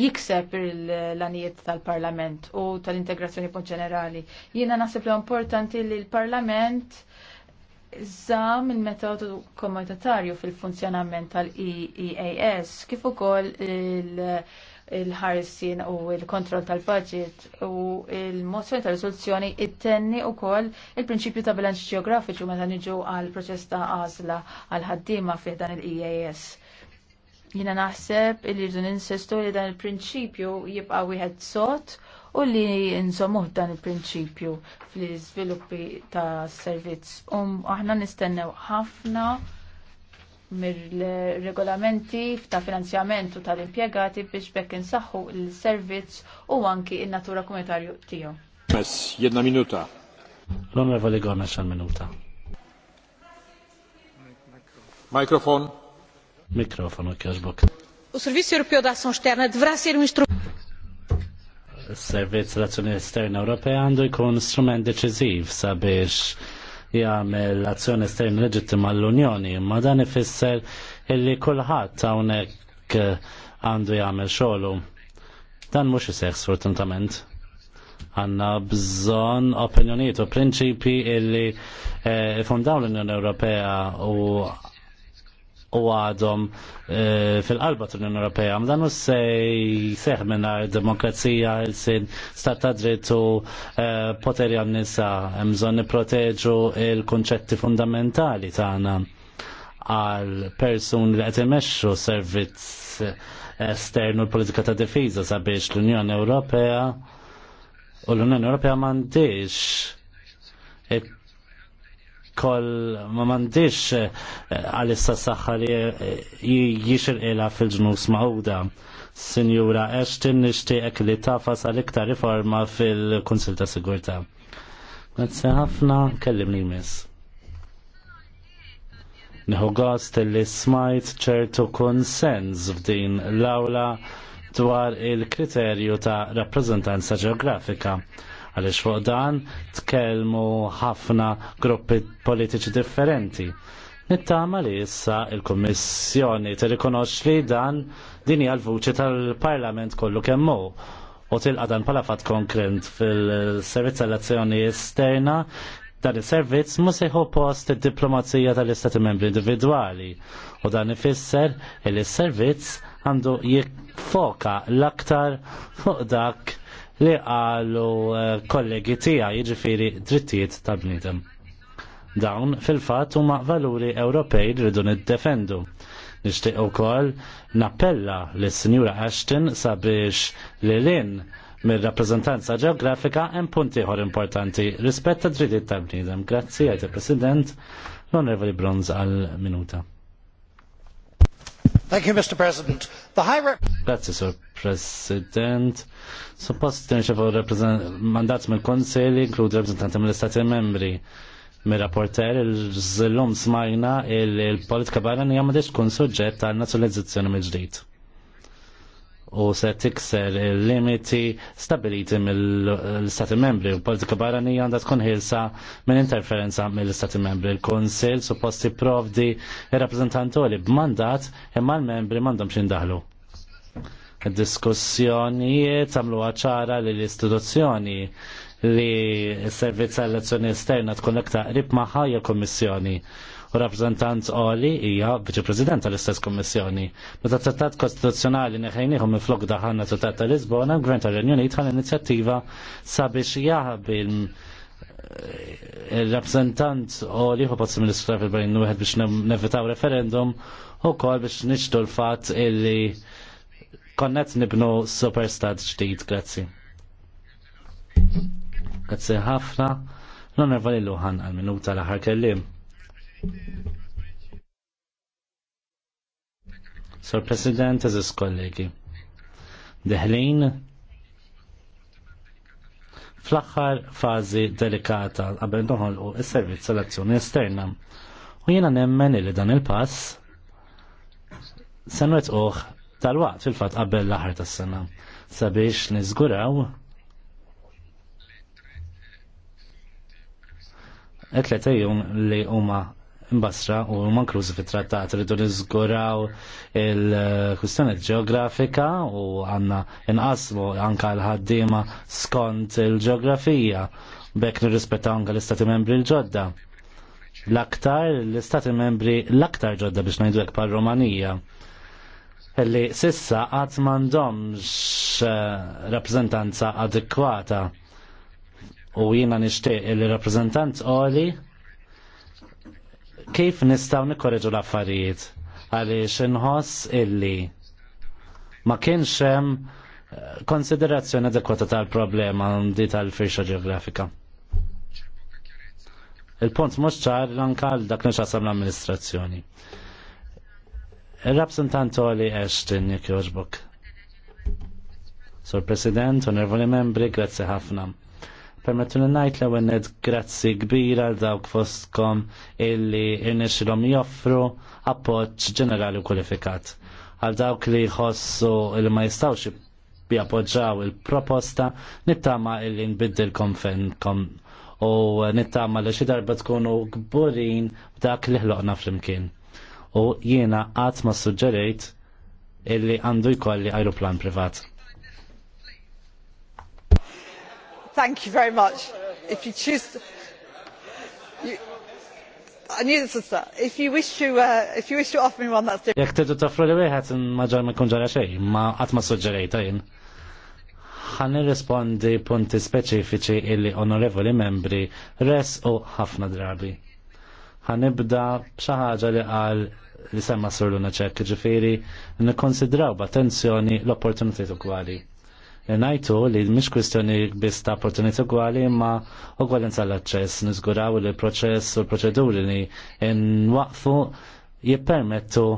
jikseb l-anijiet tal-Parlament u tal-integrazzjoni ġenerali. Jiena naħseb li importanti li l-Parlament żamm il-metodu komunitarju fil-funzjonament tal-EEAS kif ukoll il-ħarsin u il-kontroll tal-budget u il-mozzjoni ta' risoluzzjoni it-tenni u koll il-prinċipju ta' bilanċ ġeografiċu meta niġu għal proċess ta' għażla għal ħaddiema fih dan il-EAS jina naħseb li rridu ninsistu li dan il-prinċipju jibqa' wieħed sot u li nżomuh dan il-prinċipju fl-iżviluppi ta' servizz. Um, aħna nistennew ħafna mir-regolamenti ta' finanzjamentu tal-impjegati biex bekk insaħħu l-servizz u anki in-natura komunitarju tiegħu. Mess, jedna minuta. L-onorevoli Gomez għal minuta. Mikrofon. Mikrofon, ok, U servizz Europeo d'azzjon Sterna devra ser un um istrument servizz l-azzjoni esterna Ewropea għandu jkun strument deċiżiv sabiex jagħmel l-azzjoni esterna leġittima l-Unjoni, imma dan ifisser illi kulħadd hawnhekk għandu jagħmel xogħlu. Dan mhux iseħħ sfortunatament. Għanna bżon opinjonijiet u prinċipi illi eh, fondaw l-Unjoni Ewropea u u għadhom e, fil-qalba tal-Unjoni Ewropea. Dan u sej seħ minnar demokrazija, il-sin, stat ta' drittu, e, poteri għan-nisa, mżon nipproteġu il-konċetti fundamentali tagħna għal persun li qed imexxu servizz esternu l-politika ta' difiża sabiex l-Unjoni Ewropea u l-Unjoni Ewropea m'għandix koll ma mandiċ eh, għalissa saħħa li eh, jixir ila fil-ġnus mawda. Sinjura, eċtin nishtiqek li tafas għal-iktar riforma fil-Konsil ta' Sigurta. Grazie ħafna, kellim li jmiss. Nħu għast li smajt ċertu konsens f'din l-awla dwar il-kriterju ta' rappresentanza ġeografika għaliex fuq dan tkellmu ħafna gruppi politiċi differenti. Nittama li issa il-Kommissjoni li dan din hija l-vuċi tal-Parlament kollu kemm hu u tilqa dan bħala fatt konkrent fil-servizz tal-azzjoni esterna dan is-servizz mhux post id-diplomazija tal-istati membri individwali u dan ifisser li s-servizz għandu jikfoka l-aktar fuq dak li għalu eh, kollegi tija jġifiri drittijiet ta' bnidem. Dawn fil-fat huma valuri Ewropej li rridu niddefendu. Nixtieq ukoll nappella li sinjura Ashton sabiex li lin mir-rappreżentanza ġeografika hemm punti ieħor importanti rispett ta' drittijiet ta' bniedem. Grazzi għajt il-President l-Onorevoli Bronz għal minuta. Thank you, Mr. President. Grazie, Sir President. Suppost nċefu mandat mill konsili inkludi rappresentanti mill-Istati membri. mir rapporter il-żillum smajna il-politika barranija ma tkun suġġett għal nazzjonalizzazzjoni mill-ġdid u se tikser il-limiti stabiliti mill-Stati membri u politika barranija għandha tkun ħilsa minn interferenza mill-Stati membri. Il-Konsil suppost provdi il-rappresentantoli b'mandat imma l-membri mandom xindaħlu. Diskussjonijiet għamlu ċara li l-istituzzjoni li s-servizza elezzjoni esterna tkun iktar rib maħħa kommissjoni. kommissjoni u rappresentant għali hija viċi-president tal-istess kommissjoni. Meta trattat kostituzzjonali neħejniħu minn flok daħanna trattat tal-Lisbona, gvern tal-Unjonit għal inizjattiva sabiex jaħab eh, il-rappresentant u liħu pozzi ministra fil-bajn nuħed biex nevitaw referendum u kol biex nixtu l-fat illi konnet nibnu superstat ġdijt, grazzi. Grazzi ħafna, non nervali l-uħan għal-minuta l-ħar kellim. Sir President, eżis kollegi. Deħlin fl-axħar fazi delikata qabel noħolqu is-servizz selezzjoni esterna. U jiena nemmen li dan il-pass se nwettquh tal-waqt fil-fatt qabel l-aħħar tas-sena sabiex niżguraw it li huma mbasra u mankluż fit-trattat rridu niżguraw il-kwistjoni ġeografika u għanna inqasmu anka l-ħaddiema skont il-ġeografija bekk nirrispettaw anka l-istati membri l-ġodda. L-aktar l-istati membri l-aktar ġodda biex najdu hekk par Romanija illi sissa għat mandomx eh, rappresentanza adekwata u jina nishtiq il-rappresentant oli Kif nistaw nikkoreġu l-affarijiet? Għaliex inħoss illi ma kienx hemm eh, konsiderazzjoni adekwata tal-problema di tal-firxa ġeografika. Il-punt mhux ċar l-ankal dak nċasam l-amministrazzjoni. Il-rapsentant għali eċtin jek joġbok. Sur President, onorevoli membri, grazzi ħafna. Permettu li najt l għened grazzi kbira dawk fostkom illi irnexilom joffru appoġġ ġenerali kwalifikat. Għal dawk li jħossu li ma jistawx jappoġġaw il-proposta, nittama illi nbiddilkom fenkom u nittama li xi darba tkunu kburin dak li ħloqna flimkien. U jiena qatt ma suġġerejt illi għandu jkolli ajruplan privat. Thank you very much. If you choose to, you, I knew this was that. If you wish to, uh, if you wish to offer me one, that's different. Jek tiddu tafru li wieħed maġar ma kun ġara xejn, ma qatt ma suġġerejta jien. Ħan nirrispondi punti speċifiċi illi onorevoli membri res u ħafna drabi. Ħan nibda b'xi ħaġa li qal li semma Sur Luna Ċekk, ġifieri nikkonsidraw b'attenzjoni l-opportunitajiet ukwali najtu li mish kwistjoni biss ta' opportunità ugwali imma ugwalenza l-aċċess niżguraw li proċess u l-proċeduri li n-waqfu jippermettu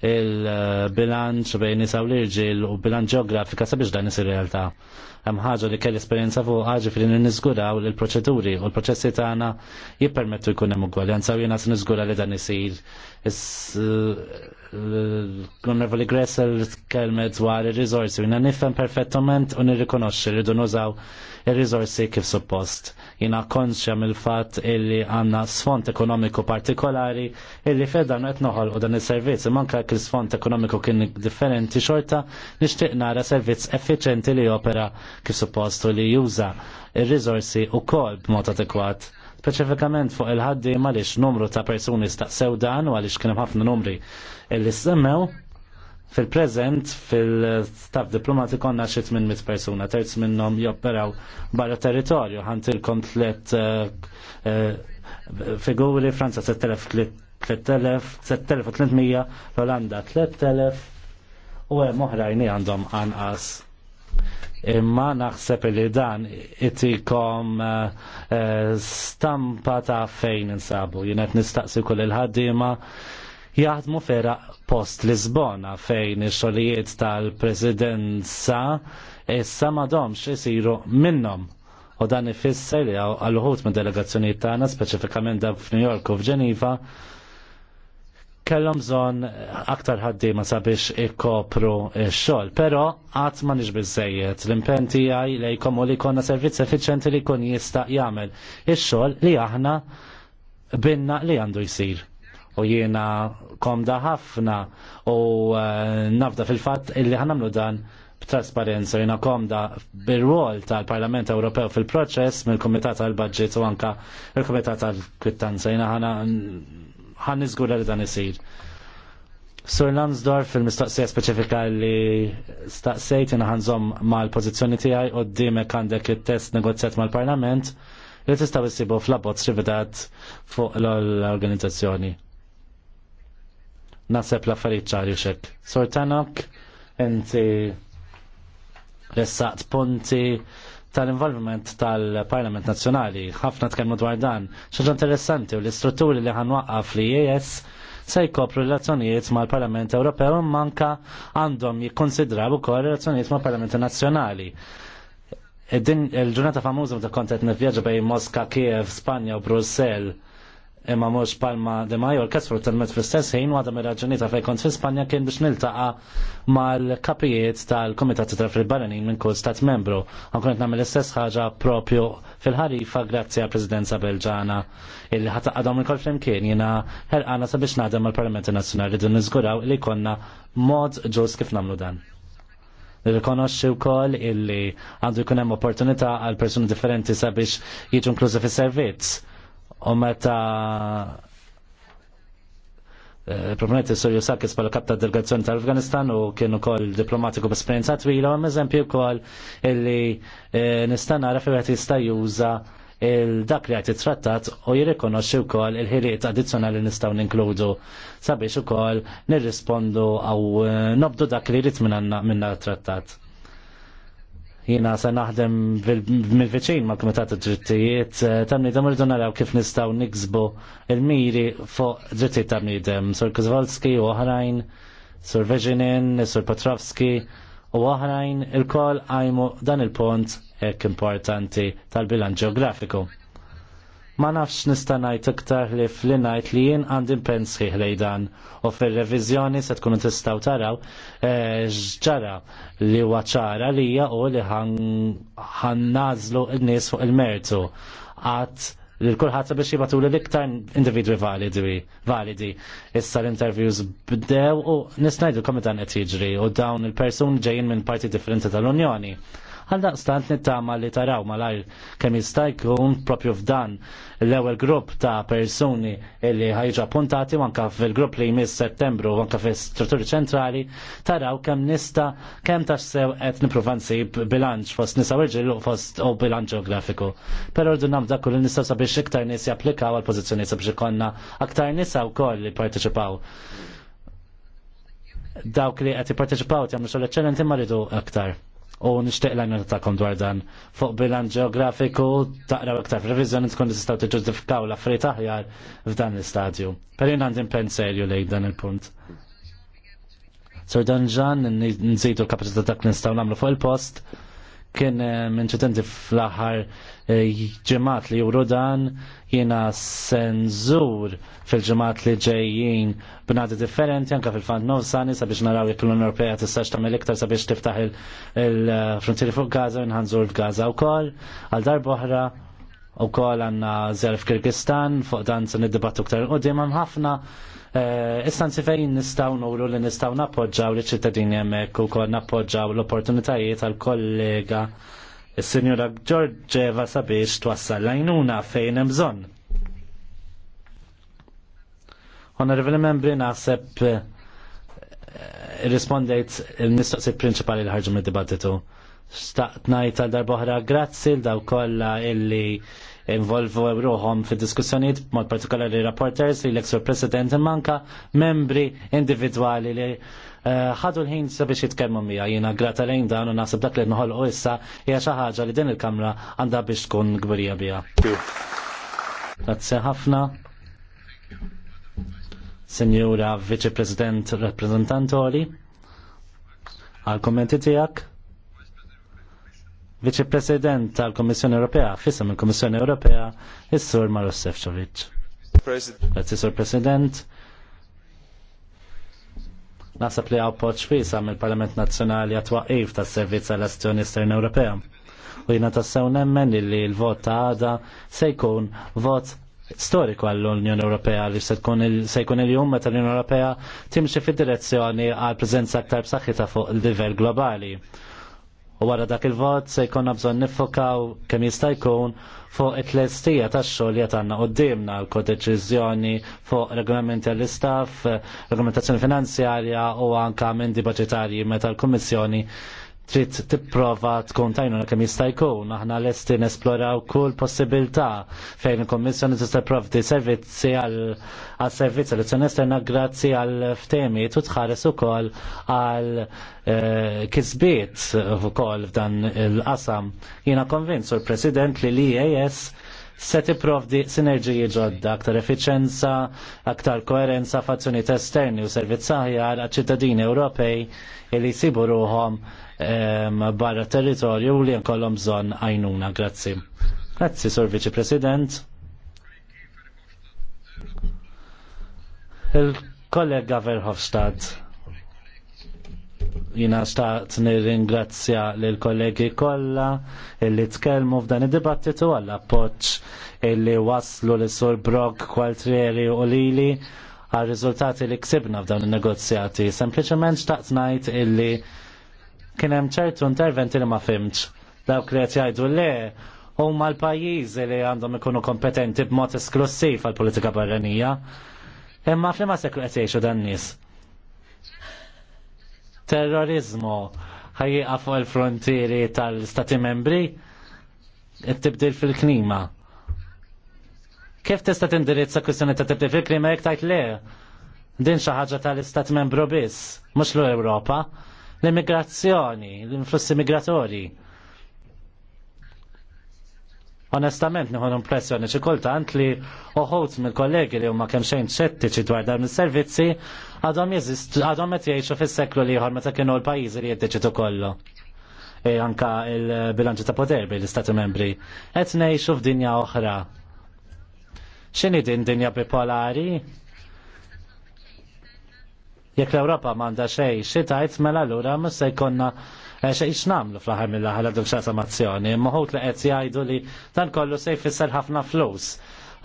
il-bilanċ bejn nisa u l-irġil u bilanċ ġeografika sabiex dan isir realtà. Hemm ħaġa li kelli esperjenza fuq ħaġa fil niżguraw l proċeduri u l-proċessi tagħna jippermettu jkun hemm ugwaljanza u jiena se niżgura li dan isir. Eh, L-Onorevoli Gressel kelmet dwar ir-riżorsi u jiena nifhem perfettament u nirrikonoxxi rridu nużaw ir rizorsi kif suppost. Jina konxja mill-fatt illi għanna sfond ekonomiku partikolari illi fedan qed noħolqu dan is-servizz imma anke l-sfond ekonomiku kien differenti xorta nixtieq nara servizz effiċenti li opera kif suppost u li juża il-rizorsi u wkoll b'mod adekwat specifikament fuq il-ħaddi għaliex numru ta' persuni staqsew dan u għaliex kienem ħafna numri illi semmew Fil-prezent, fil-staff diplomati konna xiet minn mit persuna, terz minnom jopperaw barra territorju, ħantilkom tlet eh, eh, figuri, Franza 7300, l-Olanda 3000, u hemm oħrajni għandhom anqas imma naħseb li dan itikom eh, stampa ta' fejn insabu. jenet nistaqsi kull il-ħaddima jaħdmu fera post Lisbona fejn ix-xogħlijiet tal-presidenza issa m'għadhomx isiru minnhom. U dan ifisser li għal-ħut minn delegazzjonijiet tagħna speċifikament dak f'New York u f'Ġeniva kellhom bżonn aktar ħaddiema sabiex ikkopru x-xogħol, però qatt ma nix biżejjed l-impenn tiegħi lejkom u li jkollna servizz effiċjenti li jkun jista' jagħmel ix-xogħol li aħna binna li għandu jsir u jiena komda ħafna u eh, nafda fil-fatt illi ħanamlu dan b'trasparenza jiena komda bil-rol tal-Parlament Ewropew fil-proċess mill-Kumitat tal-Budget u anka il-Kumitat tal-Kwittanza jiena ħan niżgura li dan isir. Sur Lansdorf fil-mistoqsija speċifika li staqsejt jiena ħanżom mal-pożizzjoni tiegħi qoddimek għandek it-test negozjat mal-Parlament li tista' issibu fl-abbozz rivedat fuq l-organizzazzjoni. Naseb la affarijiet ċari xek. Sortanak, inti ressaqt punti tal-involvement tal-Parlament Nazzjonali. ħafna tkellmu dwar dan. Xaġa interessanti u l-istrutturi li ħanwaqqaf li jes se jkopru relazzjonijiet mal-Parlament Ewropew manka għandhom jikkonsidraw ukoll relazzjonijiet mal-Parlament Nazzjonali. il-ġurnata famuża ta' kontet nevjaġa bejn Moska, Kiev, Spanja u Brussell imma mhux Palma de Mallorca met fl-istess ħin waħda mir-raġuni ta' fejn kont Spanja kien biex niltaqa' mal-kapijiet tal-Kumitat ta' fil-Barranin minn kull stat membru. Ankun qed nagħmel l-istess ħaġa propju fil-ħarifa grazzi għall Presidenza Belġana illi ħataqadhom il-kol flimkien jiena ħelqana sabiex naħdem mal-Parlamenti Nazzjonali din niżguraw li konna mod ġust kif nagħmlu dan nirrikonoxxi wkoll illi għandu jkun hemm opportunità għal persuni differenti sabiex jiġu inklużi fis-servizz u meta eh, Prometti Sorju Sakis pala kapta delegazzjoni tal-Afganistan u kienu kol diplomatiku b'esperienza twila, u eżempju kol illi eh, nistana għara fejn jista' juża il-dak li għati trattat u jirrikonoxxi wkoll il-ħiriet addizzjonali nistgħu ninkludu sabiex ukoll nirrispondu għaw eh, nobdu dak li jrid minna trattat. Jina se naħdem mil-veċin mal kumitat id-drittijiet eh, tamni nidem rridu naraw kif nistgħu niksbu il-miri fuq drittijiet tamni nidem Sur Kazwalski u oħrajn, Sur Veġinin, Sur Petrovski u oħrajn il-kol għajmu dan il-pont ek importanti tal-bilanċ ġeografiku. Ma nafx nista' ngħid iktar li flinajt ngħid li jien għandi pensi dan u fil reviżjoni se tkunu tistaw taraw eh, ġara li huwa ċara li hija u li ħannażlu n-nies fuq il-mertu għat li l-kulħat biex jibatu li l-iktar individwi validi, validi. Issa l-interviews bdew u nisnajdu komitan qed jiġri u dawn il-persuni ġejjin minn parti differenti tal-Unjoni. Għal daqstant nittama li taraw malaj kemm jista' jkun propju f'dan l-ewwel grupp ta' persuni li ħajġu appuntati anke fil-grupp li jmiss Settembru u anke fis-strutturi ċentrali taraw kemm nista' kemm tax sew qed nippruva nsib bilanċ fost nisa irġiel u fost u bilanċ ġeografiku. Però rdu nagħmlu dak li nistgħu sabiex iktar nies japplikaw għal pożizzjoni sabiex ikonna aktar nisa wkoll li parteċipaw dawk li għati parteċipaw tjamlu xol eccellenti ma aktar u nixtieq l ta' dwar dan. Fuq bilan ġeografiku taqraw iktar f'reviżjoni tkun tistgħu tiġġustifikaw l-affarijiet aħjar f'dan l-istadju. Perin għandi għandin penserju lejn dan il-punt. Sur Danġan, nżidu kapacità dak nistgħu nagħmlu fuq il-post, kien eh, inċidenti fl-aħħar eh, ġemat li juru dan jiena senżur fil-ġemat li ġejjin b'nadi differenti anka fil-fand nofsani sabiex naraw jek l-Unjoni Ewropea tistax tagħmel iktar sabiex tiftaħ il-frontieri eh, fuq Gaza u nħanżur f'Gaza wkoll għal darb'oħra u kol għanna zjar f'Kirgistan fuq dan se niddibattu ktar u ħafna Eh, istanzi fejn nistaw nuru li nistaw nappoġġaw li ċittadini hemmhekk ukoll nappoġġaw l-opportunitajiet għal kollega il sinjura Giorgeva sabiex twassal lajnuna fejn hemm bżonn. Onorevoli membri naħseb eh, rispondejt il mistoqsi prinċipali li ħarġu mid-dibattitu. Staqt ngħid għal darboħra grazzi l-daw kollha illi involvu ruħom fi diskussjoniet mod partikolari rapporters li l-ekstra eh, president manka membri individuali li ħadu l-ħin sabiex jitkemmu mija jina grata lejn dan u nasib dak li nħolqu issa hija xi ħaġa li din il-kamra għandha biex tkun gburija bija. Grazie ħafna. Senjura Viċi President Rappresentanti għal kommenti tijak. Viċi President tal kummissjoni Ewropea, fissam il kummissjoni Ewropea, is-Sur Maros Sefcovic. Grazie, Sur President. Nasab li għaw poċ fisa mill parlament Nazzjonali għatwaqif ta' servizz għal azzjoni Estern Ewropea. U jina tassew nemmen li l-vot ta' għada se jkun vot storiku għall-Unjoni Ewropea li se jkun il-jum meta tal unjoni Ewropea timxi fid-direzzjoni għal preżenza aktar b'saħħitha fuq il-livell globali. U wara dak il-vot se jkollna bżonn niffokaw kemm jista' jkun fuq it-tlestija tax-xogħol li għandna quddiemna l-kodeċiżjoni fuq regolamenti għall-istaff, regolamentazzjoni finanzjarja u anke amendi budġetarji meta l-Kummissjoni trid tipprova tkun tajna kemm jista' jkun. Aħna lesti nesploraw kull possibilità fejn il-Kommissjoni tista' provdi servizzi għal servizzi li tkun esterna grazzi għal ftemi tu tħares ukoll għal eh, kisbiet ukoll f'dan il-qasam. Jiena konvinzu l President li l-IAS se tipprovdi sinerġiji ġodda, aktar effiċjenza, aktar koerenza f'azzjonijiet esterni u servizz aħjar għal ċittadini Ewropej li jsibu ruhom barra territorju li nkollhom bżonn għajnuna. Grazzi. Grazzi, Sur Viċi President. Il-kollega Verhofstadt jina staqt nir lill l-kollegi kolla illi tkellmu f'dan id-dibattitu għall appoċ illi waslu l sur Brog, Qualtrieri u Lili għal riżultati li ksibna f'dan il-negozjati. Sempliċement staqt najt illi kien hemm ċertu interventi li ma fimx. Dawk li qed jgħidu le huma l-pajjiżi li għandhom ikunu kompetenti b'mod esklusiv għall politika barranija. Imma fl-ma seklu qed jgħixu dan nies. Terrorizmu ħajjiqa fuq il-frontieri tal-Stati membri it-tibdil fil-klima. Kif tista' tindirizza kwistjoni ta' tibdil fil-klima jekk tajt le? Din xi ħaġa tal-Istat membru biss, mhux l-Ewropa. L-immigrazzjoni, l-influssi migratori. Onestament, nħon impressjoni ċi kultant li uħut mill kollegi li huma kemm xejn ċettiċi dwar dawn is-servizzi għadhom jeżistu għadhom qed jgħixu fis-seklu li ieħor meta kienu l-pajjiżi li jiddeċidu kollu. E anka il-bilanċi ta' poter bil l-Istati membri. Qed ngħixu f'dinja oħra. X'inhi din dinja bipolari? Jekk l-Ewropa m'għandha xejn xi tajt mela lura ma se jkollna eh, xejn x'namlu fl-aħħar mill-aħħar għadhom imma Moħut li qed jgħidu li dan kollu se jfisser ħafna flus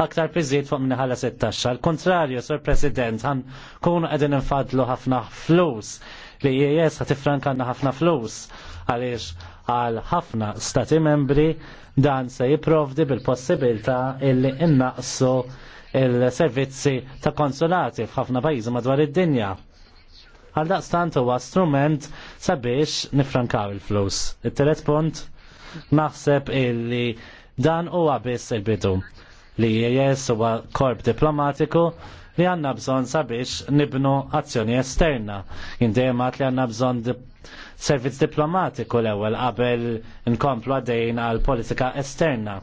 aktar piżiet fuq ħala 16. Al-kontrarju, Sur President, għan kunu għedin nfadlu ħafna flus li jies e għat ifrankanna ħafna flus għaliex għal ħafna stati membri dan se jiprovdi bil-possibilta illi innaqsu il-servizzi ta' konsulati f'ħafna pajjiżi madwar id-dinja għal daqstant huwa strument sabiex nifrankaw il-flus. Il-telet punt naħseb illi dan huwa biss il-bidu li jes huwa korp diplomatiku li għanna bżon sabiex nibnu azzjoni esterna. Indemat li għanna bżon di servizz diplomatiku l ewwel qabel nkomplu għadejn għal politika esterna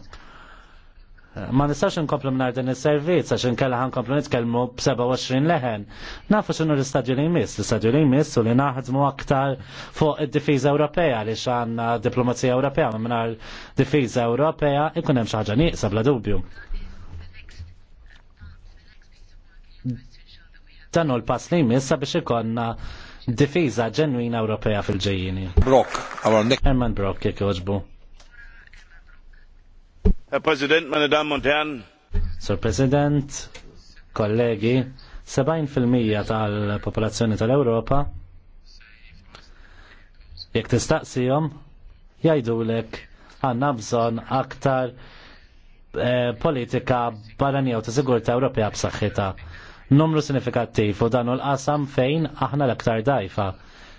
ma nistax nkomplu minnar din il servizz għax nkella għan inkella ħankomplu b-27 leħen. Nafu xinu l-istadju li jmiss, l-istadju li jmiss u li naħdmu aktar fuq id difiza Ewropea li xan diplomazija Ewropea ma mingħajr difiża Ewropea ikunem xaġa xi ħaġa bla dubju. Dan hu l-pass li jmiss sabiex ikonna difiza ġenwina Ewropea fil-ġejjini. Brok, Brock, Herman Brok, jekk joġbu. Herr Präsident, meine Damen und Herren. Sir President, kollegi, 70% tal-popolazzjoni tal-Europa jekk tistaqsihom jgħidulek għandna bżonn aktar eh, politika barranija u ta' sigurta Ewropea b'saxħita. Numru sinifikattiv u dan u l-qasam fejn aħna l-aktar dajfa.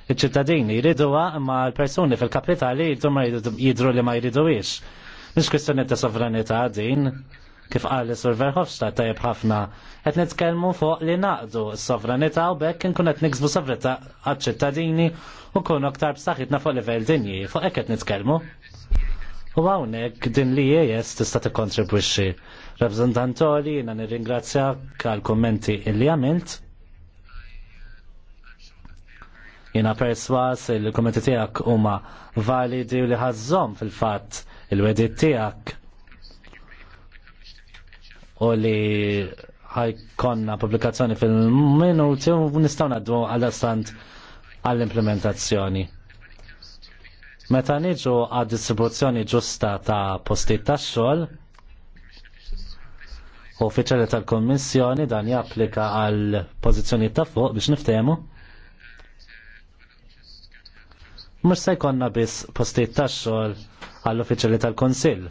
Iċ-ċittadini jriduha imma l-persuni fil-kapitali jridu ma jidru li ma jriduwix Mhux kwistjoni ta' sovranità din, kif qalis Sur Verhofstadt tajjeb ħafna, qed nitkellmu fuq li naqdu s-sovranità u bekk inkun qed niksbu sovranità għaċ-ċittadini u kun aktar b'saħħitna fuq livell dinji, fuq hekk qed nitkellmu. U hawnhekk din li jes tista' tikkontribwixxi. Rappreżentantoli jiena nirringrazzjak għal kummenti illi għamilt. Jiena perswas il-kummenti tiegħek huma validi u li ħażhom fil-fatt il-wedit tiegħek u li ħajkonna pubblikazzjoni fil-minuti u nistgħu ngħaddu għal-astant għall-implementazzjoni. Meta niġu għad distribuzzjoni ġusta ta' postijiet tax-xogħol, uffiċjali tal-Kommissjoni dan japplika għal pożizzjoni ta' fuq biex niftehmu. Mhux se jkollna biss postijiet tax-xogħol għall-uffiċjali tal konsil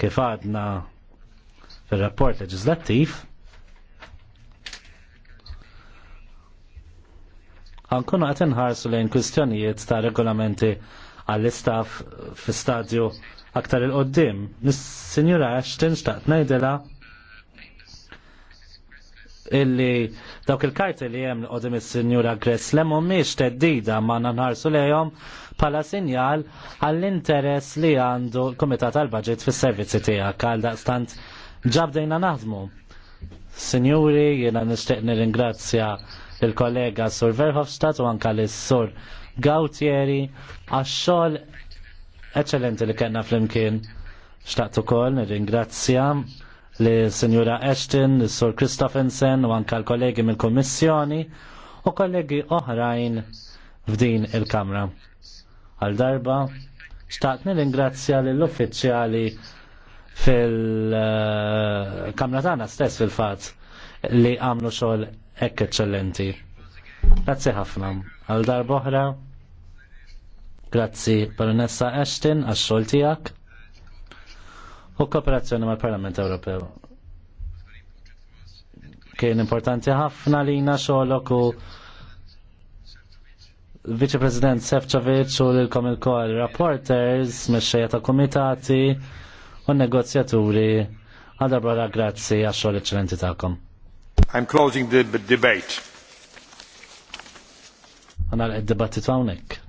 Kif għadna fil-rapport leġislattiv, għankun għat nħarsu lejn kwistjonijiet ta' regolamenti għall-istaff fi stadju aktar il-qoddim. Nis-Sinjura Ashton xtaqt najdela illi dawk il-karti li jem għodim il-Sinjura Gress lemmu miex teddida ma nanħarsu lejom pala sinjal għall-interess li għandu l-Komitat għal-Budget fis servizzi tijak għal daqstant ġabdejna naħdmu. Sinjuri, jena nishtiq nir-ingrazzja il-kollega Sur Verhofstadt u anka l-Sur Gautieri għax xogħol eċċellenti li kena fl-imkien. Xtaqtu kol, nir-ingrazzja li sinjura Ashton, Sir Christophensen u anka l-kollegi mill-Kommissjoni u kollegi oħrajn f'din il-Kamra. Għal darba, xtaqt nir-ingrazzja l-uffiċjali fil-Kamra tagħna stess fil-fatt li għamlu xogħol hekk eċċellenti. Grazzi ħafna. Għal darba oħra, grazzi Baronessa Ashton għax-xogħol tiegħek u kooperazzjoni mal-Parlament Ewropew. Kien importanti ħafna lina xogħlok u Vice President Sefcovic u l-kom il-kol rapporters, meċċeja ta' komitati u negozjaturi għal darba grazzi għax xogħol eċċellenti tagħkom. I'm closing the debate. Għana l-dibattitu għawnek.